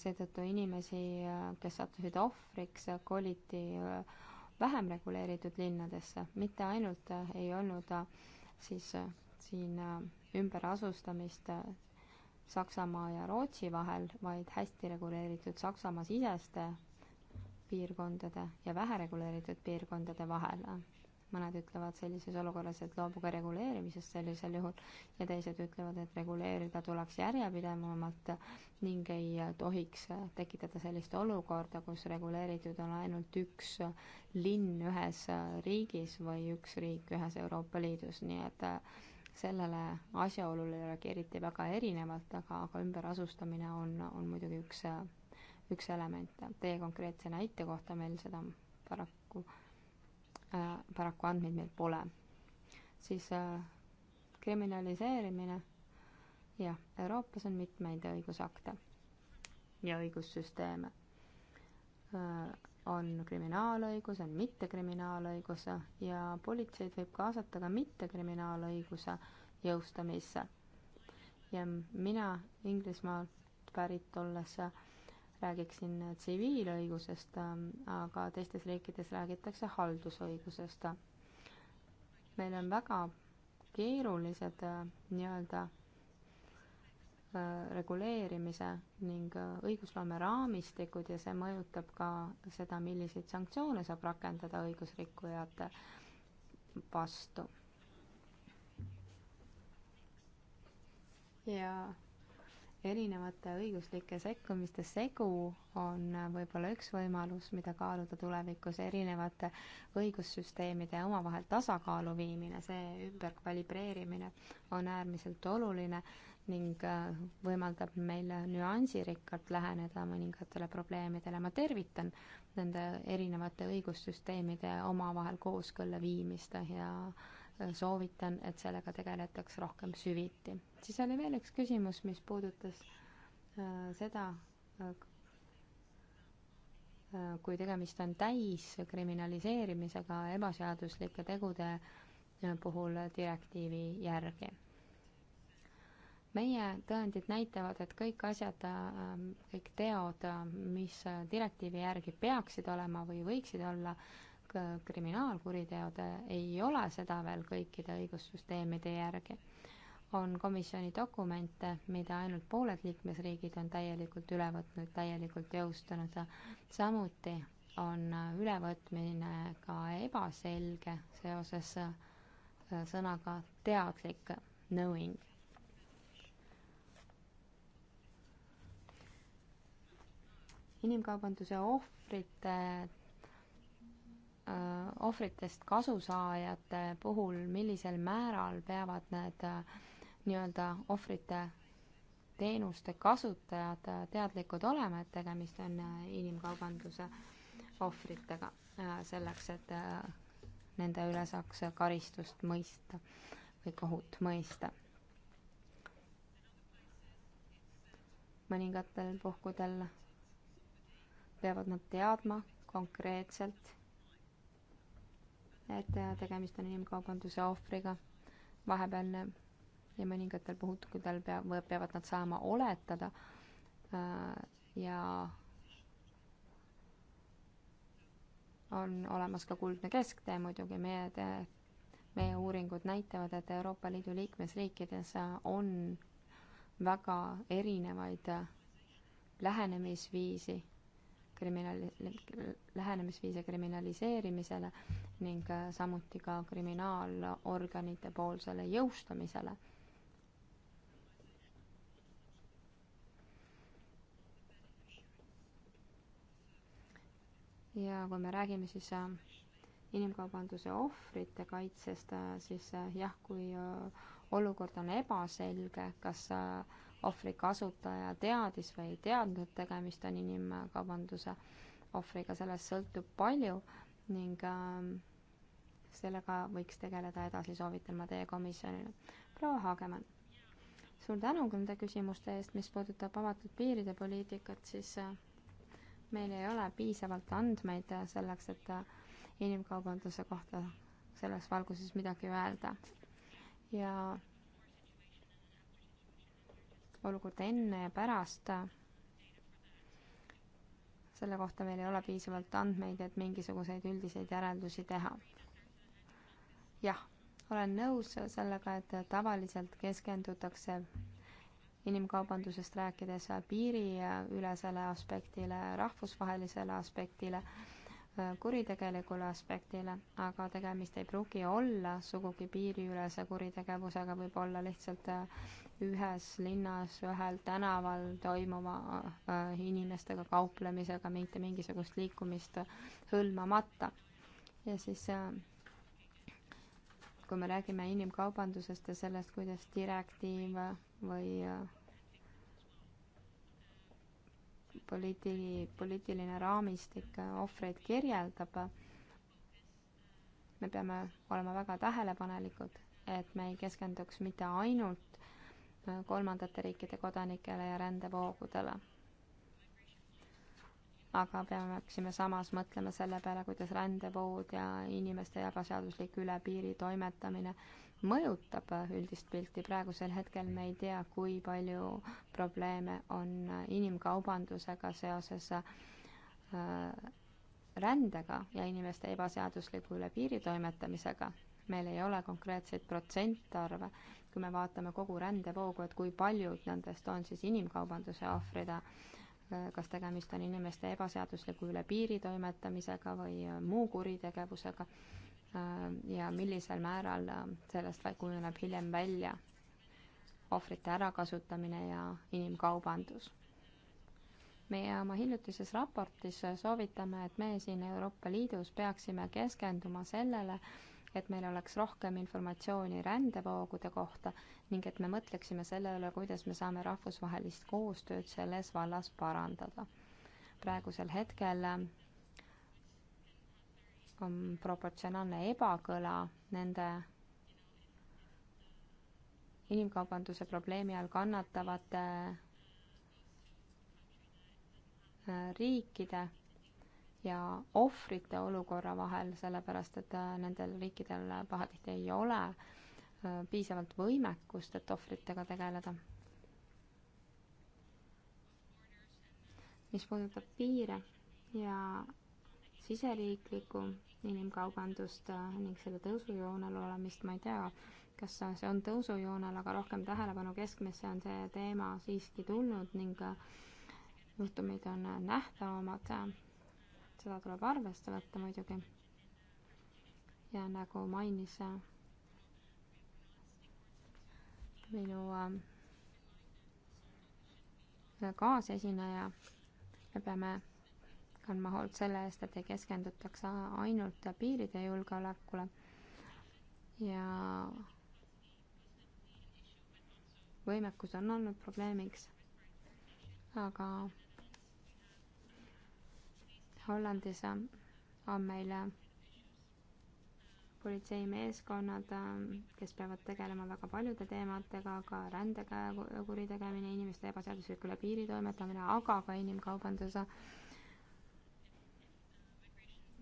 seetõttu inimesi, kes sattusid ohvriks, koliti äh, vähem reguleeritud linnadesse, mitte ainult äh, ei olnud äh, siis siin ümberasustamist Saksamaa ja Rootsi vahel, vaid hästi reguleeritud Saksamaa siseste piirkondade ja vähereguleeritud piirkondade vahel mõned ütlevad sellises olukorras, et loobuge reguleerimisest sellisel juhul ja teised ütlevad, et reguleerida tuleks järjepidevamalt ning ei tohiks tekitada sellist olukorda, kus reguleeritud on ainult üks linn ühes riigis või üks riik ühes Euroopa Liidus, nii et äh, sellele asjaolule reageeriti väga erinevalt, aga, aga ümberasustamine on, on muidugi üks, üks element. Teie konkreetse näite kohta meil seda paraku Äh, paraku andmeid meil pole. siis äh, kriminaliseerimine, jah, Euroopas on mitmeid õigusakte ja õigussüsteeme. Äh, on kriminaalõigus, on mittekriminaalõigus ja politseid võib kaasata ka mittekriminaalõiguse jõustamisse. ja mina Inglismaalt pärit olles räägiksin tsiviilõigusest, ähm, aga teistes riikides räägitakse haldusõigusest. meil on väga keerulised äh, nii-öelda äh, reguleerimise ning äh, õigusloome raamistikud ja see mõjutab ka seda, milliseid sanktsioone saab rakendada õigusrikkujate vastu. ja erinevate õiguslike sekkumiste segu on võib-olla üks võimalus, mida kaaluda tulevikus, erinevate õigussüsteemide omavahel tasakaalu viimine, see ümberkvalibreerimine on äärmiselt oluline ning äh, võimaldab meil nüansirikkalt läheneda mõningatele probleemidele. ma tervitan nende erinevate õigussüsteemide omavahel kooskõlla viimist ja äh, soovitan, et sellega tegeletaks rohkem süviti. siis oli veel üks küsimus, mis puudutas äh, seda, äh, äh, kui tegemist on täiskriminaliseerimisega ebaseaduslike tegude puhul direktiivi järgi. meie tõendid näitavad, et kõik asjad, kõik teod, mis direktiivi järgi peaksid olema või võiksid olla Äh, kriminaalkuriteod äh, ei ole seda veel kõikide õigussüsteemide järgi. on komisjoni dokumente, äh, mida ainult pooled liikmesriigid on täielikult üle võtnud, täielikult jõustanud. samuti on ülevõtmine ka ebaselge seoses sõnaga teadlik, knowing. inimkaubanduse ohvrite Äh, ohvritest kasusaajate puhul, millisel määral peavad need äh, nii-öelda ohvrite teenuste kasutajad äh, teadlikud olema, et tegemist on inimkaubanduse ohvritega, selleks et nende üle saaks karistust mõista või kohut mõista. mõningatel puhkudel peavad nad teadma konkreetselt, et äh, tegemist on inimkaubanduse ohvriga. vahepealne ja mõningatel puhkudel pea, peavad nad saama oletada äh, ja on olemas ka kuldne kesktee muidugi, meie te, meie uuringud näitavad, et Euroopa Liidu liikmesriikides on väga erinevaid äh, lähenemisviisi kriminali-, lähenemisviise kriminaliseerimisele ning äh, samuti ka kriminaalorganite poolsele jõustamisele. ja kui me räägime siis äh, inimkaubanduse ohvrite kaitsest, äh, siis jah, kui olukord on ebaselge, kas äh, ohvri kasutaja teadis või ei teadnud, et tegemist on inimkaubanduse ohvriga, sellest sõltub palju ning äh, sellega võiks tegeleda edasi, soovitan ma teie komisjonile. proua Haagemann, suur tänu nende küsimuste eest, mis puudutab avatud piiride poliitikat, siis äh, meil ei ole piisavalt andmeid äh, selleks, et äh, inimkaubanduse kohta selles valguses midagi öelda. ja olukorda enne ja pärast. selle kohta meil ei ole piisavalt andmeid, et mingisuguseid üldiseid järeldusi teha. jah, olen nõus sellega, et tavaliselt keskendutakse inimkaubandusest rääkides piiriülesele aspektile, rahvusvahelisele aspektile kuritegelikule aspektile, aga tegemist ei pruugi olla sugugi piiriülese kuritegevusega, võib olla lihtsalt äh, ühes linnas, ühel tänaval toimuva äh, inimestega kauplemisega, mitte mingisugust liikumist hõlmamata. ja siis äh, kui me räägime inimkaubandusest ja sellest, kuidas direktiiv või poliiti-, poliitiline raamistik ohvreid kirjeldab. me peame olema väga tähelepanelikud, et me ei keskenduks mitte ainult äh, kolmandate riikide kodanikele ja rändevoogudele aga peaksime samas mõtlema selle peale, kuidas rändevood ja inimeste ebaseaduslik üle piiri toimetamine mõjutab üldist pilti, praegusel hetkel me ei tea, kui palju probleeme on inimkaubandusega seoses äh, rändega ja inimeste ebaseadusliku üle piiri toimetamisega. meil ei ole konkreetseid protsentarve, kui me vaatame kogu rändevoogu, et kui paljud nendest on siis inimkaubanduse ohvrid, äh, kas tegemist on inimeste ebaseadusliku üle piiri toimetamisega või äh, muu kuritegevusega Äh, ja millisel määral äh, sellest kujuneb hiljem välja ohvrite ärakasutamine ja inimkaubandus. meie oma hiljutises raportis soovitame, et me siin Euroopa Liidus peaksime keskenduma sellele, et meil oleks rohkem informatsiooni rändevoogude kohta ning et me mõtleksime selle üle, kuidas me saame rahvusvahelist koostööd selles vallas parandada. praegusel hetkel proportsionaalne ebakõla nende inimkaubanduse probleemi all kannatavate äh, riikide ja ohvrite olukorra vahel, sellepärast et äh, nendel riikidel äh, pahatihti ei ole piisavalt võimekust, et ohvritega tegeleda. mis puudutab piire ja siseriiklikku inimkaubandust äh, ning selle tõusujoonel olemist, ma ei tea, kas see on tõusujoonel, aga rohkem tähelepanu keskmesse on see teema siiski tulnud ning äh, juhtumid on äh, nähtavamad. seda tuleb arvesse võtta muidugi. ja nagu mainis minu kaasesineja, me peame tänan ma hoolt selle eest, et ei keskendutakse ainult piiride julgeolekule ja võimekus on olnud probleemiks, aga Hollandis on meil politseimeeskonnad, kes peavad tegelema väga paljude teematega, ka rändega kuritegemine, inimeste ebaseaduslikule piiri toimetamine, aga ka inimkaubanduse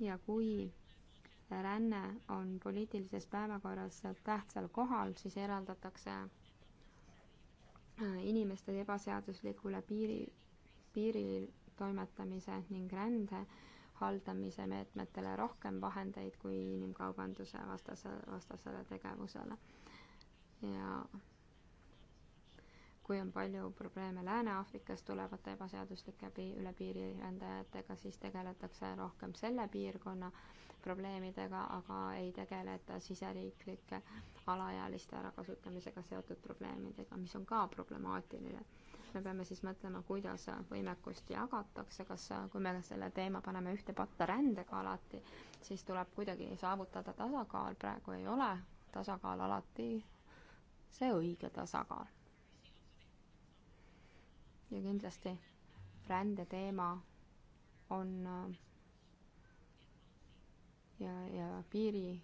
ja kui ränne on poliitilises päevakorras tähtsal kohal, siis eraldatakse äh, inimeste ebaseaduslikule piiri, piiril toimetamise ning rände haldamise meetmetele rohkem vahendeid kui inimkaubanduse vastase, vastasele tegevusele. ja kui on palju probleeme Lääne-Aafrikast tulevate ebaseaduslike pi-, üle piiri rändajatega, siis tegeletakse rohkem selle piirkonna probleemidega, aga ei tegeleta siseriiklike alaealiste ärakasutamisega seotud probleemidega, mis on ka problemaatiline. me peame siis mõtlema, kuidas võimekust jagatakse, kas, kui me selle teema paneme ühte patta rändega alati, siis tuleb kuidagi saavutada tasakaal, praegu ei ole tasakaal alati see õige tasakaal ja kindlasti rändeteema on äh, ja, ja piiri,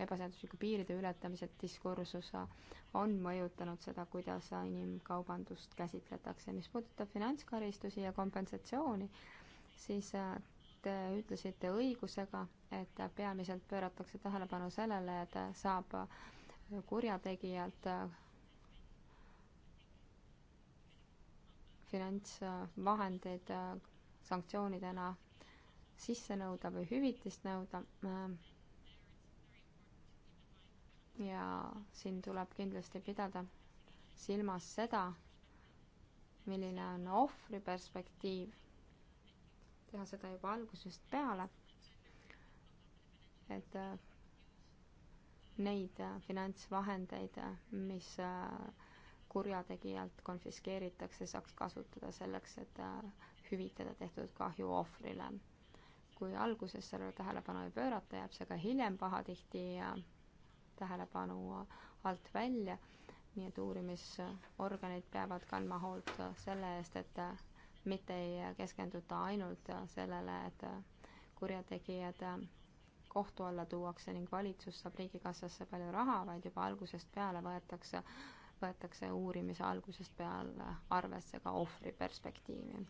ebaseadusliku piiride ületamise diskursus äh, on mõjutanud seda, kuidas äh, inimkaubandust käsitletakse. mis puudutab finantskaristusi ja kompensatsiooni, siis te ütlesite õigusega, et peamiselt pööratakse tähelepanu sellele, et saab kurjategijalt finantsvahendeid äh, sanktsioonidena sisse nõuda või hüvitist nõuda. Äh, ja siin tuleb kindlasti pidada silmas seda, milline on ohvri perspektiiv, teha seda juba algusest peale, et äh, neid finantsvahendeid, mis äh, kurjategijalt konfiskeeritakse, saaks kasutada selleks, et äh, hüvitada tehtud kahju ohvrile. kui alguses sellele tähelepanu ei pöörata, jääb see ka hiljem pahatihti tähelepanu alt välja, nii et uurimisorganid peavad kandma hoolt selle eest, et äh, mitte ei keskenduta ainult sellele, et äh, kurjategijad kohtu alla tuuakse ning valitsus saab riigikassasse palju raha, vaid juba algusest peale võetakse võetakse uurimise algusest peale arvesse ka ohvri perspektiivi.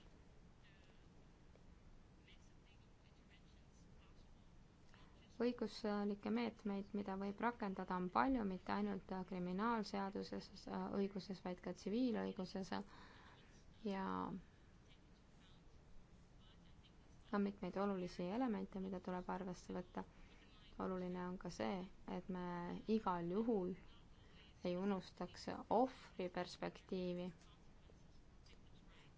õiguslikke meetmeid, mida võib rakendada, on palju, mitte ainult kriminaalseaduses, õiguses, vaid ka tsiviilõiguses ja on mitmeid olulisi elemente, mida tuleb arvesse võtta. oluline on ka see, et me igal juhul ei unustaks ohvri perspektiivi.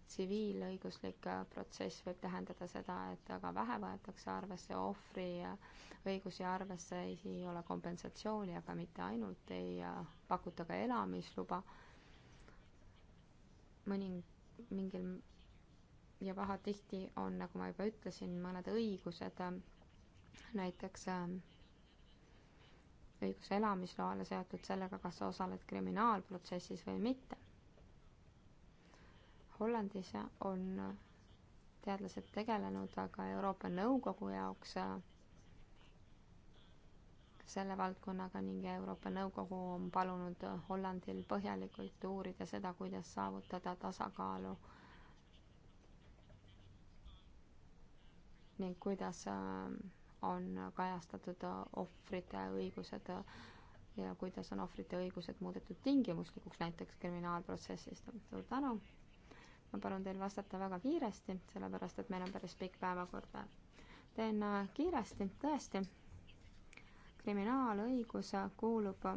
tsiviilõiguslik protsess võib tähendada seda, et väga vähe võetakse arvesse ohvri õigusi arvesse, ei ole kompensatsiooni, aga mitte ainult, ei pakuta ka elamisluba. mõning-, mingil ja pahatihti on, nagu ma juba ütlesin, mõned õigused, näiteks õigus elamisloale seotud sellega, kas sa osaled kriminaalprotsessis või mitte. Hollandis on teadlased tegelenud aga Euroopa Nõukogu jaoks äh, selle valdkonnaga ning Euroopa Nõukogu on palunud Hollandil põhjalikult uurida seda, kuidas saavutada tasakaalu ning kuidas äh, on kajastatud äh, ohvrite õigused äh, ja kuidas on ohvrite õigused muudetud tingimuslikuks näiteks kriminaalprotsessis. suur tänu! ma palun teil vastata väga kiiresti, sellepärast et meil on päris pikk päevakord veel. teen äh, kiiresti, tõesti. kriminaalõigus kuulub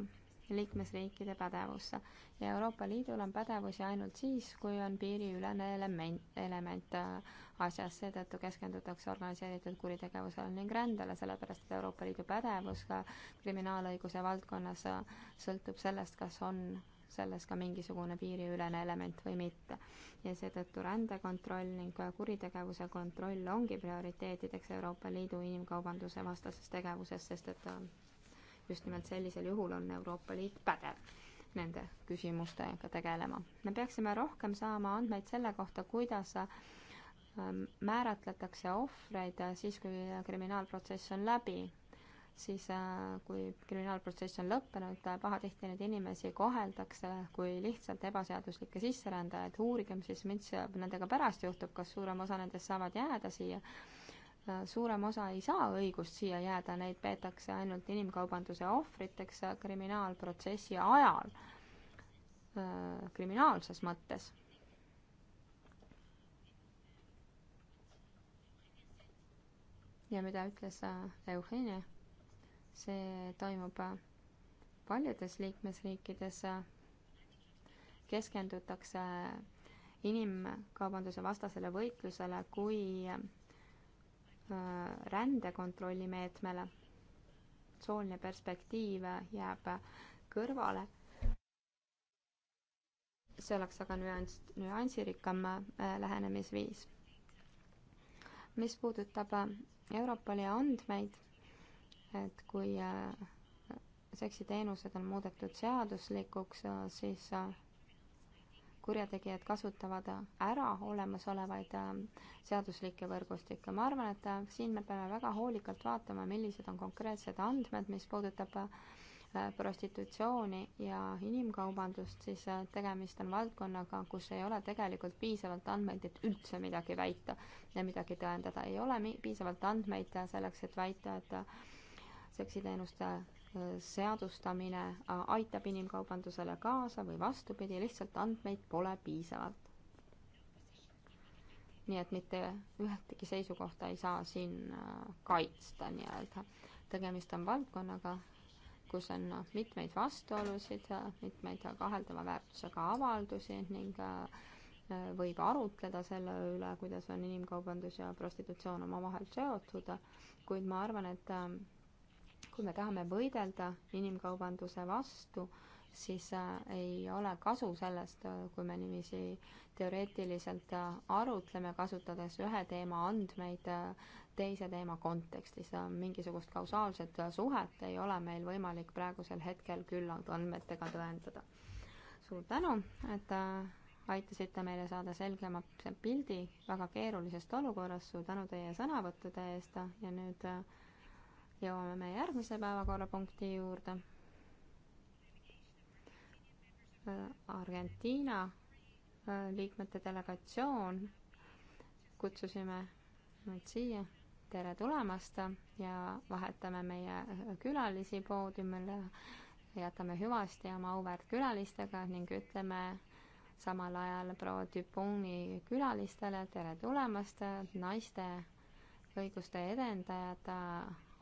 liikmesriikide pädevusse ja Euroopa Liidul on pädevusi ainult siis, kui on piiriülene element, element äh, asjas, seetõttu keskendutakse organiseeritud kuritegevusele ning rändele, sellepärast et Euroopa Liidu pädevus ka kriminaalõiguse valdkonnas äh, sõltub sellest, kas on selles ka mingisugune piiriülene element või mitte. ja seetõttu rändekontroll ning äh, kuritegevuse kontroll ongi prioriteetideks Euroopa Liidu inimkaubanduse vastases tegevuses, sest et just nimelt sellisel juhul on Euroopa Liit pädev nende küsimustega tegelema. me peaksime rohkem saama andmeid selle kohta, kuidas ähm, määratletakse ohvreid siis, kui kriminaalprotsess on läbi, siis äh, kui kriminaalprotsess on lõppenud, pahatihti neid inimesi koheldakse kui lihtsalt ebaseaduslikke sisserändajaid, uurigem siis, mis nendega pärast juhtub, kas suurem osa nendest saavad jääda siia Äh, suurem osa ei saa õigust siia jääda, neid peetakse ainult inimkaubanduse ohvriteks äh, kriminaalprotsessi ajal, äh, kriminaalses mõttes. ja mida ütles Eugenia, see toimub paljudes liikmesriikides, keskendutakse inimkaubanduse vastasele võitlusele kui Äh, rändekontrolli meetmele. sooline perspektiiv jääb kõrvale. see oleks aga nüanss, nüansirikkam äh, lähenemisviis. mis puudutab äh, Europoli andmeid, et kui seksiteenused on muudetud seaduslikuks, siis kurjategijad kasutavad ära olemasolevaid äh, seaduslikke võrgustikke. ma arvan, et äh, siin me peame väga hoolikalt vaatama, millised on konkreetsed andmed, mis puudutab äh, prostitutsiooni ja inimkaubandust, siis tegemist on valdkonnaga, kus ei ole tegelikult piisavalt andmeid, et üldse midagi väita ja midagi tõendada. ei ole piisavalt andmeid selleks, et väita, et seksiteenuste seadustamine äh, aitab inimkaubandusele kaasa või vastupidi, lihtsalt andmeid pole piisavalt. nii et mitte ühtegi seisukohta ei saa siin äh, kaitsta nii-öelda. tegemist on valdkonnaga, kus on äh, mitmeid vastuolusid, mitmeid kaheldava väärtusega avaldusi ning võib arutleda selle üle, kuidas on inimkaubandus ja prostitutsioon omavahel seotud, kuid ma arvan, et ähm, kui me tahame võidelda inimkaubanduse vastu, siis äh, ei ole kasu sellest, äh, kui me niiviisi teoreetiliselt äh, arutleme, kasutades ühe teema andmeid teise teema kontekstis. mingisugust kausaalset suhet ei ole meil võimalik praegusel hetkel küllalt andmetega tõendada. suur tänu, et aitasite meile saada selgema pildi väga keerulisest olukorrast, suur tänu teie sõnavõttude eest ja nüüd jõuame meie järgmise päevakorrapunkti juurde. Äh, Argentiina äh, liikmete delegatsioon, kutsusime nad siia, tere tulemast ja vahetame meie äh, külalisi poodiumil ja jätame hüvasti oma auväärt külalistega ning ütleme samal ajal proua Dupongi külalistele tere tulemast, naiste õiguste edendajad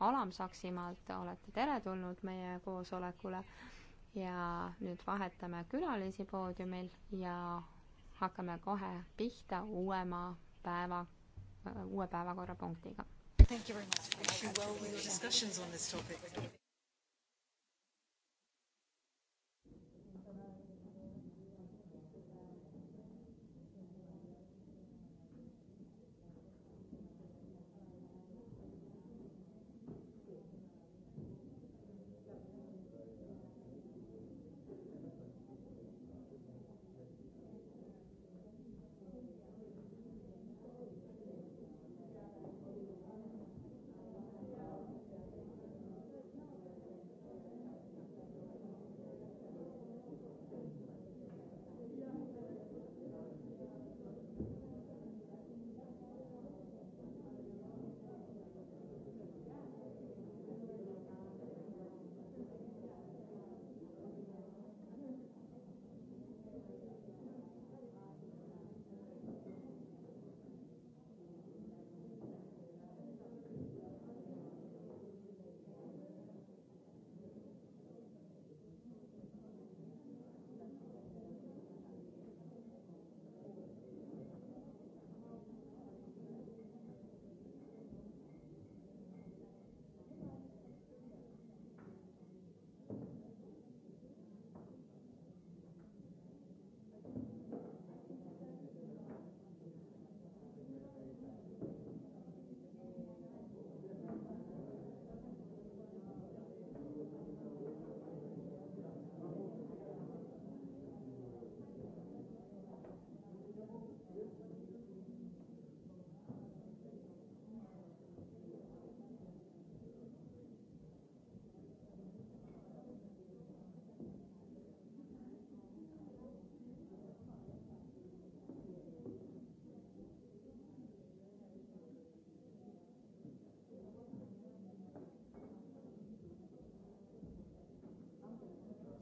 Alam-Saksimaalt olete teretulnud meie koosolekule ja nüüd vahetame külalisi poodiumil ja hakkame kohe pihta uuema päeva, uue päevakorrapunktiga. Thank you very much. Wish you well with your discussions on this topic.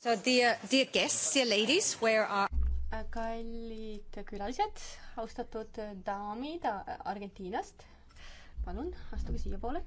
So dear, dear guests, dear ladies, where are kallid külalised, austatud daamid Argentiinast, palun astuge siiapoole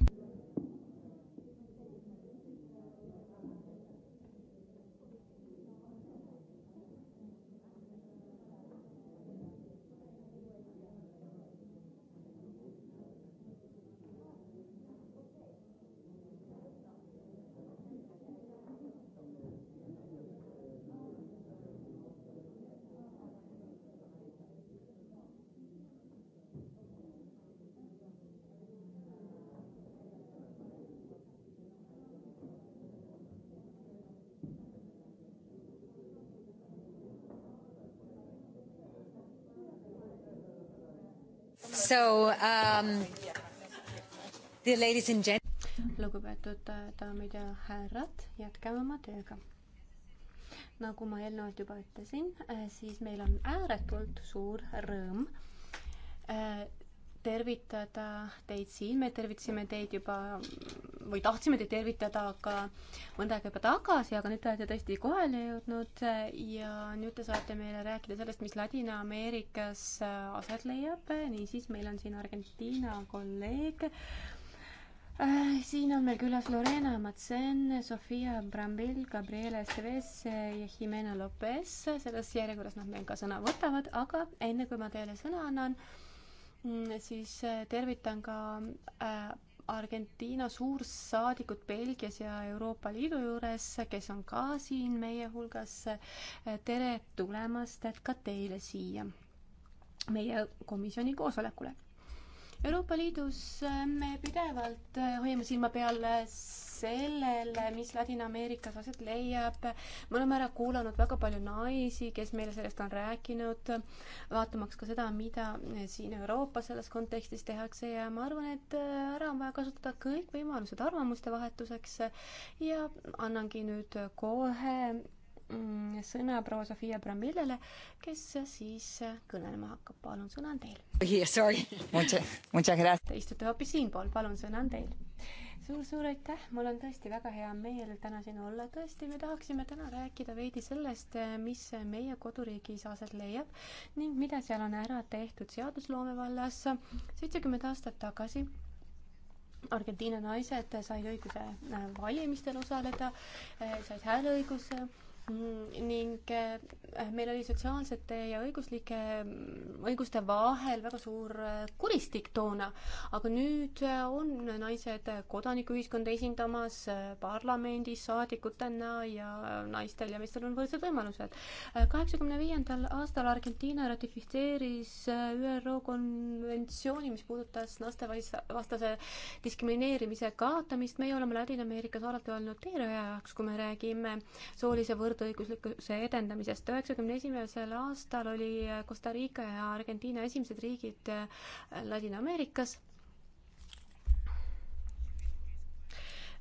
So, um, dear ladies and gentlemen lugupeetud äh, daamid ja härrad, jätkame oma tööga. nagu ma eelnevalt juba ütlesin, äh, siis meil on ääretult suur rõõm äh, tervitada teid siin, me tervitasime teid juba mm, või tahtsime teid tervitada ka mõnda aega juba tagasi, aga nüüd te olete tõesti kohale jõudnud eh, ja nüüd te saate meile rääkida sellest, mis Ladina-Ameerikas eh, aset leiab. niisiis, meil on siin Argentiina kolleeg eh, siin on meil külas Lorena Matsen, Sofia Brambil, Gabriela Esteves ja Jimena Lopez. selles järjekorras nad meil ka sõna võtavad, aga enne kui ma teile sõna annan, mm, siis tervitan ka Argentiina suursaadikud Belgias ja Euroopa Liidu juures, kes on ka siin meie hulgas. tere tulemast ka teile siia meie komisjoni koosolekule. Euroopa Liidus me pidevalt hoiame silma peal sellele, mis Ladina-Ameerikas aset leiab. me oleme ära kuulanud väga palju naisi, kes meile sellest on rääkinud, vaatamaks ka seda, mida siin Euroopas selles kontekstis tehakse ja ma arvan, et ära on vaja kasutada kõik võimalused arvamuste vahetuseks ja annangi nüüd kohe mm, sõna proua Sofia Bramillele, kes siis kõnelema hakkab. palun, sõna on teil. Te istute hoopis siinpool, palun, sõna on teil suur-suur aitäh, mul on tõesti väga hea meel täna siin olla, tõesti, me tahaksime täna rääkida veidi sellest, mis meie koduriigis aset leiab ning mida seal on ära tehtud seadusloome vallas seitsekümmend aastat tagasi Argentiina naised said õiguse valimistel osaleda, said hääleõiguse Mm, ning äh, meil oli sotsiaalsete ja õiguslike mm, õiguste vahel väga suur äh, kuristik toona, aga nüüd äh, on naised kodanikuühiskonda esindamas parlamendis saadikutena ja naistel ja meestel on võrdsed võimalused. kaheksakümne viiendal aastal Argentiina ratifitseeris ÜRO konventsiooni, mis puudutas lastevastase diskrimineerimise kaotamist. meie oleme Ladina-Ameerika saarelt öelnud teerajajaks, kui me räägime soolise võrdsuse võrdõiguslikkuse edendamisest. üheksakümne esimesel aastal oli Costa Rica ja Argentiina esimesed riigid äh, Ladina-Ameerikas,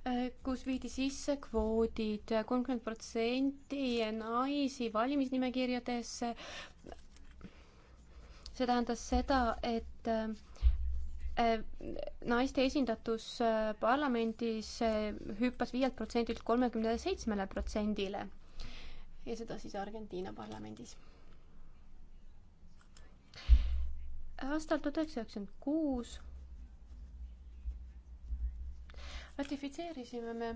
äh, kus viidi sisse kvoodid, kolmkümmend protsenti naisi valimisnimekirjadesse. see tähendas seda, et äh, naiste esindatus parlamendis hüppas viielt protsendilt kolmekümne seitsmele protsendile ja seda siis Argentiina parlamendis. aastal tuhat üheksasada üheksakümmend kuus ratifitseerisime me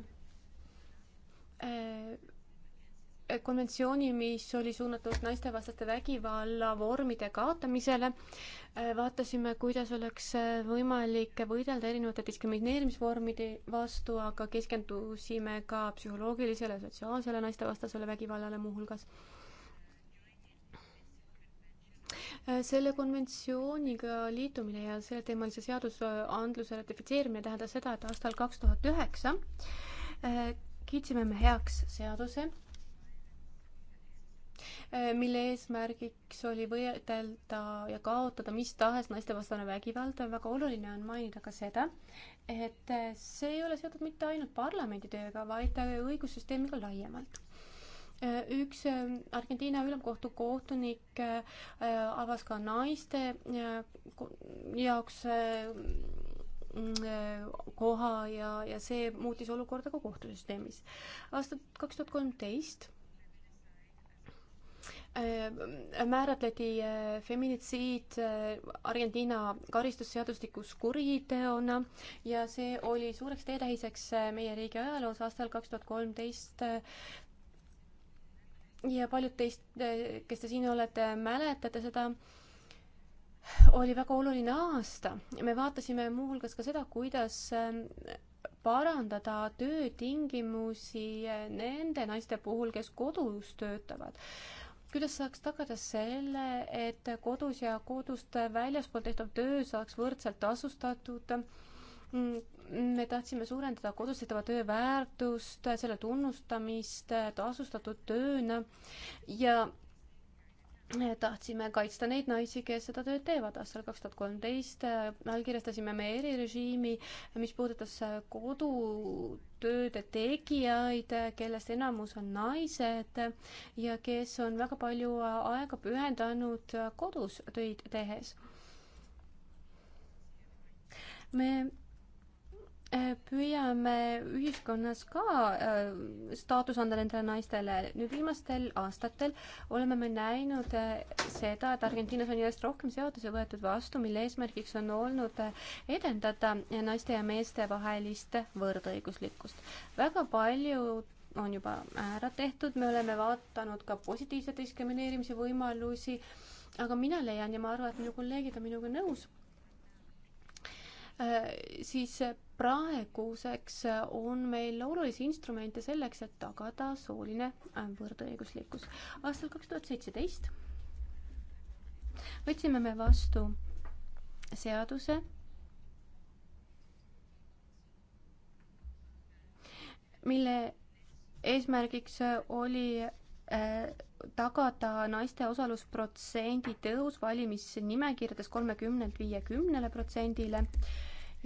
äh, konventsiooni, mis oli suunatud naistevastaste vägivalla vormide kaotamisele. Äh, vaatasime, kuidas oleks äh, võimalik võidelda erinevate diskrimineerimisvormide vastu, aga keskendusime ka psühholoogilisele, sotsiaalsele naistevastasele vägivallale muuhulgas äh, selle konventsiooniga liitumine ja selleteemalise seadusandluse ratifitseerimine tähendas seda, et aastal kaks tuhat üheksa kiitsime me heaks seaduse Äh, mille eesmärgiks oli võidelda ja kaotada mis tahes naistevastane vägivald. väga oluline on mainida ka seda, et äh, see ei ole seotud mitte ainult parlamendi tööga, vaid äh, õigussüsteemiga laiemalt. üks Argentiina ülemkohtu kohtunik avas ka naiste jaoks mm, koha ja, ja see muutis olukorda ka kohtusüsteemis. aastat kaks tuhat kolmteist Äh, määratleti äh, feminitsiid äh, Argentiina karistusseadustikus kuriteona ja see oli suureks teetähiseks meie riigi ajaloos aastal kaks tuhat kolmteist ja paljud teist, kes te siin olete, mäletate seda, oli väga oluline aasta. me vaatasime muuhulgas ka seda, kuidas parandada töötingimusi nende naiste puhul, kes kodus töötavad kuidas saaks tagada selle, et kodus ja kodust väljaspool tehtav töö saaks võrdselt tasustatud? me tahtsime suurendada kodus tehtava töö väärtust, selle tunnustamist tasustatud tööna ja tahtsime kaitsta neid naisi, kes seda tööd teevad. aastal kaks tuhat kolmteist allkirjastasime me erirežiimi, mis puudutas kodu tööde tegijaid, kellest enamus on naised ja kes on väga palju aega pühendanud kodus töid tehes. me Äh, püüame ühiskonnas ka äh, staatus anda nendele naistele. nüüd viimastel aastatel oleme me näinud äh, seda, et Argentiinas on järjest rohkem seadusi võetud vastu, mille eesmärgiks on olnud äh, edendada naiste ja meeste vahelist võrdõiguslikkust. väga paljud on juba ära tehtud, me oleme vaadanud ka positiivse diskrimineerimise võimalusi, aga mina leian ja ma arvan, et minu kolleegid on minuga nõus Äh, siis praeguseks on meil olulisi instrumente selleks, et tagada sooline äh, võrdõiguslikkus. aastal kaks tuhat seitseteist võtsime me vastu seaduse, mille eesmärgiks oli äh, tagada naiste osalusprotsendi tõus valimisnimekirjades kolmekümnelt viiekümnele protsendile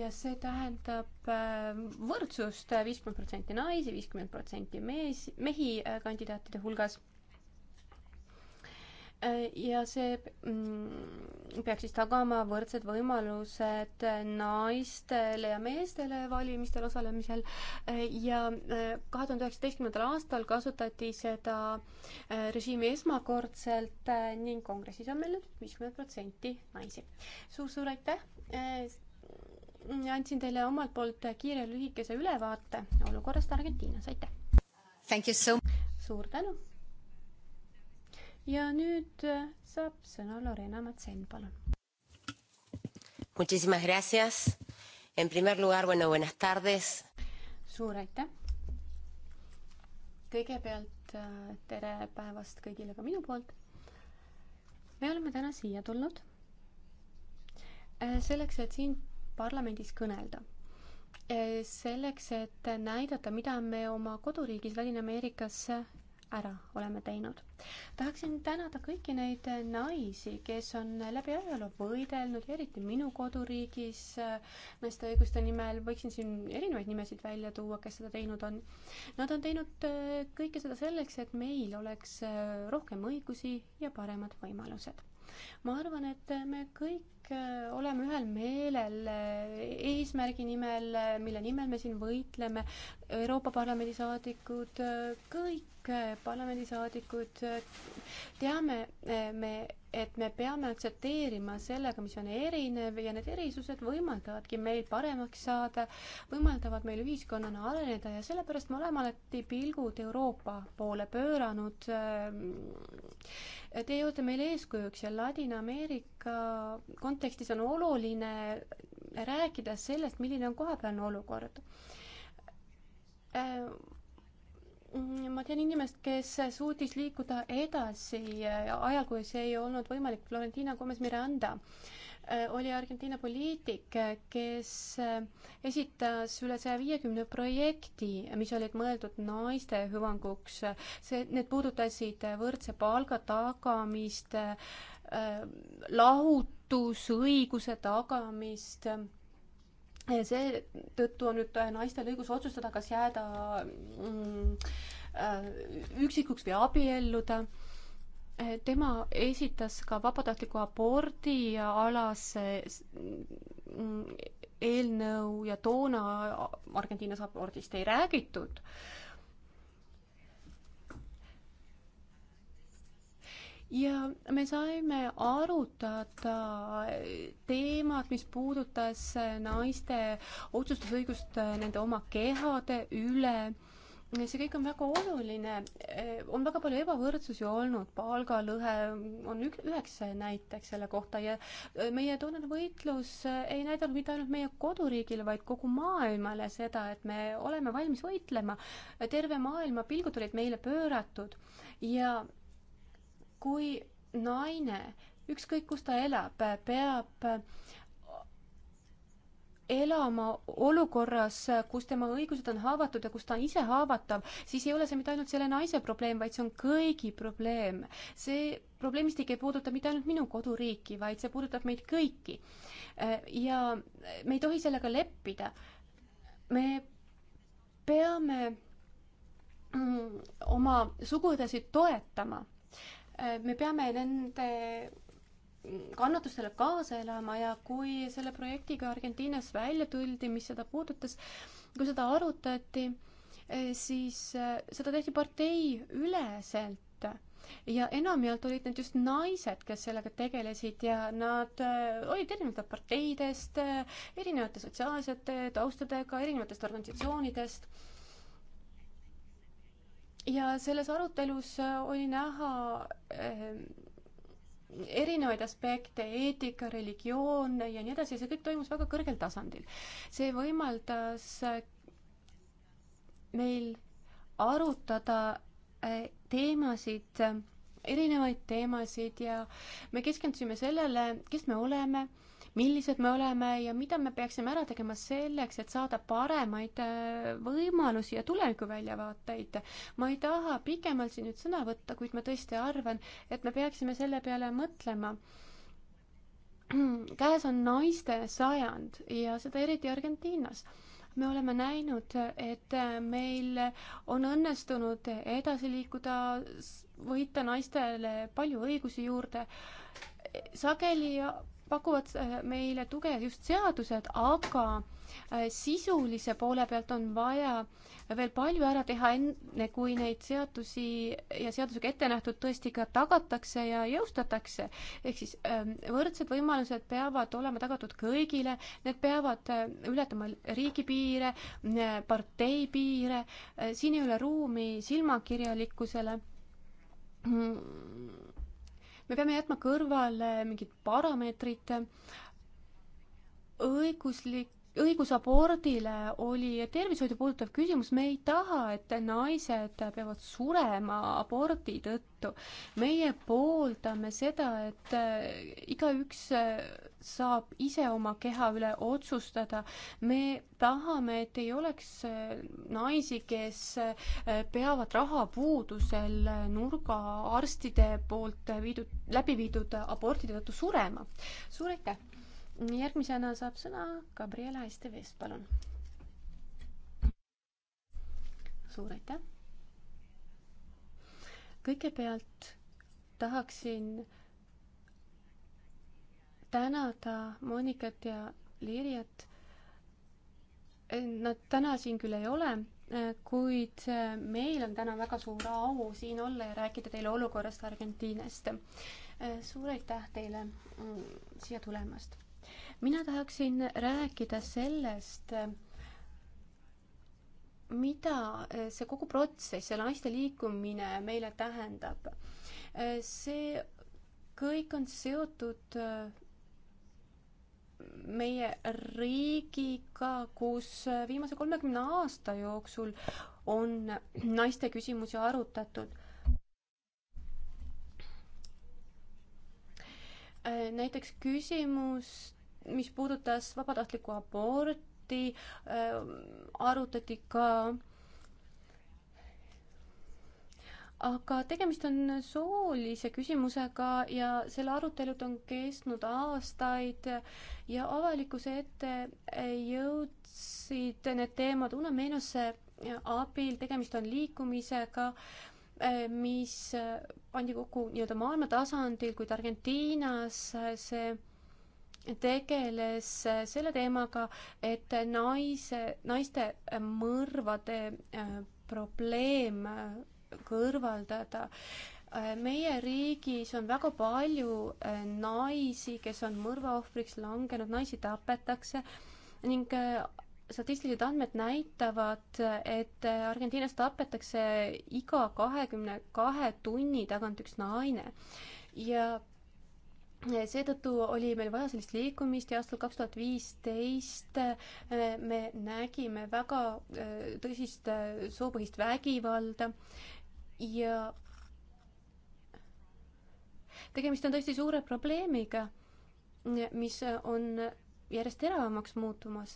ja see tähendab äh, võrdsust, viiskümmend protsenti naisi, viiskümmend protsenti mees, mehi äh, kandidaatide hulgas. Äh, ja see mm, peaks siis tagama võrdsed võimalused naistele ja meestele valimistel osalemisel äh, ja äh, kahe tuhande üheksateistkümnendal aastal kasutati seda režiimi esmakordselt ning kongressis on meil nüüd viiskümmend protsenti naisi suur,. suur-suur aitäh! andsin teile omalt poolt kiire lühikese ülevaate olukorrast Argentiinas, aitäh! suur tänu! ja nüüd äh, saab sõna Lorena Matsen, palun. Muchísimas gracias. En primer lugar, bueno, buenas tardes. suur aitäh. kõigepealt äh, tere päevast kõigile ka minu poolt. me oleme täna siia tulnud äh, selleks, et siin parlamendis kõnelda selleks, et näidata, mida me oma koduriigis Ladina-Ameerikas ära oleme teinud. tahaksin tänada kõiki neid äh, naisi, kes on läbi ajaloo võidelnud, eriti minu koduriigis naiste äh, õiguste nimel, võiksin siin erinevaid nimesid välja tuua, kes seda teinud on. Nad on teinud äh, kõike seda selleks, et meil oleks rohkem õigusi ja paremad võimalused ma arvan, et me kõik äh, oleme ühel meelel äh, eesmärgi nimel, äh, mille nimel me siin võitleme, Euroopa Parlamendi saadikud, kõik parlamendisaadikud, teame me, et me peame aktsepteerima sellega, mis on erinev ja need erisused võimaldavadki meil paremaks saada, võimaldavad meil ühiskonnana areneda ja sellepärast me oleme alati pilgud Euroopa poole pööranud. Teie ehm, olete meile eeskujuks ja Ladina-Ameerika kontekstis on oluline rääkida sellest, milline on kohapealne olukord ehm, Mm, ma tean inimest, kes suutis liikuda edasi äh, ajal, kui see ei olnud võimalik. Florentina Gomez Miranda äh, oli Argentiina poliitik, äh, kes esitas üle saja viiekümne projekti, mis olid mõeldud naiste hüvanguks. see, need puudutasid võrdse palga tagamist, lahutusõiguse tagamist seetõttu on nüüd äh, naistel õigus otsustada, kas jääda mm, äh, üksikuks või abielluda. Äh, tema esitas ka vabatahtliku abordi alase mm, eelnõu ja toona Argentiinas abordist ei räägitud ja me saime arutada teemat, mis puudutas naiste otsustusõigust nende oma kehade üle. see kõik on väga oluline, on väga palju ebavõrdsusi olnud, palgalõhe on ük-, üheks näiteks selle kohta ja meie toonane võitlus ei näidanud mitte ainult meie koduriigile, vaid kogu maailmale seda, et me oleme valmis võitlema. terve maailma pilgud olid meile pööratud ja kui naine, ükskõik kus ta elab, peab elama olukorras, kus tema õigused on haavatud ja kus ta on ise haavatav, siis ei ole see mitte ainult selle naise probleem, vaid see on kõigi probleem. see probleemistik ei puuduta mitte ainult minu koduriiki, vaid see puudutab meid kõiki. ja me ei tohi sellega leppida. me peame oma sugudesid toetama Äh, me peame nende kannatustele kaasa elama ja kui selle projektiga Argentiinas välja tuldi, mis seda puudutas, kui seda arutati, äh, siis äh, seda tehti parteiüleselt ja enamjaolt olid need just naised, kes sellega tegelesid ja nad olid erinevatest parteidest, erinevate sotsiaalsete taustadega, erinevatest organisatsioonidest ja selles arutelus äh, oli näha äh, erinevaid aspekte, eetika, religioon ja nii edasi ja see kõik toimus väga kõrgel tasandil. see võimaldas äh, meil arutada teemasid, erinevaid teemasid ja me keskendusime sellele, kes me oleme, millised me oleme ja mida me peaksime ära tegema selleks, et saada paremaid äh, võimalusi ja tulevikuväljavaateid. ma ei taha pikemalt siin nüüd sõna võtta, kuid ma tõesti arvan, et me peaksime selle peale mõtlema käes on naiste sajand ja seda eriti Argentiinas. me oleme näinud, et äh, meil on õnnestunud edasi liikuda, võita naistele palju õigusi juurde. sageli pakuvad äh, meile tuge just seadused, aga äh, sisulise poole pealt on vaja veel palju ära teha, enne kui neid seadusi ja seadusega ette nähtud tõesti ka tagatakse ja jõustatakse. ehk siis ähm, võrdsed võimalused peavad olema tagatud kõigile, need peavad äh, ületama riigipiire, partei piire, siin ei ole ruumi silmakirjalikkusele mm me peame jätma kõrvale mingid parameetrid. õiguslik, õigus abordile oli tervishoidu puudutav küsimus, me ei taha, et naised peavad surema abordi tõttu. meie pooldame seda, et igaüks saab ise oma keha üle otsustada. me tahame, et ei oleks äh, naisi, kes äh, peavad rahapuudusel äh, nurgaarstide poolt viidud, läbi viidud abordide tõttu surema. suur aitäh! järgmisena saab sõna Gabriela Estevest, palun. suur aitäh! kõigepealt tahaksin tänada Monikat ja Liriat. Nad täna siin küll ei ole, kuid meil on täna väga suur au siin olla ja rääkida teile olukorrast Argentiinast. suur aitäh teile mm, siia tulemast. mina tahaksin rääkida sellest, mida see kogu protsess ja naiste liikumine meile tähendab. see kõik on seotud meie riigiga, kus viimase kolmekümne aasta jooksul on naiste küsimusi arutatud. näiteks küsimus, mis puudutas vabatahtlikku aborti, arutati ka äh, aga tegemist on soolise küsimusega ja selle arutelud on kestnud aastaid ja avalikkuse ette jõudsid need teemad Una Meenose abil, tegemist on liikumisega, mis pandi kokku nii-öelda maailma tasandil, kuid Argentiinas see tegeles selle teemaga, et naise, naiste mõrvade äh, probleem kõrvaldada. meie riigis on väga palju äh, naisi, kes on mõrvaohvriks langenud, naisi tapetakse ning äh, statistilised andmed näitavad, et äh, Argentiinas tapetakse iga kahekümne kahe tunni tagant üks naine ja seetõttu oli meil vaja sellist liikumist ja aastal kaks tuhat viisteist me nägime väga tõsist soopõhist vägivalda ja tegemist on tõesti suure probleemiga, mis on järjest teravamaks muutumas.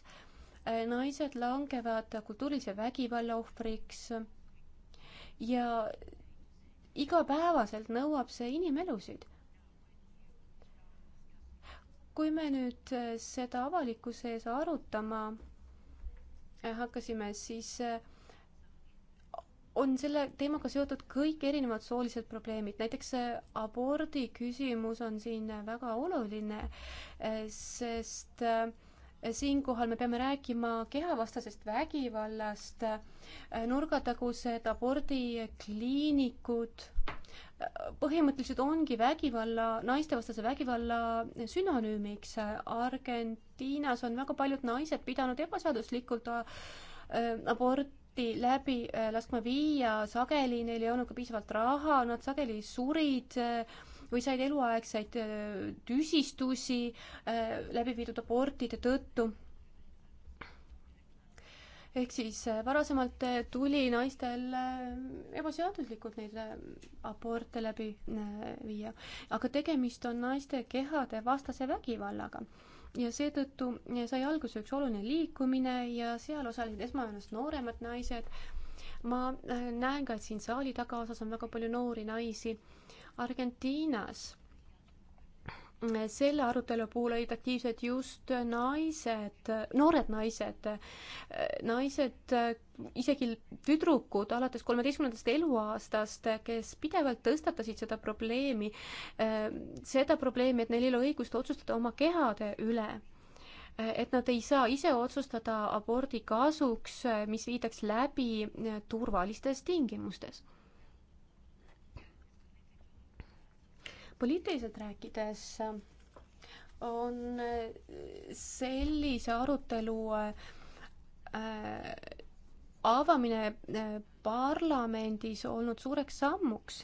naised langevad kultuurilise vägivalla ohvriks ja igapäevaselt nõuab see inimelusid. kui me nüüd seda avalikkuse ees arutama hakkasime, siis äh, on selle teemaga seotud kõik erinevad soolised probleemid, näiteks abordi küsimus on siin väga oluline, eh, sest eh, siinkohal me peame rääkima kehavastasest vägivallast, eh, nurgatagused abordikliinikud põhimõtteliselt ongi vägivalla, naistevastase vägivalla sünonüümiks. Argentiinas on väga paljud naised pidanud ebaseaduslikult aborti pidi läbi äh, laskma viia, sageli neil ei olnud ka piisavalt raha, nad sageli surid äh, või said eluaegseid äh, tüsistusi läbi viidud abortide tõttu. ehk siis varasemalt tuli naistel ebaseaduslikult neid aborte läbi viia, aga tegemist on naiste kehade vastase vägivallaga ja seetõttu sai alguse üks oluline liikumine ja seal osalesid esmajoones nooremad naised. ma äh, näen ka, et siin saali tagaosas on väga palju noori naisi. Argentiinas selle arutelu puhul olid aktiivsed just naised, noored naised, naised, isegi tüdrukud alates kolmeteistkümnendast eluaastast, kes pidevalt tõstatasid seda probleemi, seda probleemi, et neil ei ole õigust otsustada oma kehade üle et nad ei saa ise otsustada abordi kasuks, mis viidaks läbi turvalistes tingimustes poliitiliselt rääkides on sellise arutelu äh, avamine äh, parlamendis olnud suureks sammuks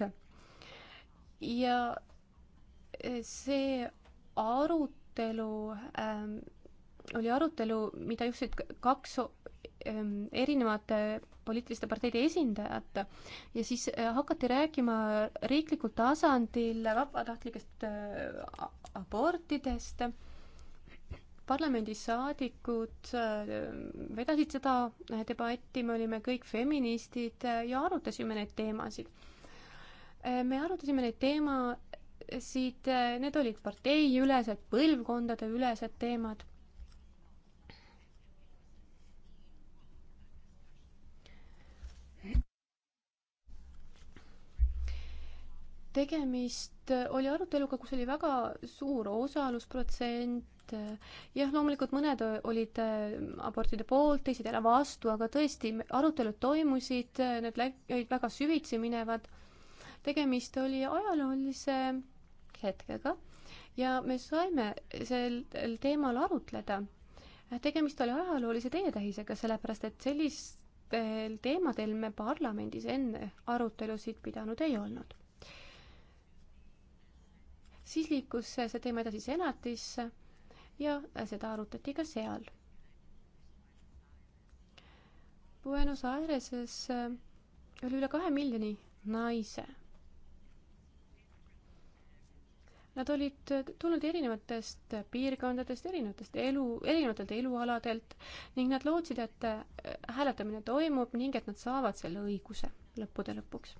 ja äh, see arutelu ähm, oli arutelu, mida juhtisid kaks ähm, erinevat poliitiliste parteide esindajad ja siis äh, hakati rääkima riiklikul tasandil vabatahtlikest äh, abortidest. parlamendisaadikud äh, vedasid seda debatti, me olime kõik feministid ja arutasime neid teemasid. me arutasime neid teemasid, need olid parteiülesed, põlvkondadeülesed teemad tegemist oli aruteluga, kus oli väga suur osalusprotsent, jah, loomulikult mõned olid äh, abortide poolt, teised jälle vastu, aga tõesti, arutelud toimusid, need olid väga süvitsi minevad. tegemist oli ajaloolise hetkega ja me saime sel teemal arutleda. tegemist oli ajaloolise teetähisega, sellepärast et sellistel teemadel me parlamendis enne arutelusid pidanud ei olnud siis liikus see teema edasi senatisse ja seda arutati ka seal. Buenos Aireses äh, oli üle kahe miljoni naise. Nad olid äh, tulnud erinevatest piirkondadest, erinevatest elu, erinevatelt elualadelt ning nad lootsid, et äh, hääletamine toimub ning et nad saavad selle õiguse lõppude lõpuks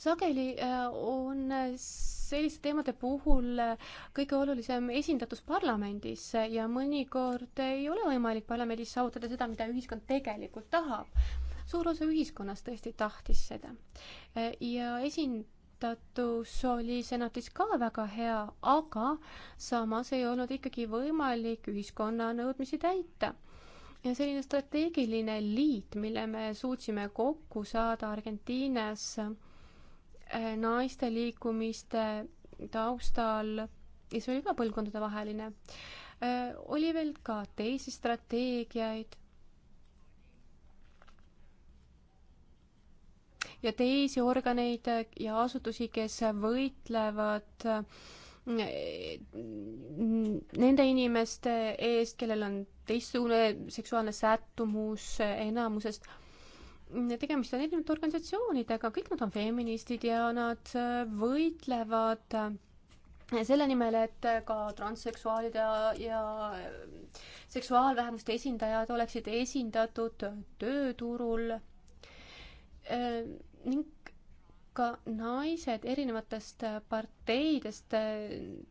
sageli äh, on äh, selliste teemade puhul äh, kõige olulisem esindatus parlamendis ja mõnikord ei ole võimalik parlamendis saavutada seda, mida ühiskond tegelikult tahab. suur osa ühiskonnast tõesti tahtis seda. ja esindatus oli senatis ka väga hea, aga samas ei olnud ikkagi võimalik ühiskonna nõudmisi täita ja selline strateegiline liit, mille me suutsime kokku saada Argentiinas Äh, naiste liikumiste taustal ja see oli ka põlvkondadevaheline. Äh, oli veel ka teisi strateegiaid. ja teisi organeid ja asutusi, kes võitlevad äh, nende inimeste eest, kellel on teistsugune seksuaalne sättumus enamusest tegemist on erinevate organisatsioonidega, kõik nad on feministid ja nad äh, võitlevad äh, selle nimel, et äh, ka transseksuaalid ja, ja seksuaalvähemuste esindajad oleksid esindatud tööturul ning ka naised erinevatest parteidest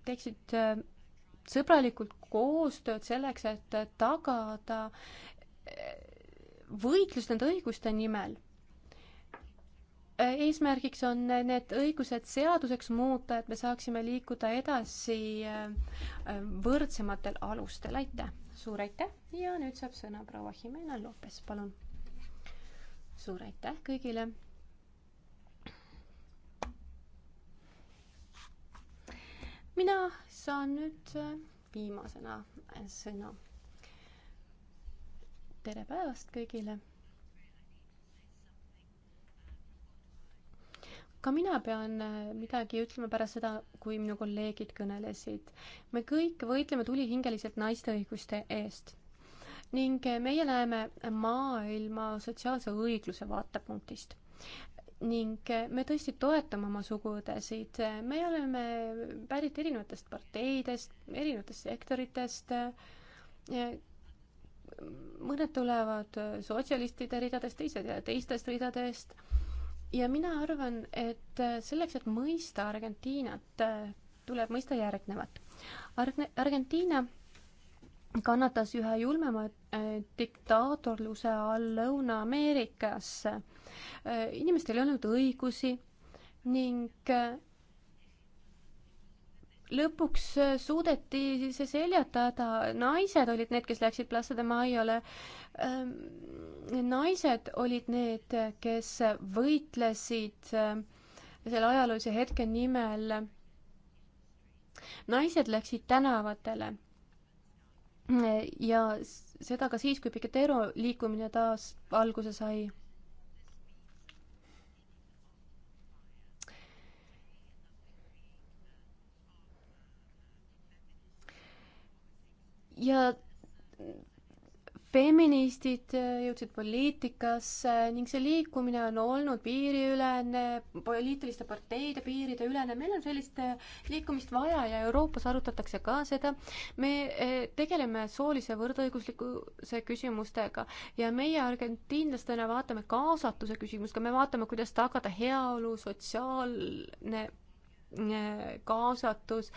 teeksid sõbralikult koostööd selleks, et tagada võitlus nende õiguste nimel. eesmärgiks on need õigused seaduseks muuta, et me saaksime liikuda edasi äh, võrdsematel alustel, aitäh! suur aitäh ja nüüd saab sõna proua Jimena Lopes, palun! suur aitäh kõigile! mina saan nüüd äh, viimasena sõna tere päevast kõigile. ka mina pean äh, midagi ütlema pärast seda, kui minu kolleegid kõnelesid. me kõik võitleme tulihingeliselt naiste õiguste eest ning äh, meie näeme maailma sotsiaalse õigluse vaatepunktist ning äh, me tõesti toetame oma sugudesid, me oleme pärit erinevatest parteidest, erinevatest sektoritest mõned tulevad äh, sotsialistide ridadest, teised teistest ridadest. ja mina arvan, et äh, selleks, et mõista Argentiinat, äh, tuleb mõista järgnevat. Argne-, Argentiina kannatas ühe julmema diktaatorluse all Lõuna-Ameerikas. inimestel ei olnud õigusi ning lõpuks äh, suudeti see seljatada, naised olid need, kes läksid Plaza de Mayole. Ähm, naised olid need, kes võitlesid äh, selle ajaloolise hetke nimel. naised läksid tänavatele. Äh, ja seda ka siis, kui Piketeero liikumine taas alguse sai ja feministid jõudsid poliitikasse ning see liikumine on olnud piiriülene, poliitiliste parteide piiride ülene, meil on sellist liikumist vaja ja Euroopas arutatakse ka seda. me eh, tegeleme soolise võrdõiguslikkuse küsimustega ja meie argentiinlastena vaatame kaasatuse küsimust ka, me vaatame, kuidas tagada heaolu, sotsiaalne kaasatus,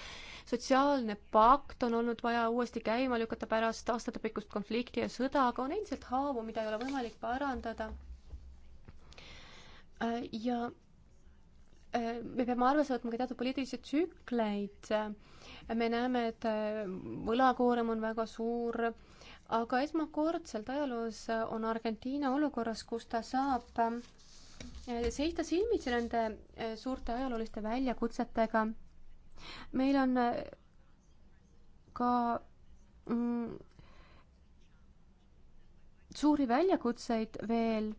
sotsiaalne pakt on olnud vaja uuesti käima lükata pärast aastatepikkust konflikti ja sõda, aga on endiselt haavu, mida ei ole võimalik parandada. ja äh, me peame arvesse võtma ka teatud poliitilisi tsükleid. me näeme, et äh, võlakoorem on väga suur, aga esmakordselt ajaloos on Argentiina olukorras, kus ta saab äh, seista silmitsi nende eh, suurte ajalooliste väljakutsetega. meil on eh, ka mm, suuri väljakutseid veel.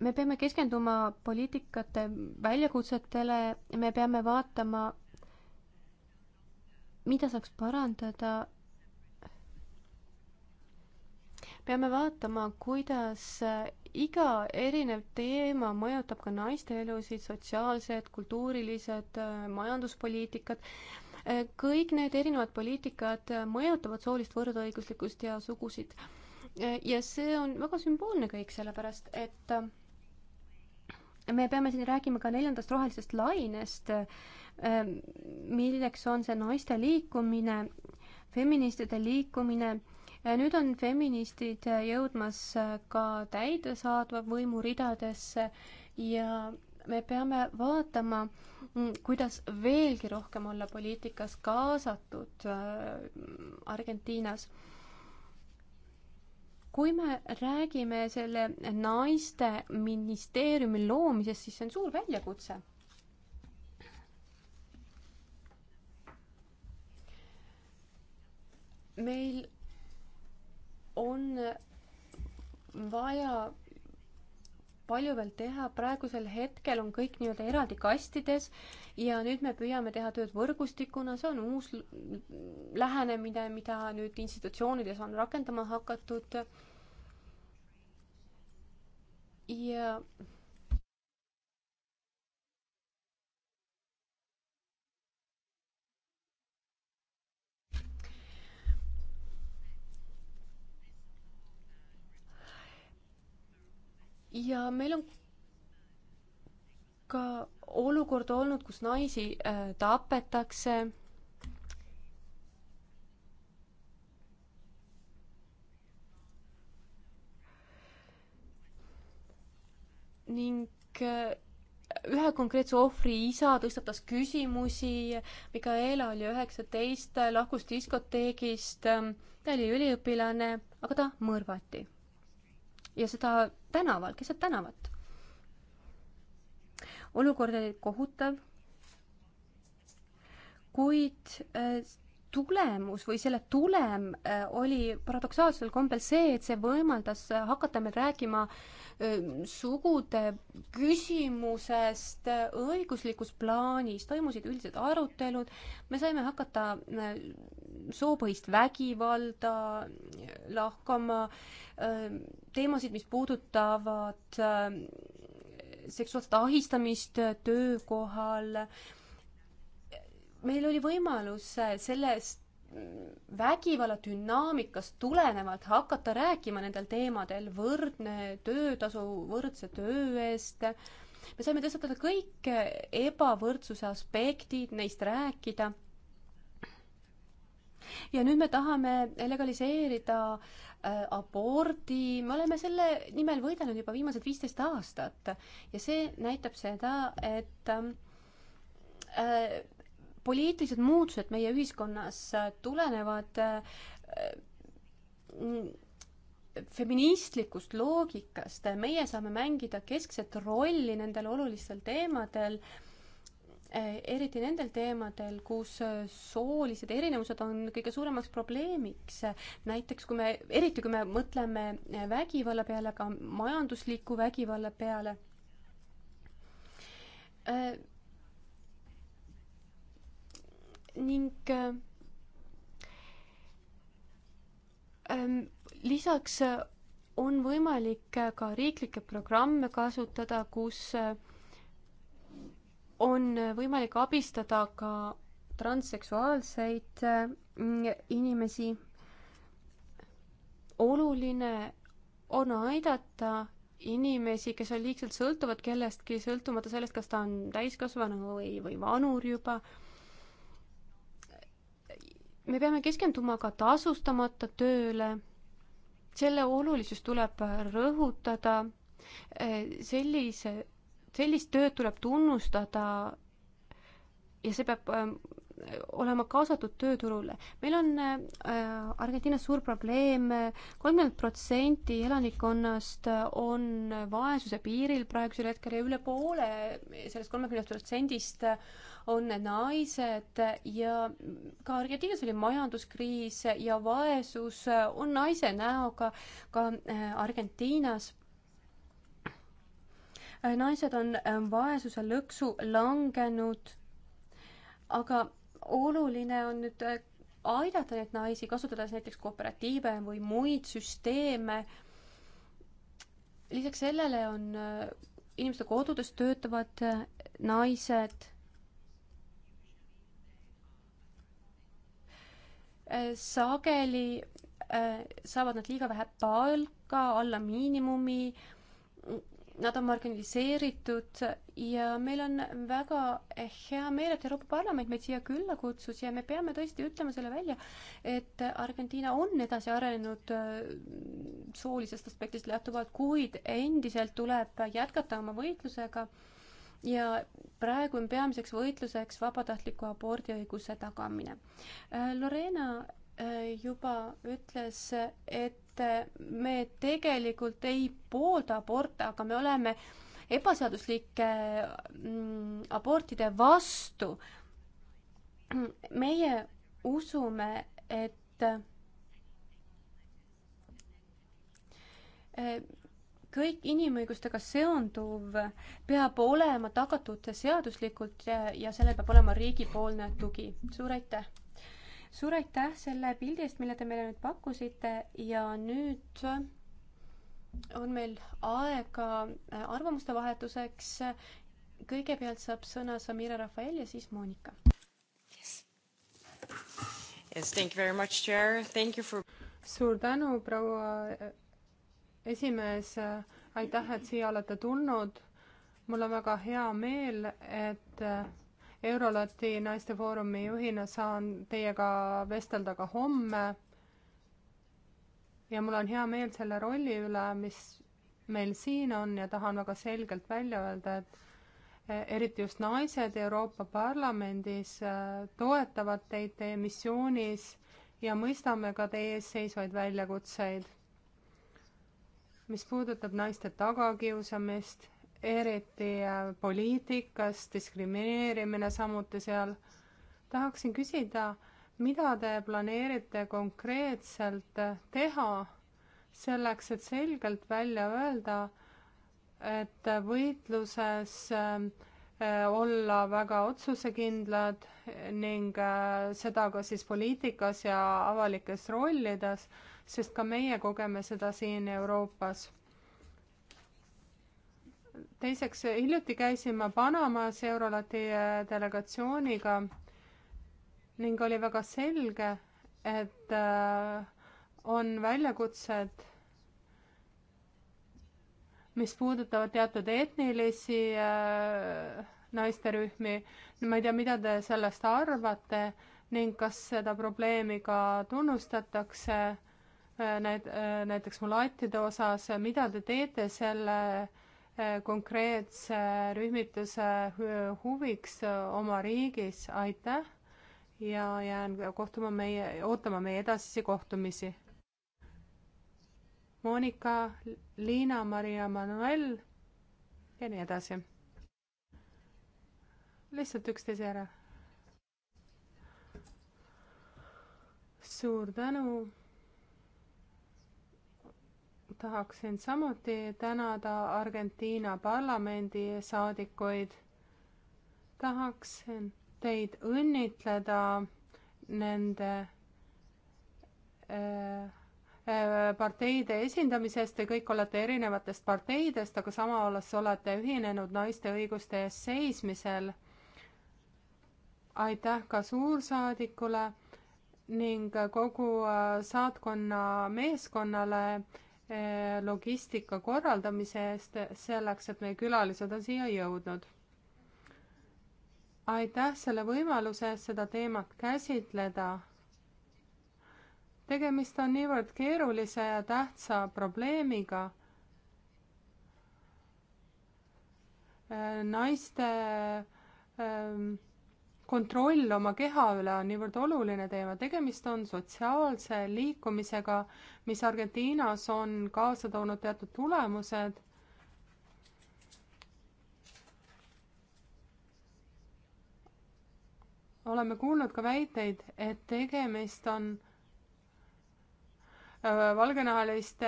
me peame keskenduma poliitikate väljakutsetele, me peame vaatama, mida saaks parandada. peame vaatama, kuidas eh, iga erinev teema mõjutab ka naiste elusid, sotsiaalsed, kultuurilised, majanduspoliitikad, kõik need erinevad poliitikad mõjutavad soolist võrdõiguslikkust ja sugusid. ja see on väga sümboolne kõik, sellepärast et me peame siin rääkima ka neljandast rohelisest lainest, milleks on see naiste liikumine, feministide liikumine nüüd on feministid jõudmas ka täidesaatva võimu ridadesse ja me peame vaatama, mm, kuidas veelgi rohkem olla poliitikas kaasatud äh, Argentiinas kui me räägime selle naiste ministeeriumi loomisest, siis see on suur väljakutse. meil on vaja palju veel teha, praegusel hetkel on kõik nii-öelda eraldi kastides ja nüüd me püüame teha tööd võrgustikuna, see on uus lähenemine, mida nüüd institutsioonides on rakendama hakatud. ja ja meil on ka olukord olnud, kus naisi äh, tapetakse. ning äh, ühe konkreetse ohvri isa tõstatas küsimusi, Mikaela oli üheksateist, lahkus diskoteegist, äh, ta oli üliõpilane, aga ta mõrvati ja seda tänaval, keset tänavat. olukord oli kohutav, kuid äh, tulemus või selle tulem äh, oli paradoksaalsel kombel see, et see võimaldas äh, hakata meil rääkima äh, sugude küsimusest õiguslikus plaanis, toimusid üldised arutelud, me saime hakata soopõhist vägivalda lahkama, teemasid, mis puudutavad seksuaalset ahistamist töökohal, meil oli võimalus sellest vägivalla dünaamikast tulenevalt hakata rääkima nendel teemadel, võrdne töötasu võrdse töö eest, me saime tõstatada kõik ebavõrdsuse aspektid, neist rääkida. ja nüüd me tahame legaliseerida äh, abordi, me oleme selle nimel võidelnud juba viimased viisteist aastat ja see näitab seda, et äh, poliitilised muutused meie ühiskonnas tulenevad äh, äh, feministlikust loogikast, meie saame mängida keskset rolli nendel olulistel teemadel, äh, eriti nendel teemadel, kus soolised erinevused on kõige suuremaks probleemiks. näiteks kui me, eriti kui me mõtleme vägivalla peale, ka majandusliku vägivalla peale ning äh, ähm, lisaks äh, on võimalik äh, ka riiklikke programme kasutada, kus on võimalik abistada ka transseksuaalseid inimesi. oluline on aidata inimesi, kes on liigselt sõltuvad kellestki, sõltumata sellest, kas ta on täiskasvanu või, või vanur juba me peame keskenduma ka tasustamata tööle. selle olulisust tuleb rõhutada. sellise, sellist tööd tuleb tunnustada. ja see peab olema kaasatud tööturule. meil on äh, Argentiinas suur probleem, kolmkümmend protsenti elanikkonnast on vaesuse piiril praegusel hetkel ja üle poole sellest kolmekümnest protsendist on naised ja ka Argentiinas oli majanduskriis ja vaesus on naise näoga ka äh, Argentiinas äh, naised on äh, vaesuse lõksu langenud, aga oluline on nüüd äh, aidata neid naisi, kasutades näiteks kooperatiive või muid süsteeme. lisaks sellele on äh, inimeste kodudes töötavad äh, naised. sageli saavad nad liiga vähe palka, alla miinimumi nad on marginaliseeritud ja meil on väga hea meel, et Euroopa Parlament meid siia külla kutsus ja me peame tõesti ütlema selle välja, et Argentiina on edasi arenenud äh, soolisest aspektist lähtuvalt, kuid endiselt tuleb jätkata oma võitlusega ja praegu on peamiseks võitluseks vabatahtliku abordiõiguse tagamine. Äh, Lorena äh, juba ütles, et et me tegelikult ei poolda aborte, aga me oleme ebaseaduslike mm, abortide vastu. meie usume, et kõik inimõigustega seonduv peab olema tagatud seaduslikult ja, ja sellel peab olema riigipoolne tugi. suur aitäh! suur aitäh selle pildi eest, mille te meile nüüd pakkusite ja nüüd on meil aega arvamuste vahetuseks. kõigepealt saab sõna Samira Rafael ja siis Monika yes.. Yes, thank you very much, Chair, thank you for. suur tänu, proua esimees, aitäh, et siia olete tulnud. mul on väga hea meel, et Eurolati naistefoorumi juhina saan teiega vestelda ka homme. ja mul on hea meel selle rolli üle, mis meil siin on ja tahan väga selgelt välja öelda, et eriti just naised Euroopa Parlamendis äh, toetavad teid teie missioonis ja mõistame ka teie ees seisvaid väljakutseid. mis puudutab naiste tagakiusamist, eriti äh, poliitikas, diskrimineerimine samuti seal. tahaksin küsida, mida te planeerite konkreetselt äh, teha selleks, et selgelt välja öelda, et võitluses äh, olla väga otsusekindlad ning seda ka siis poliitikas ja avalikes rollides, sest ka meie kogeme seda siin Euroopas teiseks, hiljuti käisin ma Panamas Eurolati äh, delegatsiooniga ning oli väga selge, et äh, on väljakutsed, mis puudutavad teatud etnilisi äh, naisterühmi. ma ei tea, mida te sellest arvate ning kas seda probleemi ka tunnustatakse näit-, näiteks mulattide osas, mida te teete selle äh, konkreetse rühmituse huviks oma riigis, aitäh ja jään kohtuma meie, ootama meie edasisi kohtumisi. Monika, Liina, Maria Manuel ja nii edasi. lihtsalt üksteise järel. suur tänu tahaksin samuti tänada Argentiina parlamendi saadikuid. tahaksin teid õnnitleda nende äh, äh, parteide esindamisest, te kõik olete erinevatest parteidest, aga samas olete ühinenud naiste õiguste eest seismisel. aitäh ka suursaadikule ning kogu äh, saatkonna meeskonnale Eh, logistika korraldamise eest, selleks et meie külalised on siia jõudnud. aitäh selle võimaluse eest seda teemat käsitleda. tegemist on niivõrd keerulise ja tähtsa probleemiga. Eh, naiste ähm, kontroll oma keha üle on niivõrd oluline teema, tegemist on sotsiaalse liikumisega, mis Argentiinas on kaasa toonud teatud tulemused. oleme kuulnud ka väiteid, et tegemist on valgenahaliste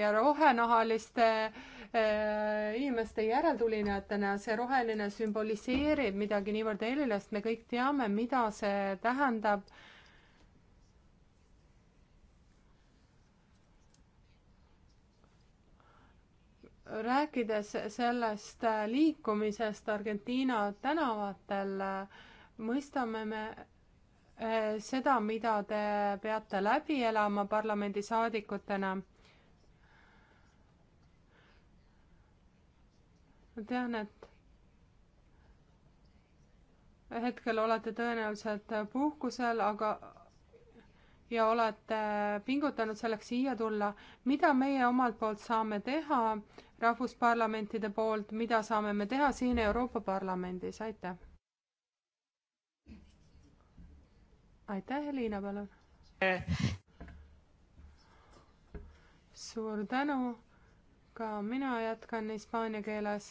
ja rohenahaliste äh, inimeste järeltulijatena, see roheline sümboliseerib midagi niivõrd erilist, me kõik teame, mida see tähendab. rääkides sellest liikumisest Argentiina tänavatel, mõistame me Äh, seda, mida te peate läbi elama parlamendisaadikutena. ma tean, et hetkel olete tõenäoliselt puhkusel, aga ja olete pingutanud selleks siia tulla. mida meie omalt poolt saame teha rahvusparlamentide poolt, mida saame me teha siin Euroopa Parlamendis, aitäh! aitäh, Liina, palun. suur tänu. ka mina jätkan hispaania keeles.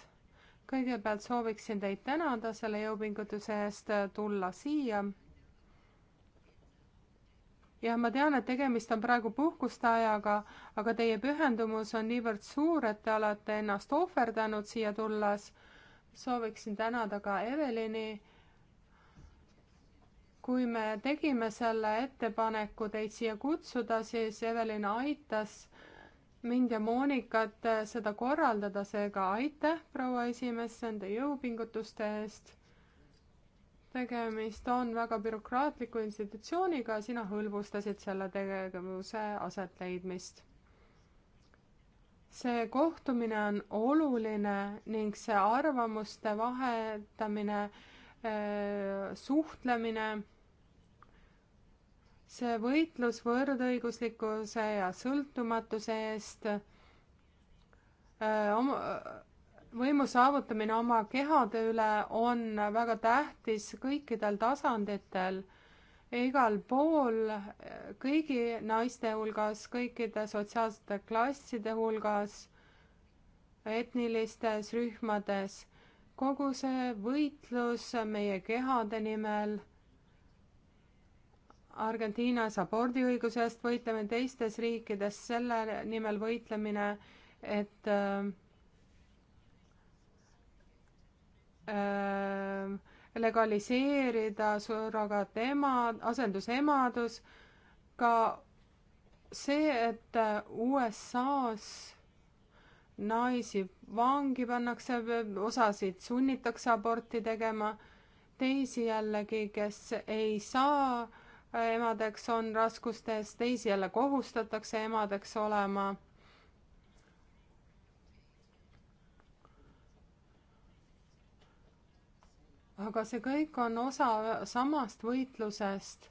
kõigepealt sooviksin teid tänada selle jõupingutuse eest tulla siia. jah, ma tean, et tegemist on praegu puhkuste ajaga, aga teie pühendumus on niivõrd suur, et te olete ennast ohverdanud siia tulles. sooviksin tänada ka Evelini kui me tegime selle ettepaneku teid siia kutsuda, siis Evelin aitas mind ja Monikat seda korraldada, seega aitäh, proua esimees, nende jõupingutuste eest. tegemist on väga bürokraatliku institutsiooniga, sina hõlbustasid selle tegevuse asetleidmist. see kohtumine on oluline ning see arvamuste vahetamine, äh, suhtlemine see võitlus võrdõiguslikkuse ja sõltumatuse eest, oma, võimu saavutamine oma kehade üle on väga tähtis kõikidel tasanditel, igal pool, kõigi naiste hulgas, kõikide sotsiaalsete klasside hulgas, etnilistes rühmades, kogu see võitlus meie kehade nimel Argentiinas abordiõiguse eest võitleme, teistes riikides selle nimel võitlemine, et äh, äh legaliseerida surrogaatema, asendusemadus, ka see, et äh, USA-s naisi vangi pannakse, osasid sunnitakse aborti tegema, teisi jällegi, kes ei saa emadeks on raskustes, teisi jälle kohustatakse emadeks olema aga see kõik on osa samast võitlusest.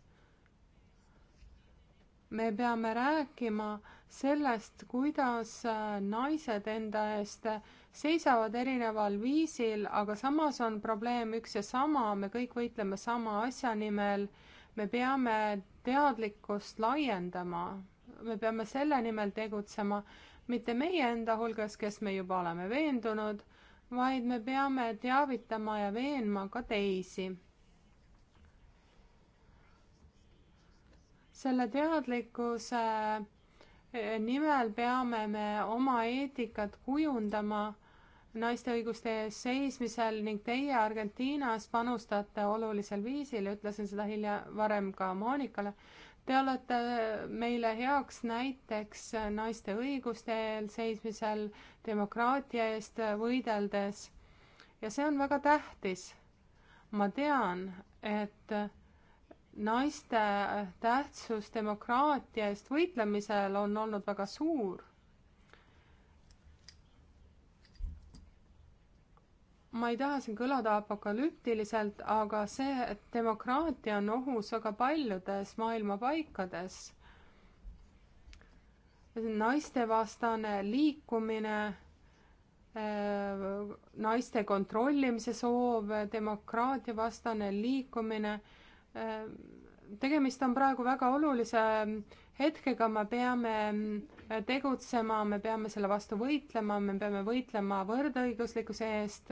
me peame rääkima sellest, kuidas äh, naised enda eest seisavad erineval viisil, aga samas on probleem üks ja sama, me kõik võitleme sama asja nimel me peame teadlikkust laiendama, me peame selle nimel tegutsema, mitte meie enda hulgas, kes me juba oleme veendunud, vaid me peame teavitama ja veenma ka teisi selle teadlikkuse nimel peame me oma eetikat kujundama naiste õiguste eest seismisel ning teie Argentiinas panustate olulisel viisil, ütlesin seda hilja, varem ka Monikale. Te olete meile heaks näiteks naiste õiguste eel seismisel, demokraatia eest võideldes. ja see on väga tähtis. ma tean, et naiste tähtsus demokraatia eest võitlemisel on olnud väga suur ma ei taha siin kõlada apokalüptiliselt, aga see, et demokraatia on ohus väga paljudes maailma paikades. naistevastane liikumine, äh, naiste kontrollimise soov, demokraatiavastane liikumine. Äh, tegemist on praegu väga olulise hetkega, me peame tegutsema, me peame selle vastu võitlema, me peame võitlema võrdõiguslikkuse eest,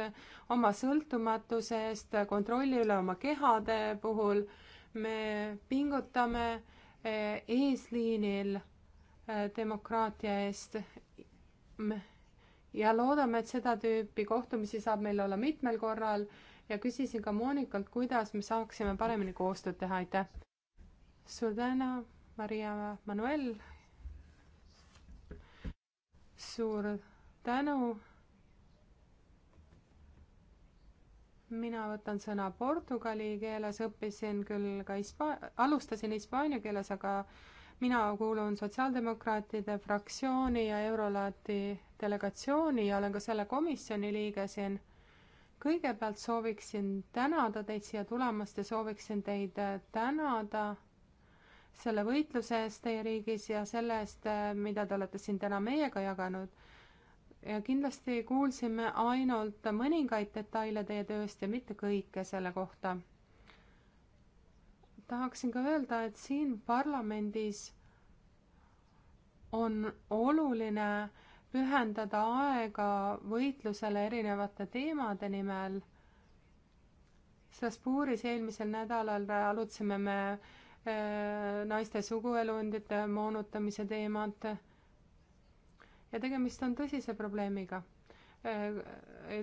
oma sõltumatuse eest, kontrolli üle oma kehade puhul. me pingutame eh, eesliinil eh, demokraatia eest. ja loodame, et seda tüüpi kohtumisi saab meil olla mitmel korral ja küsisin ka Monikalt, kuidas me saaksime paremini koostööd teha, aitäh. suur tänu, Maria Manuel suur tänu. mina võtan sõna portugali keeles, õppisin küll ka hispa-, alustasin hispaania keeles, aga mina kuulun Sotsiaaldemokraatide fraktsiooni ja Eurolaati delegatsiooni ja olen ka selle komisjoni liige siin. kõigepealt sooviksin tänada teid siia tulemast ja sooviksin teid tänada selle võitluse eest teie riigis ja selle eest, äh, mida te olete siin täna meiega jaganud. ja kindlasti kuulsime ainult mõningaid detaile teie tööst ja mitte kõike selle kohta. tahaksin ka öelda, et siin parlamendis on oluline pühendada aega võitlusele erinevate teemade nimel. Strasbourgis eelmisel nädalal arutasime me Äh, naiste suguelundite moonutamise teemad. ja tegemist on tõsise probleemiga. Äh,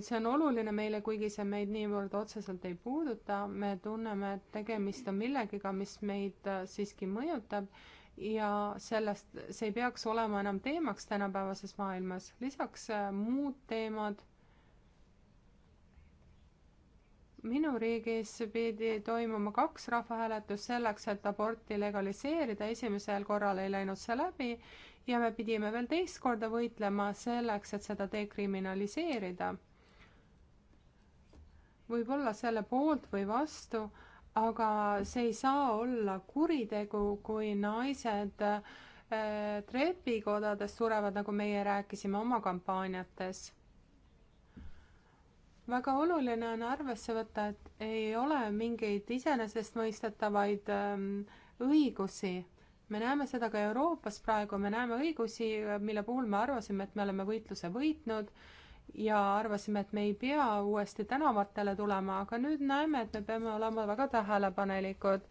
see on oluline meile, kuigi see meid niivõrd otseselt ei puuduta, me tunneme, et tegemist on millegiga, mis meid äh, siiski mõjutab ja sellest, see ei peaks olema enam teemaks tänapäevases maailmas. lisaks muud teemad minu riigis pidi toimuma kaks rahvahääletust selleks, et aborti legaliseerida, esimesel korral ei läinud see läbi ja me pidime veel teist korda võitlema selleks, et seda dekriminaliseerida. võib olla selle poolt või vastu, aga see ei saa olla kuritegu, kui naised äh, trepikodades surevad, nagu meie rääkisime oma kampaaniates väga oluline on arvesse võtta, et ei ole mingeid iseenesestmõistetavaid ähm, õigusi. me näeme seda ka Euroopas praegu, me näeme õigusi, mille puhul me arvasime, et me oleme võitluse võitnud ja arvasime, et me ei pea uuesti tänavatele tulema, aga nüüd näeme, et me peame olema väga tähelepanelikud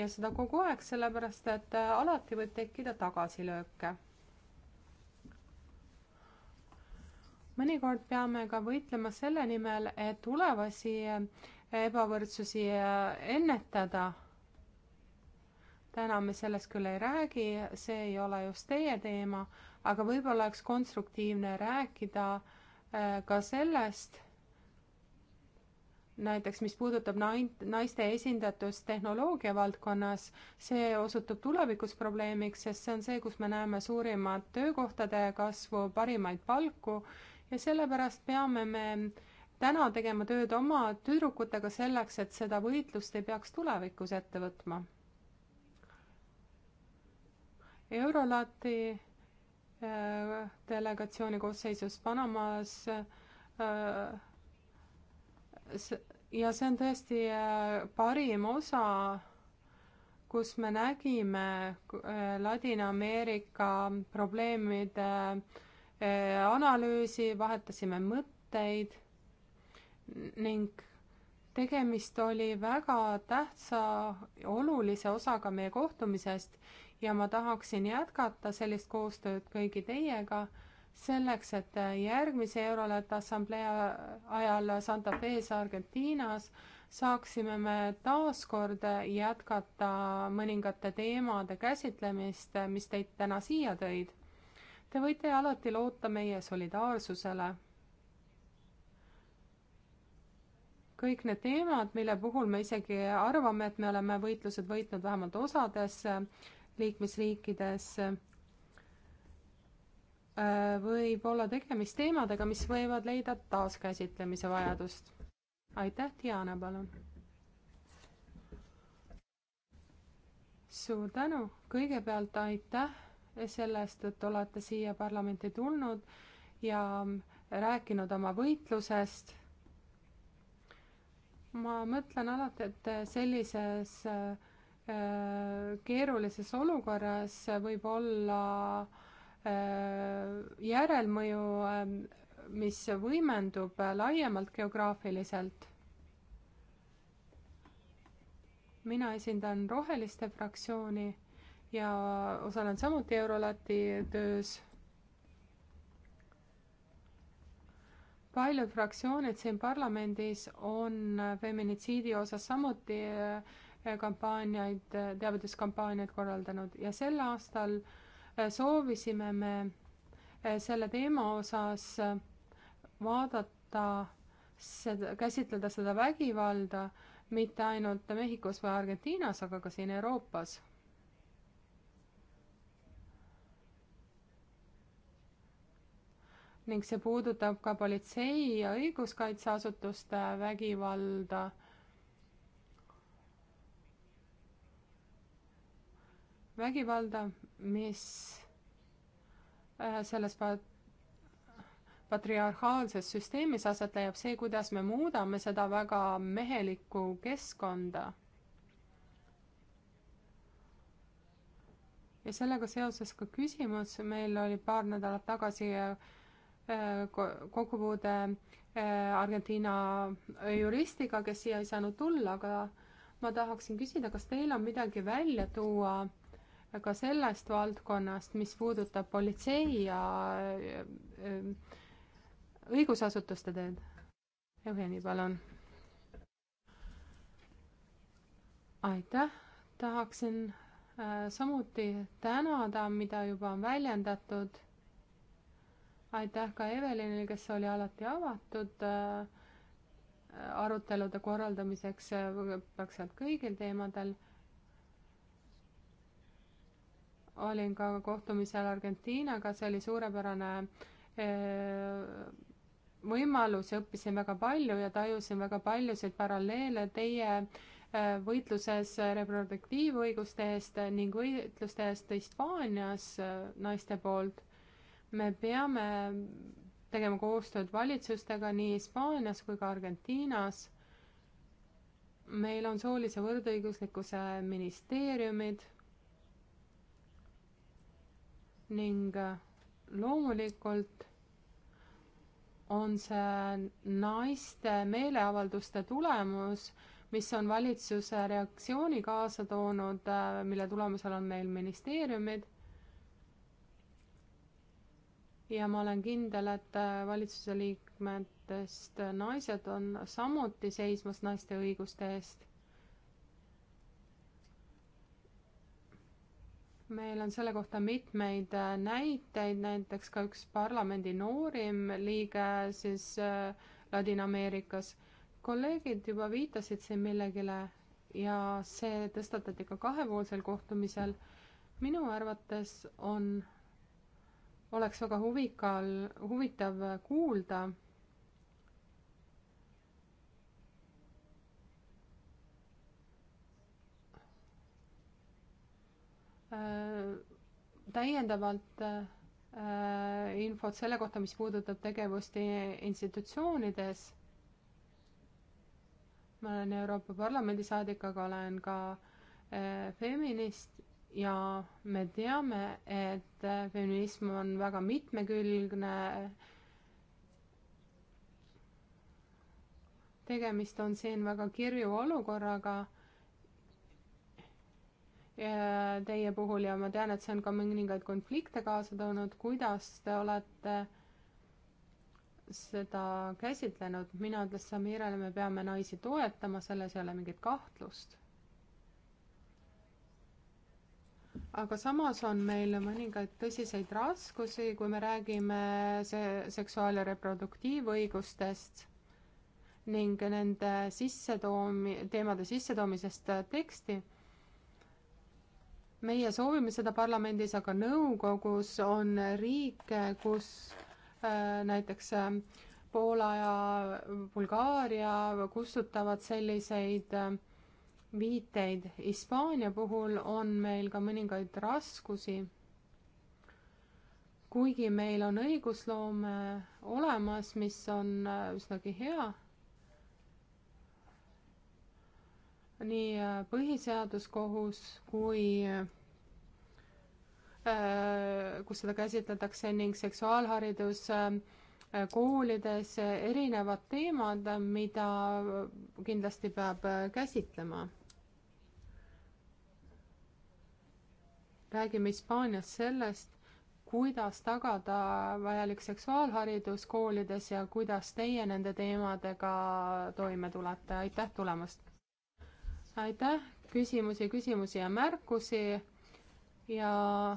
ja seda kogu aeg, sellepärast et äh, alati võib tekkida tagasilööke mõnikord peame ka võitlema selle nimel, et tulevasi äh, ebavõrdsusi äh, ennetada. täna me sellest küll ei räägi, see ei ole just teie teema, aga võib-olla oleks konstruktiivne rääkida äh, ka sellest, näiteks mis puudutab naiste esindatust tehnoloogia valdkonnas, see osutub tulevikus probleemiks, sest see on see, kus me näeme suurimat töökohtade kasvu, parimaid palku ja sellepärast peame me täna tegema tööd oma tüdrukutega selleks, et seda võitlust ei peaks tulevikus ette võtma. Eurolati äh, delegatsiooni koosseisus Panamas äh, ja see on tõesti äh, parim osa, kus me nägime äh, Ladina-Ameerika probleemide Äh, analüüsi, vahetasime mõtteid ning tegemist oli väga tähtsa, olulise osaga meie kohtumisest ja ma tahaksin jätkata sellist koostööd kõigi teiega, selleks et järgmise Eurolet Assamblee ajal Santa Fe's Argentiinas saaksime me taas kord jätkata mõningate teemade käsitlemist, mis teid täna siia tõid Te võite alati loota meie solidaarsusele. kõik need teemad, mille puhul me isegi arvame, et me oleme võitlused võitnud vähemalt osades äh, liikmesriikides, äh, võib olla tegemist teemadega, mis võivad leida taaskäsitlemise vajadust. aitäh, Diana, palun. suur tänu, kõigepealt aitäh sellest, et olete siia parlamenti tulnud ja rääkinud oma võitlusest. ma mõtlen alati, et sellises äh, keerulises olukorras võib olla äh, järelmõju, äh, mis võimendub laiemalt geograafiliselt. mina esindan Roheliste fraktsiooni ja osalen samuti Eurolati töös. paljud fraktsioonid siin parlamendis on feminitsiidi osas samuti eh, kampaaniaid, teavituskampaaniaid korraldanud ja sel aastal eh, soovisime me eh, selle teema osas vaadata seda, käsitleda seda vägivalda mitte ainult Mehhikos või Argentiinas, aga ka siin Euroopas ning see puudutab ka politsei ja õiguskaitseasutuste vägivalda. vägivalda, mis äh, selles pat-, patriarhaalses süsteemis aset leiab see, kuidas me muudame seda väga mehelikku keskkonda ja sellega seoses ka küsimus, meil oli paar nädalat tagasi äh, Äh, kokkupuude äh, Argentiina äh, juristiga, kes siia ei saanud tulla, aga ma tahaksin küsida, kas teil on midagi välja tuua ka sellest valdkonnast, mis puudutab politsei ja õigusasutuste teed? Jevgeni, palun. aitäh, tahaksin samuti tänada, mida juba on väljendatud aitäh ka Evelinile, kes oli alati avatud äh, arutelude korraldamiseks äh, praktiliselt kõigil teemadel. olin ka kohtumisel Argentiinaga, see oli suurepärane äh, võimalus ja õppisin väga palju ja tajusin väga paljusid paralleele teie võitluses reproduktiivõiguste eest ning võitluste eest Hispaanias naiste poolt me peame tegema koostööd valitsustega nii Hispaanias kui ka Argentiinas. meil on soolise võrdõiguslikkuse ministeeriumid ning loomulikult on see naiste meeleavalduste tulemus, mis on valitsuse reaktsiooni kaasa toonud, mille tulemusel on meil ministeeriumid ja ma olen kindel, et äh, valitsuse liikmetest naised on samuti seismas naiste õiguste eest. meil on selle kohta mitmeid äh, näiteid, näiteks ka üks parlamendi noorim liige siis äh, Ladina-Ameerikas. kolleegid juba viitasid siin millegile ja see tõstatati ka kahepoolsel kohtumisel. minu arvates on oleks väga huvikal, huvitav kuulda, äh, täiendavalt äh, infot selle kohta, mis puudutab tegevust institutsioonides. ma olen Euroopa Parlamendi saadik, aga olen ka äh, feminist ja me teame, et feminism on väga mitmekülgne. tegemist on siin väga kirju olukorraga. Teie puhul ja ma tean, et see on ka mõningaid konflikte kaasa toonud, kuidas te olete seda käsitlenud, mina ütlesin Samirele, me peame naisi toetama, selles ei ole mingit kahtlust aga samas on meil mõningaid tõsiseid raskusi, kui me räägime see seksuaal- ja reproduktiivõigustest ning nende sissetoomi, teemade sissetoomisest teksti. meie soovime seda parlamendis, aga nõukogus on riike, kus äh, näiteks äh, Poola ja Bulgaaria kustutavad selliseid äh, viiteid. Hispaania puhul on meil ka mõningaid raskusi. kuigi meil on õigusloome olemas, mis on äh, üsnagi hea, nii äh, põhiseaduskohus kui äh, kus seda käsitletakse ning seksuaalharidus koolides erinevad teemad, mida kindlasti peab käsitlema räägime Hispaanias sellest, kuidas tagada vajalik seksuaalharidus koolides ja kuidas teie nende teemadega toime tulete, aitäh tulemast! aitäh, küsimusi, küsimusi ja märkusi ja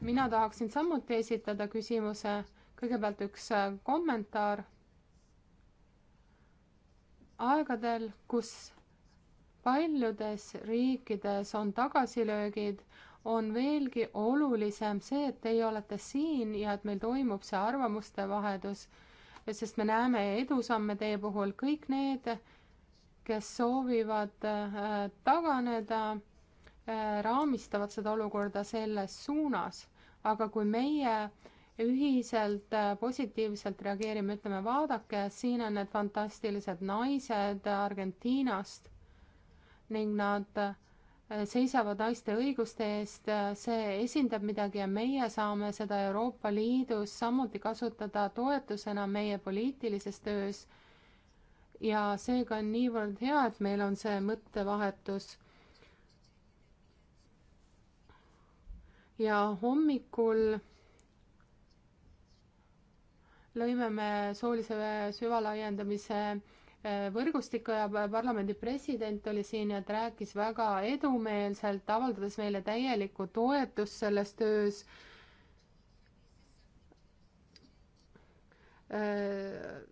mina tahaksin samuti esitada küsimuse, kõigepealt üks äh, kommentaar. aegadel, kus paljudes riikides on tagasilöögid, on veelgi olulisem see, et teie olete siin ja et meil toimub see arvamuste vahetus, sest me näeme edusamme teie puhul, kõik need, kes soovivad äh, taganeda, äh, raamistavad seda olukorda selles suunas, aga kui meie ühiselt äh, positiivselt reageerime, ütleme, vaadake, siin on need fantastilised naised Argentiinast ning nad seisavad naiste õiguste eest, see esindab midagi ja meie saame seda Euroopa Liidus samuti kasutada toetusena meie poliitilises töös. ja seega on niivõrd hea, et meil on see mõttevahetus. ja hommikul lõime me soolise süvalaiendamise võrgustiku ja parlamendi president oli siin ja ta rääkis väga edumeelselt, avaldades meile täielikku toetust selles töös.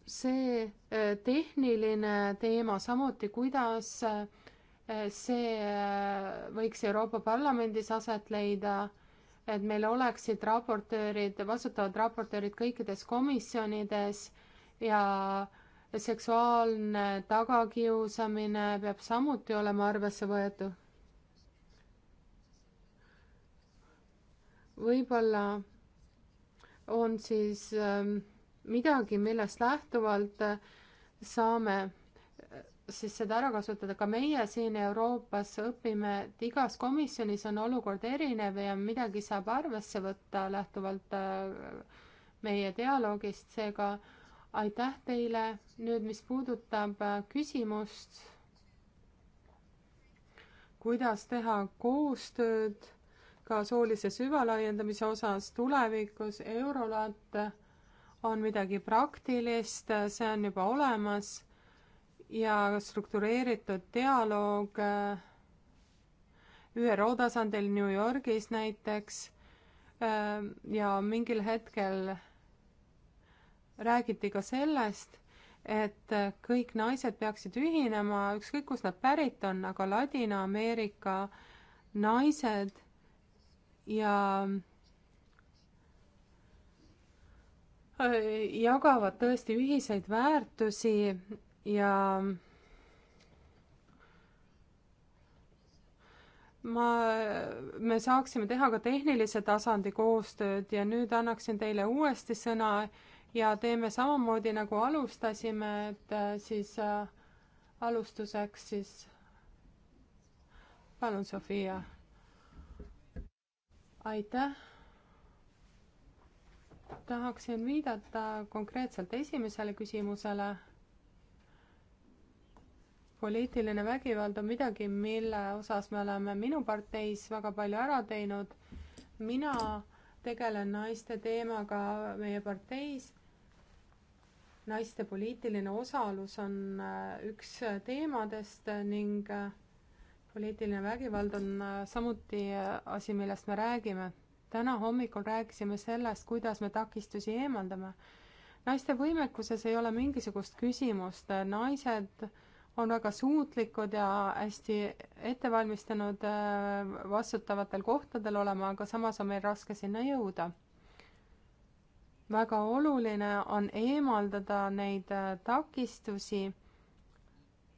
see eh, tehniline teema samuti, kuidas eh, see eh, võiks Euroopa Parlamendis aset leida, et meil oleksid raportöörid, vastutavad raportöörid kõikides komisjonides ja äh, seksuaalne tagakiusamine peab samuti olema arvesse võetud. võib-olla on siis ähm, midagi, millest lähtuvalt äh, saame äh, siis seda ära kasutada, ka meie siin Euroopas õpime, et igas komisjonis on olukord erinev ja midagi saab arvesse võtta lähtuvalt äh, meie dialoogist, seega aitäh teile. nüüd, mis puudutab äh, küsimust, kuidas teha koostööd ka soolise süvalaiendamise osas tulevikus, Eurolat on midagi praktilist, see on juba olemas ja struktureeritud dialoog äh, ÜRO tasandil New Yorgis näiteks äh, ja mingil hetkel räägiti ka sellest, et kõik naised peaksid ühinema, ükskõik kust nad pärit on, aga Ladina-Ameerika naised ja äh, jagavad tõesti ühiseid väärtusi ja ma, me saaksime teha ka tehnilise tasandi koostööd ja nüüd annaksin teile uuesti sõna ja teeme samamoodi, nagu alustasime, et äh, siis äh, alustuseks siis palun, Sofia. aitäh. tahaksin viidata konkreetselt esimesele küsimusele poliitiline vägivald on midagi, mille osas me oleme minu parteis väga palju ära teinud. mina tegelen naiste teemaga meie parteis naiste poliitiline osalus on äh, üks äh, teemadest äh, ning poliitiline vägivald on samuti asi, millest me räägime. täna hommikul rääkisime sellest, kuidas me takistusi eemaldame. naiste võimekuses ei ole mingisugust küsimust, naised on väga suutlikud ja hästi ette valmistanud vastutavatel kohtadel olema, aga samas on meil raske sinna jõuda väga oluline on eemaldada neid äh, takistusi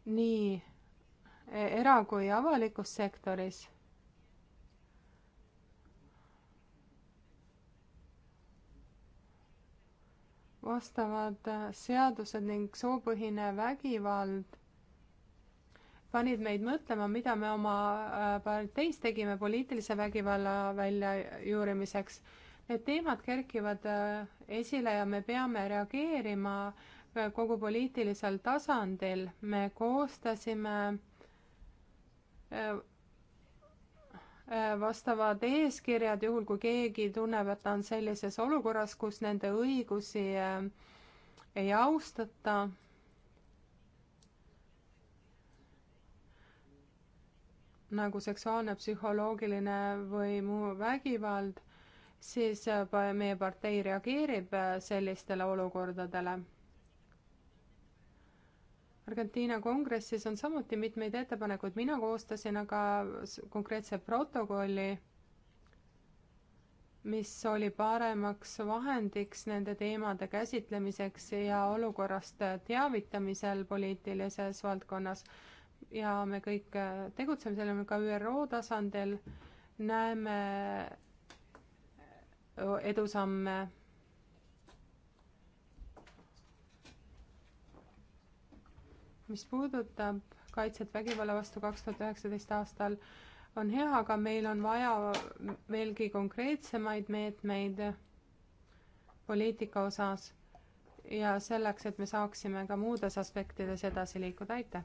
nii e, era- kui avalikus sektoris. vastavad äh, seadused ning soopõhine vägivald panid meid mõtlema, mida me oma äh, parteis tegime poliitilise vägivalla väljajuurimiseks. Need teemad kerkivad äh, esile ja me peame reageerima kogu poliitilisel tasandil. me koostasime äh, äh, vastavad eeskirjad, juhul kui keegi tunneb, et ta on sellises olukorras, kus nende õigusi äh, ei austata. nagu seksuaalne, psühholoogiline või muu vägivald siis äh, meie partei reageerib äh, sellistele olukordadele. Argentiina kongressis on samuti mitmeid ettepanekuid, mina koostasin aga konkreetse protokolli, mis oli paremaks vahendiks nende teemade käsitlemiseks ja olukorrast teavitamisel poliitilises valdkonnas. ja me kõik äh, tegutseme selle ka ÜRO tasandil, näeme edusamme. mis puudutab kaitset vägivalla vastu kaks tuhat üheksateist aastal, on hea, aga meil on vaja veelgi konkreetsemaid meetmeid poliitika osas ja selleks, et me saaksime ka muudes aspektides edasi liikuda, aitäh!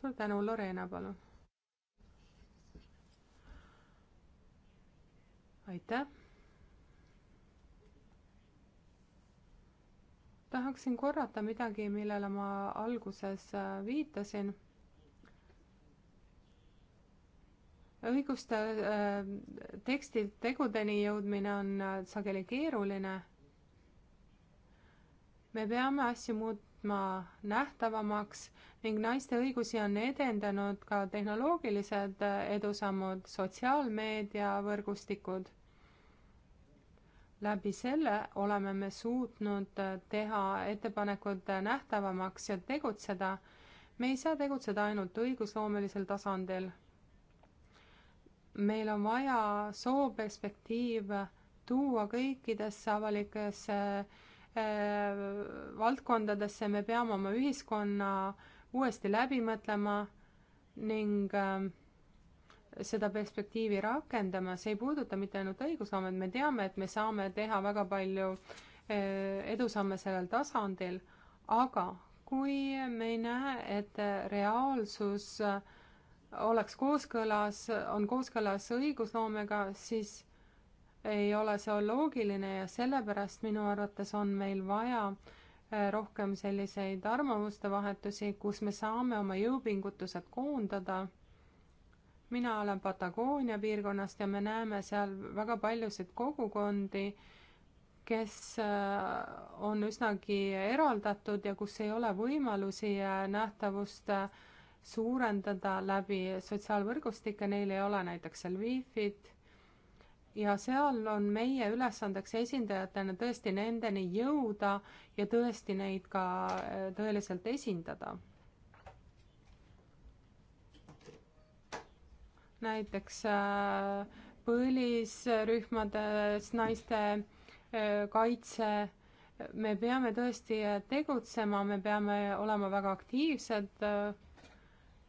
suur tänu, Lorena, palun! aitäh! tahaksin korrata midagi, millele ma alguses äh, viitasin. õiguste äh, tekstilt tegudeni jõudmine on äh, sageli keeruline. me peame asju muutma nähtavamaks ning naiste õigusi on edendanud ka tehnoloogilised edusammud, sotsiaalmeedia võrgustikud läbi selle oleme me suutnud äh, teha ettepanekud äh, nähtavamaks ja tegutseda. me ei saa tegutseda ainult õigusloomelisel tasandil. meil on vaja sooperspektiiv tuua kõikidesse avalikesse äh, valdkondadesse, me peame oma ühiskonna uuesti läbi mõtlema ning äh, seda perspektiivi rakendama, see ei puuduta mitte ainult õigusloomet, me teame, et me saame teha väga palju eh, edusamme sellel tasandil, aga kui me ei näe, et reaalsus eh, oleks kooskõlas, on kooskõlas õigusloomega, siis ei ole see loogiline ja sellepärast minu arvates on meil vaja eh, rohkem selliseid arvamuste vahetusi, kus me saame oma jõupingutused koondada mina olen Patagoonia piirkonnast ja me näeme seal väga paljusid kogukondi, kes äh, on üsnagi eraldatud ja kus ei ole võimalusi äh, nähtavust äh, suurendada läbi sotsiaalvõrgustike, neil ei ole näiteks seal wifi'd. ja seal on meie ülesandeks esindajatena tõesti nendeni jõuda ja tõesti neid ka tõeliselt esindada näiteks äh, põlisrühmades naiste äh, kaitse, me peame tõesti tegutsema, me peame olema väga aktiivsed äh,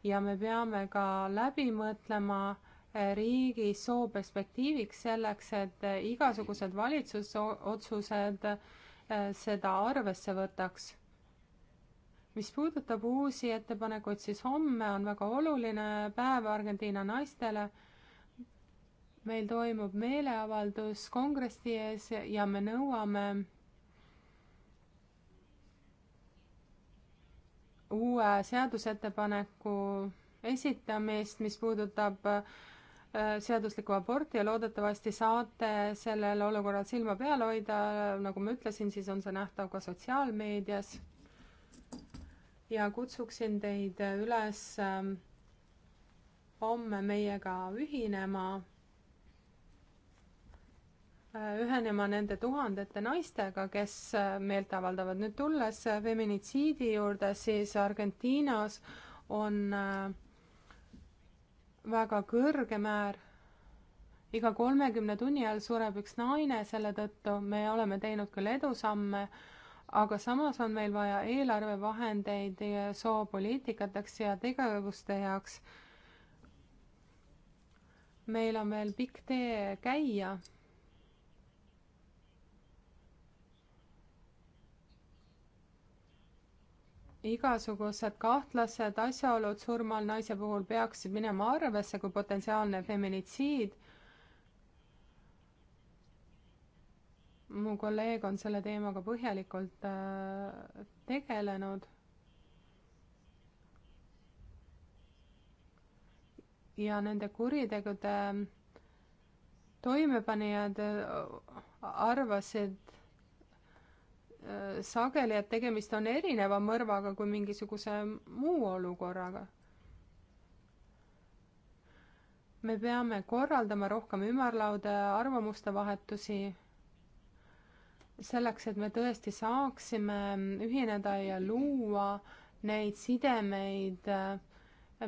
ja me peame ka läbi mõtlema riigi sooperspektiiviks selleks, et igasugused valitsusotsused seda arvesse võtaks mis puudutab uusi ettepanekuid, siis homme on väga oluline päev Argentiina naistele. meil toimub meeleavaldus kongressi ees ja me nõuame uue seadusettepaneku esitamist, mis puudutab äh, seaduslikku aborti ja loodetavasti saate sellel olukorral silma peal hoida, nagu ma ütlesin, siis on see nähtav ka sotsiaalmeedias ja kutsuksin teid üles ähm, homme meiega ühinema, äh, ühenema nende tuhandete naistega, kes äh, meelt avaldavad. nüüd tulles äh, feminitsiidi juurde, siis Argentiinas on väga kõrge määr iga kolmekümne tunni ajal sureb üks naine selle tõttu, me oleme teinud küll edusamme, aga samas on meil vaja eelarvevahendeid soopoliitikateks ja tegevuste jaoks. meil on veel pikk tee käia. igasugused kahtlased asjaolud surmal naise puhul peaksid minema arvesse kui potentsiaalne feminitsiid mu kolleeg on selle teemaga põhjalikult äh, tegelenud. ja nende kuritegude toimepanijad äh, arvasid äh, sageli, et tegemist on erineva mõrvaga kui mingisuguse muu olukorraga. me peame korraldama rohkem ümarlaude arvamuste vahetusi selleks, et me tõesti saaksime ühineda ja luua neid sidemeid,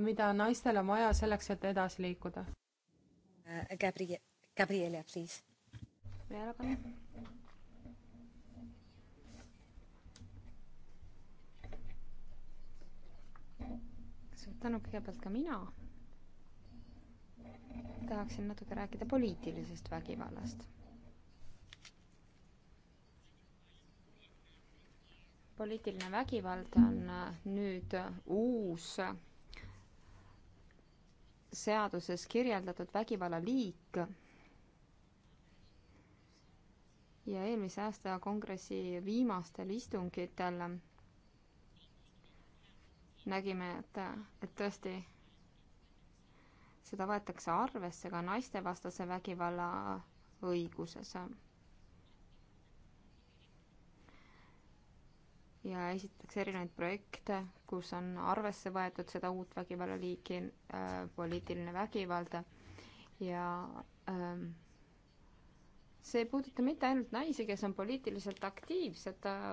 mida naistel on vaja selleks, et edasi liikuda. Äh, Gabriel, Gabriela, please. Gabriela, palun. suur tänu kõigepealt ka mina. tahaksin natuke rääkida poliitilisest vägivallast poliitiline vägivald on äh, nüüd äh, uus äh, seaduses kirjeldatud vägivallaliik ja eelmise aasta kongressi viimastel istungitel nägime, et, et tõesti seda võetakse arvesse ka naistevastase vägivalla õiguses ja esitatakse erinevaid projekte, kus on arvesse võetud seda uut vägivallaliiki äh,, poliitiline vägivald ja ähm, see ei puuduta mitte ainult naisi, kes on poliitiliselt aktiivsed äh,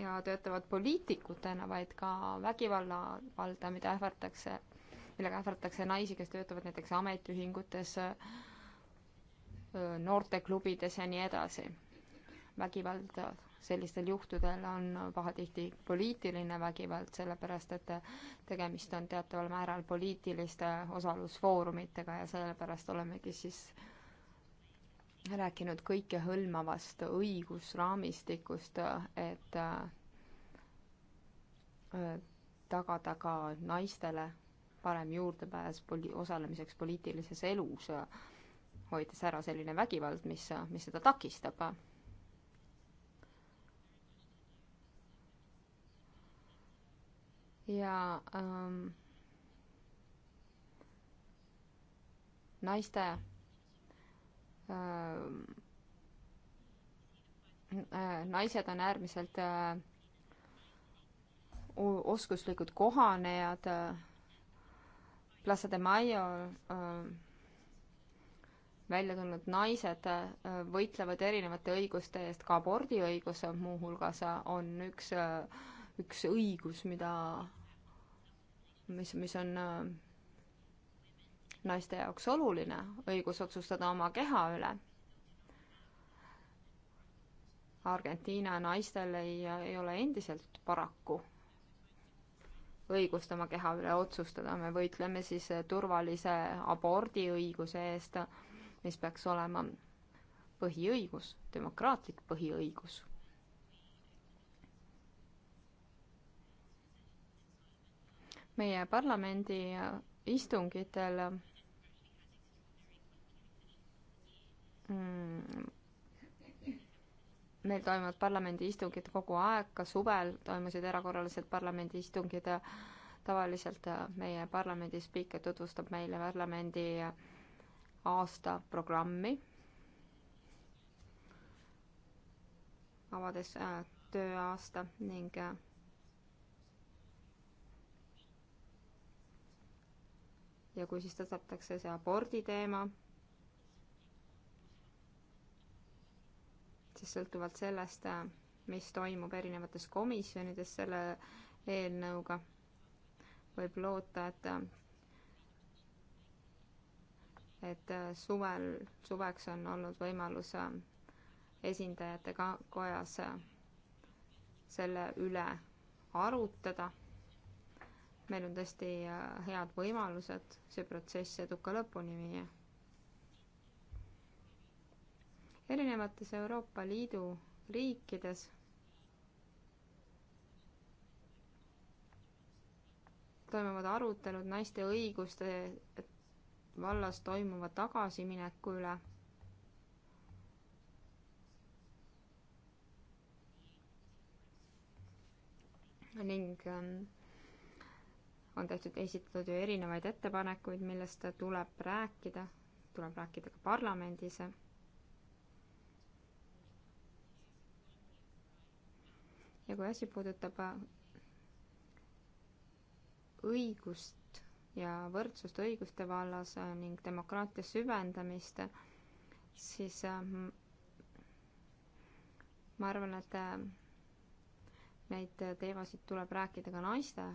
ja töötavad poliitikutena, vaid ka vägivalla valda, mida ähvardatakse, millega ähvardatakse naisi, kes töötavad näiteks ametiühingutes äh,, noorteklubides ja nii edasi. vägivald sellistel juhtudel on pahatihti poliitiline vägivald, sellepärast et tegemist on teataval määral poliitiliste osalusfoorumitega ja sellepärast olemegi siis rääkinud kõikehõlmavast õigusraamistikust, et äh, tagada ka naistele parem juurdepääs poli-, osalemiseks poliitilises elus, hoides ära selline vägivald, mis, mis seda takistab ja ähm, naiste ähm, äh, naised on äärmiselt äh, oskuslikud kohanejad äh,. Plaza de Mayo äh, välja tulnud naised äh, võitlevad erinevate õiguste eest, ka abordiõigus muuhulgas äh, on üks, üks õigus, mida mis, mis on äh, naiste jaoks oluline, õigus otsustada oma keha üle. Argentiina naistel ei, ei ole endiselt paraku õigust oma keha üle otsustada, me võitleme siis äh, turvalise abordiõiguse eest, mis peaks olema põhiõigus, demokraatlik põhiõigus meie parlamendi istungitel mm, meil toimuvad parlamendi istungid kogu aeg, ka suvel toimusid erakorralised parlamendi istungid. tavaliselt meie parlamendi spiiker tutvustab meile parlamendi aastaprogrammi, avades äh, tööaasta ning äh, ja kui siis tõstatakse see abordi teema, siis sõltuvalt sellest, mis toimub erinevates komisjonides selle eelnõuga, võib loota, et et suvel, suveks on olnud võimalus esindajatega kojas selle üle arutada meil on tõesti äh, head võimalused see protsess eduka lõpuni viia. erinevates Euroopa Liidu riikides toimuvad arutelud naiste õiguste vallas toimuva tagasimineku üle. ning ähm, on tehtud, esitatud ju erinevaid ettepanekuid, millest tuleb rääkida, tuleb rääkida ka parlamendis. ja kui asi puudutab õigust ja võrdsust õiguste vallas ning demokraatia süvendamist, siis mm, ma arvan, et äh, neid teemasid tuleb rääkida ka naiste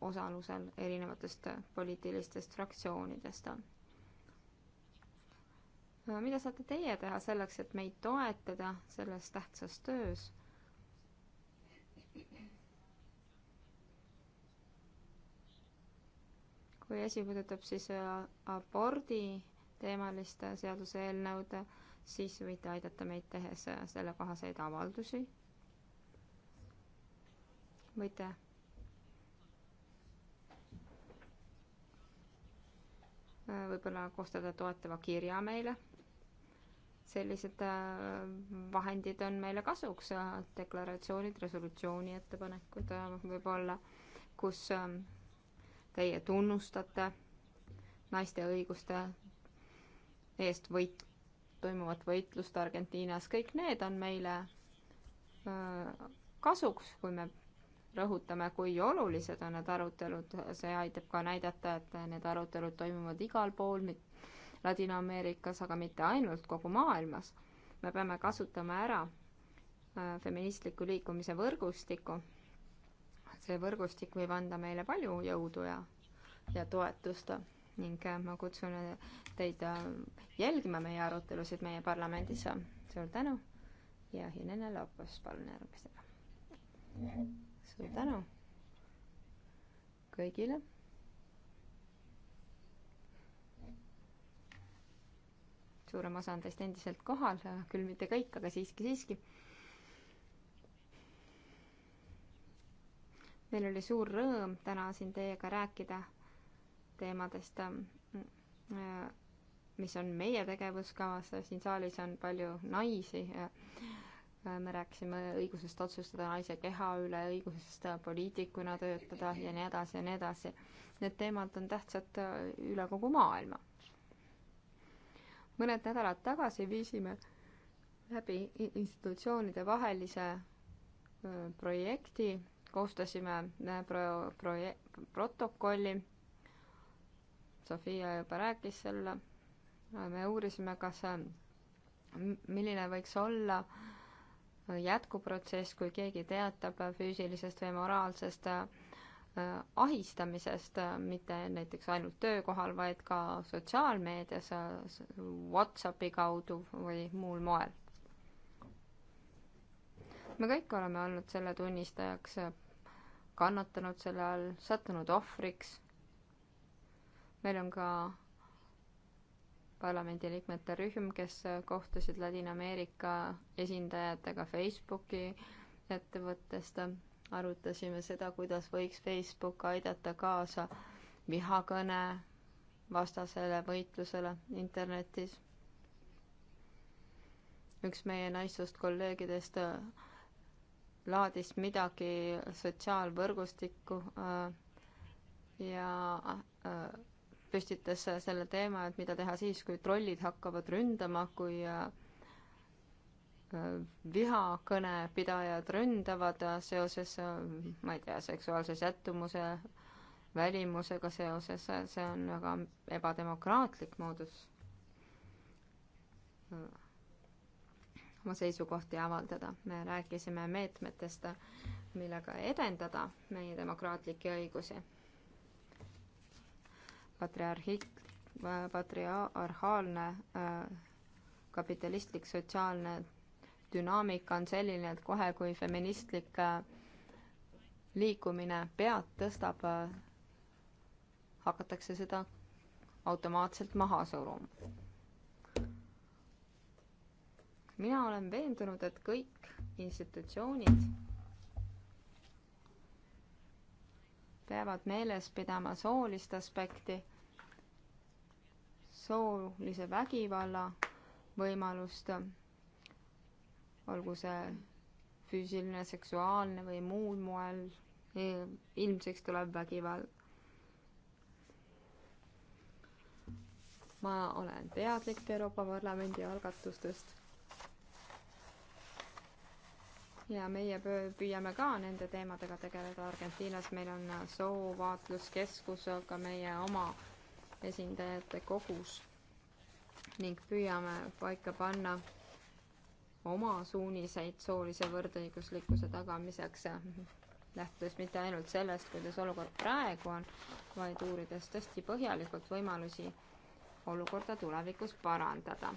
osalusel erinevatest poliitilistest fraktsioonidest. mida saate teie teha selleks, et meid toetada selles tähtsas töös? kui asi puudutab siis äh, abordi teemalist seaduseelnõud, siis võite aidata meid tehes äh, sellekohaseid avaldusi. võite Äh, võib-olla koostada toetava kirja meile. sellised äh, vahendid on meile kasuks, äh, deklaratsioonid, resolutsiooni ettepanekud võib-olla, kus ähm, teie tunnustate naiste õiguste eest võit-, toimuvat võitlust Argentiinas, kõik need on meile kasuks, kui me rõhutame, kui olulised on need arutelud, see aitab ka näidata, et need arutelud toimuvad igal pool, Ladina-Ameerikas, aga mitte ainult, kogu maailmas. me peame kasutama ära äh, feministliku liikumise võrgustikku. see võrgustik võib anda meile palju jõudu ja, ja toetust ning äh, ma kutsun äh, teid jälgima meie arutelusid meie parlamendis. suur tänu ja Helena Lopos, palun järgmisena suur tänu kõigile. suurem osa on teist endiselt kohal, küll mitte kõik, aga siiski, siiski. meil oli suur rõõm täna siin teiega rääkida teemadest, mis on meie tegevuskavas, siin saalis on palju naisi ja Äh, me rääkisime õigusest otsustada naise keha üle, õigusest äh, poliitikuna töötada ja nii edasi ja nii edasi. Need teemad on tähtsad äh, üle kogu maailma. mõned nädalad tagasi viisime läbi institutsioonide vahelise projekti, koostasime pro-, proje-, protokolli, Sofia juba rääkis selle, me uurisime, kas, milline võiks olla äh, jätkuprotsess, kui keegi teatab füüsilisest või moraalsest äh, ahistamisest, äh, mitte näiteks ainult töökohal, vaid ka sotsiaalmeedias, äh, Whatsappi kaudu või muul moel. me kõik oleme olnud selle tunnistajaks, kannatanud selle all, sattunud ohvriks. meil on ka parlamendiliikmete rühm, kes kohtusid Ladina-Ameerika esindajatega Facebooki ettevõttest. arutasime seda, kuidas võiks Facebook aidata kaasa vihakõne vastasele võitlusele internetis. üks meie naissoost kolleegidest äh, laadis midagi sotsiaalvõrgustikku äh, ja äh, püstitas selle teema, et mida teha siis, kui trollid hakkavad ründama, kui äh, vihakõnepidajad ründavad seoses, ma ei tea, seksuaalse sättumuse välimusega seoses, see on väga ebademokraatlik moodus oma seisukohti avaldada. me rääkisime meetmetest, millega edendada meie demokraatlikke õigusi patriarhi-, patriarhaalne äh, kapitalistlik sotsiaalne dünaamika on selline, et kohe, kui feministlik äh, liikumine pead tõstab, äh, hakatakse seda automaatselt maha suruma. mina olen veendunud, et kõik institutsioonid peavad meeles pidama soolist aspekti, soolise vägivalla võimalust, olgu see füüsiline, seksuaalne või muul moel e, ilmsiks tulev vägivald. ma olen teadlik Euroopa Parlamendi algatustest ja meie püüame ka nende teemadega tegeleda Argentiinas, meil on äh, soovaatluskeskus, aga meie oma esindajate kogus ning püüame paika panna oma suuniseid soolise võrdõiguslikkuse tagamiseks, äh, lähtudes mitte ainult sellest, kuidas olukord praegu on, vaid uurides tõesti põhjalikult võimalusi olukorda tulevikus parandada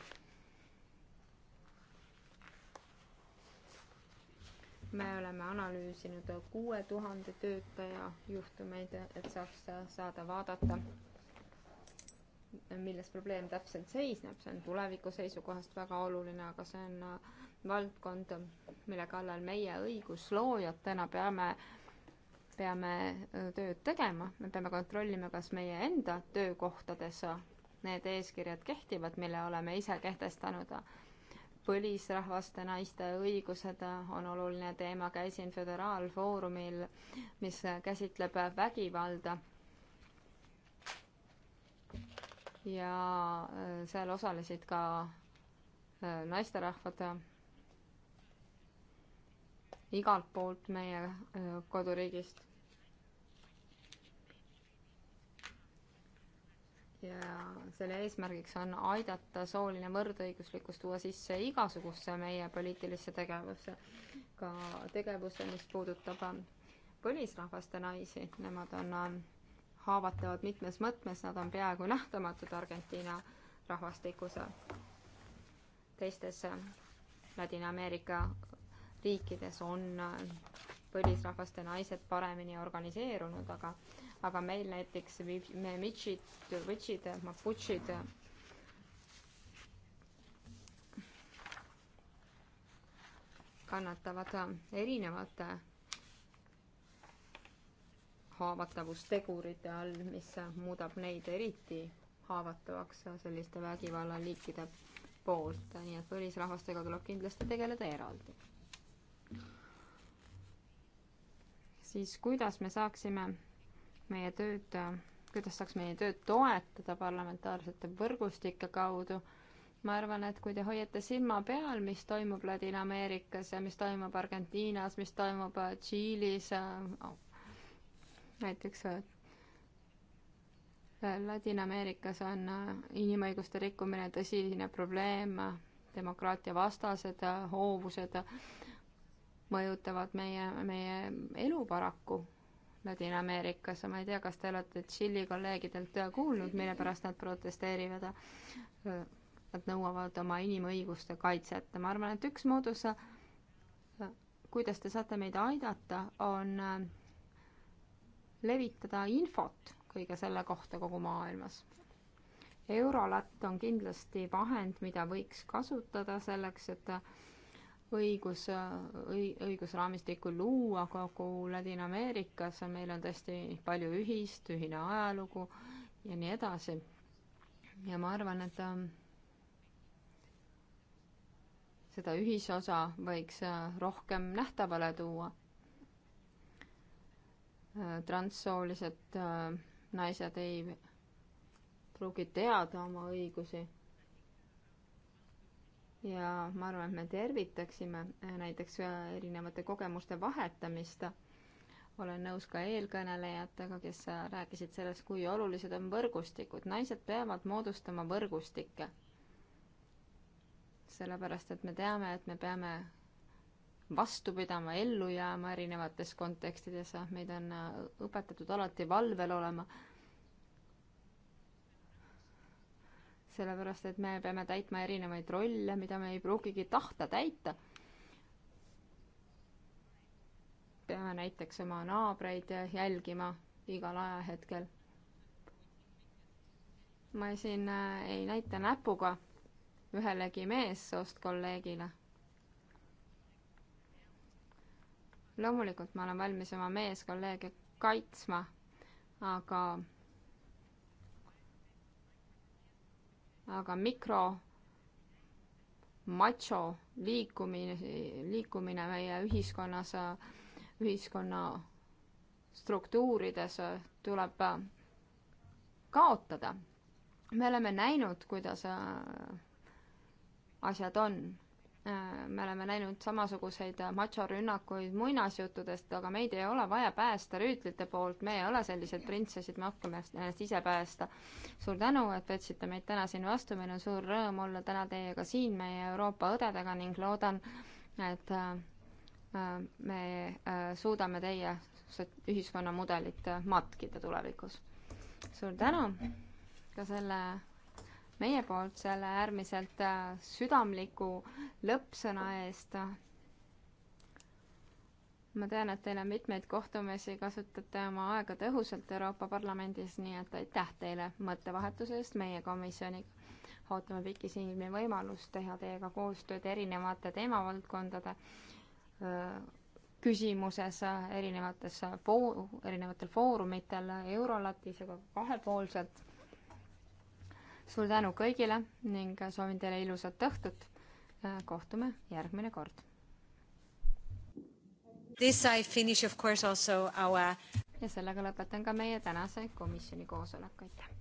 me oleme analüüsinud kuue tuhande töötaja juhtumeid, et saaks saada vaadata, milles probleem täpselt seisneb, see on tuleviku seisukohast väga oluline, aga see on valdkond, mille kallal meie õigusloojatena peame, peame tööd tegema, me peame kontrollima, kas meie enda töökohtades need eeskirjad kehtivad, mille oleme ise kehtestanud põlisrahvaste naiste õigused on oluline teema, käisin föderaalfoorumil, mis käsitleb vägivalda. ja äh, seal osalesid ka äh, naisterahvad igalt poolt meie äh, koduriigist ja selle eesmärgiks on aidata sooline võrdõiguslikkus tuua sisse igasugusse meie poliitilisse tegevusse, ka tegevusse, mis puudutab ähm, põlisrahvaste naisi, nemad on ähm, haavatavad mitmes mõttes, nad on peaaegu nähtamatud Argentiina rahvastikus. Äh, teistes äh, Ladina-Ameerika riikides on äh, põlisrahvaste naised paremini organiseerunud, aga aga meil näiteks me mitšid, võtšid, maputšid kannatavad erinevate haavatavustegurite all, mis muudab neid eriti haavatavaks selliste vägivallaliikide poolt, nii et põlisrahvastega tuleb kindlasti tegeleda eraldi. siis kuidas me saaksime meie tööd, kuidas saaks meie tööd toetada parlamentaarsete võrgustike kaudu. ma arvan, et kui te hoiate silma peal, mis toimub Ladina-Ameerikas ja mis toimub Argentiinas, mis toimub Tšiilis, näiteks Ladina-Ameerikas on inimõiguste rikkumine tõsine probleem, demokraatia vastased hoovused mõjutavad meie, meie elu paraku Ladina-Ameerikas, ma ei tea, kas te olete Tšiili kolleegidelt kuulnud, mille pärast nad protesteerivad, nad nõuavad oma inimõiguste kaitset. ma arvan, et üks moodus, kuidas te saate meid aidata, on levitada infot kõige selle kohta kogu maailmas. Eurolat on kindlasti vahend, mida võiks kasutada selleks, et õigus, õigusraamistikku luua kogu Ladina-Ameerikas, meil on tõesti palju ühist, ühine ajalugu ja nii edasi. ja ma arvan, et ähm, seda ühisosa võiks äh, rohkem nähtavale tuua. Äh, transsoolised äh, naised ei pruugi teada oma õigusi ja ma arvan, et me tervitaksime äh, näiteks äh, erinevate kogemuste vahetamist. olen nõus ka eelkõnelejatega, kes äh, rääkisid sellest, kui olulised on võrgustikud. naised peavad moodustama võrgustikke. sellepärast, et me teame, et me peame vastu pidama, ellu jääma erinevates kontekstides, meid on õpetatud alati valvel olema sellepärast et me peame täitma erinevaid rolle, mida me ei pruugigi tahta täita. peame näiteks oma naabreid jälgima igal ajahetkel. ma siin äh, ei näita näpuga ühelegi meessoost kolleegile. loomulikult ma olen valmis oma meeskolleege kaitsma, aga aga mikro macho liikumine, liikumine meie ühiskonnas, ühiskonna struktuurides tuleb kaotada. me oleme näinud, kuidas asjad on Äh, me oleme näinud samasuguseid mačorünnakuid muinasjuttudest, aga meid ei ole vaja päästa rüütlite poolt, me ei ole sellised printsessid, me oskame ennast äh, ise päästa. suur tänu, et võtsite meid täna siin vastu, meil on suur rõõm olla täna teiega siin meie Euroopa õdedega ning loodan, et äh, me suudame teie ühiskonnamudelit matkida tulevikus. suur tänu ka selle meie poolt selle äärmiselt äh, südamliku lõppsõna eest. ma tean, et teil on mitmeid kohtumisi, kasutate oma aega tõhusalt Euroopa Parlamendis, nii et aitäh teile mõttevahetuse eest meie komisjoniga. ootame pikisilmi võimalust teha teiega koostööd erinevate teemavaldkondade äh, küsimuses erinevates foo-, erinevatel foorumitel, Eurolatis ja ka kahepoolselt suur tänu kõigile ning soovin teile ilusat õhtut. kohtume järgmine kord. This I finish of course also our ja sellega lõpetan ka meie tänase komisjoni koosoleku, aitäh!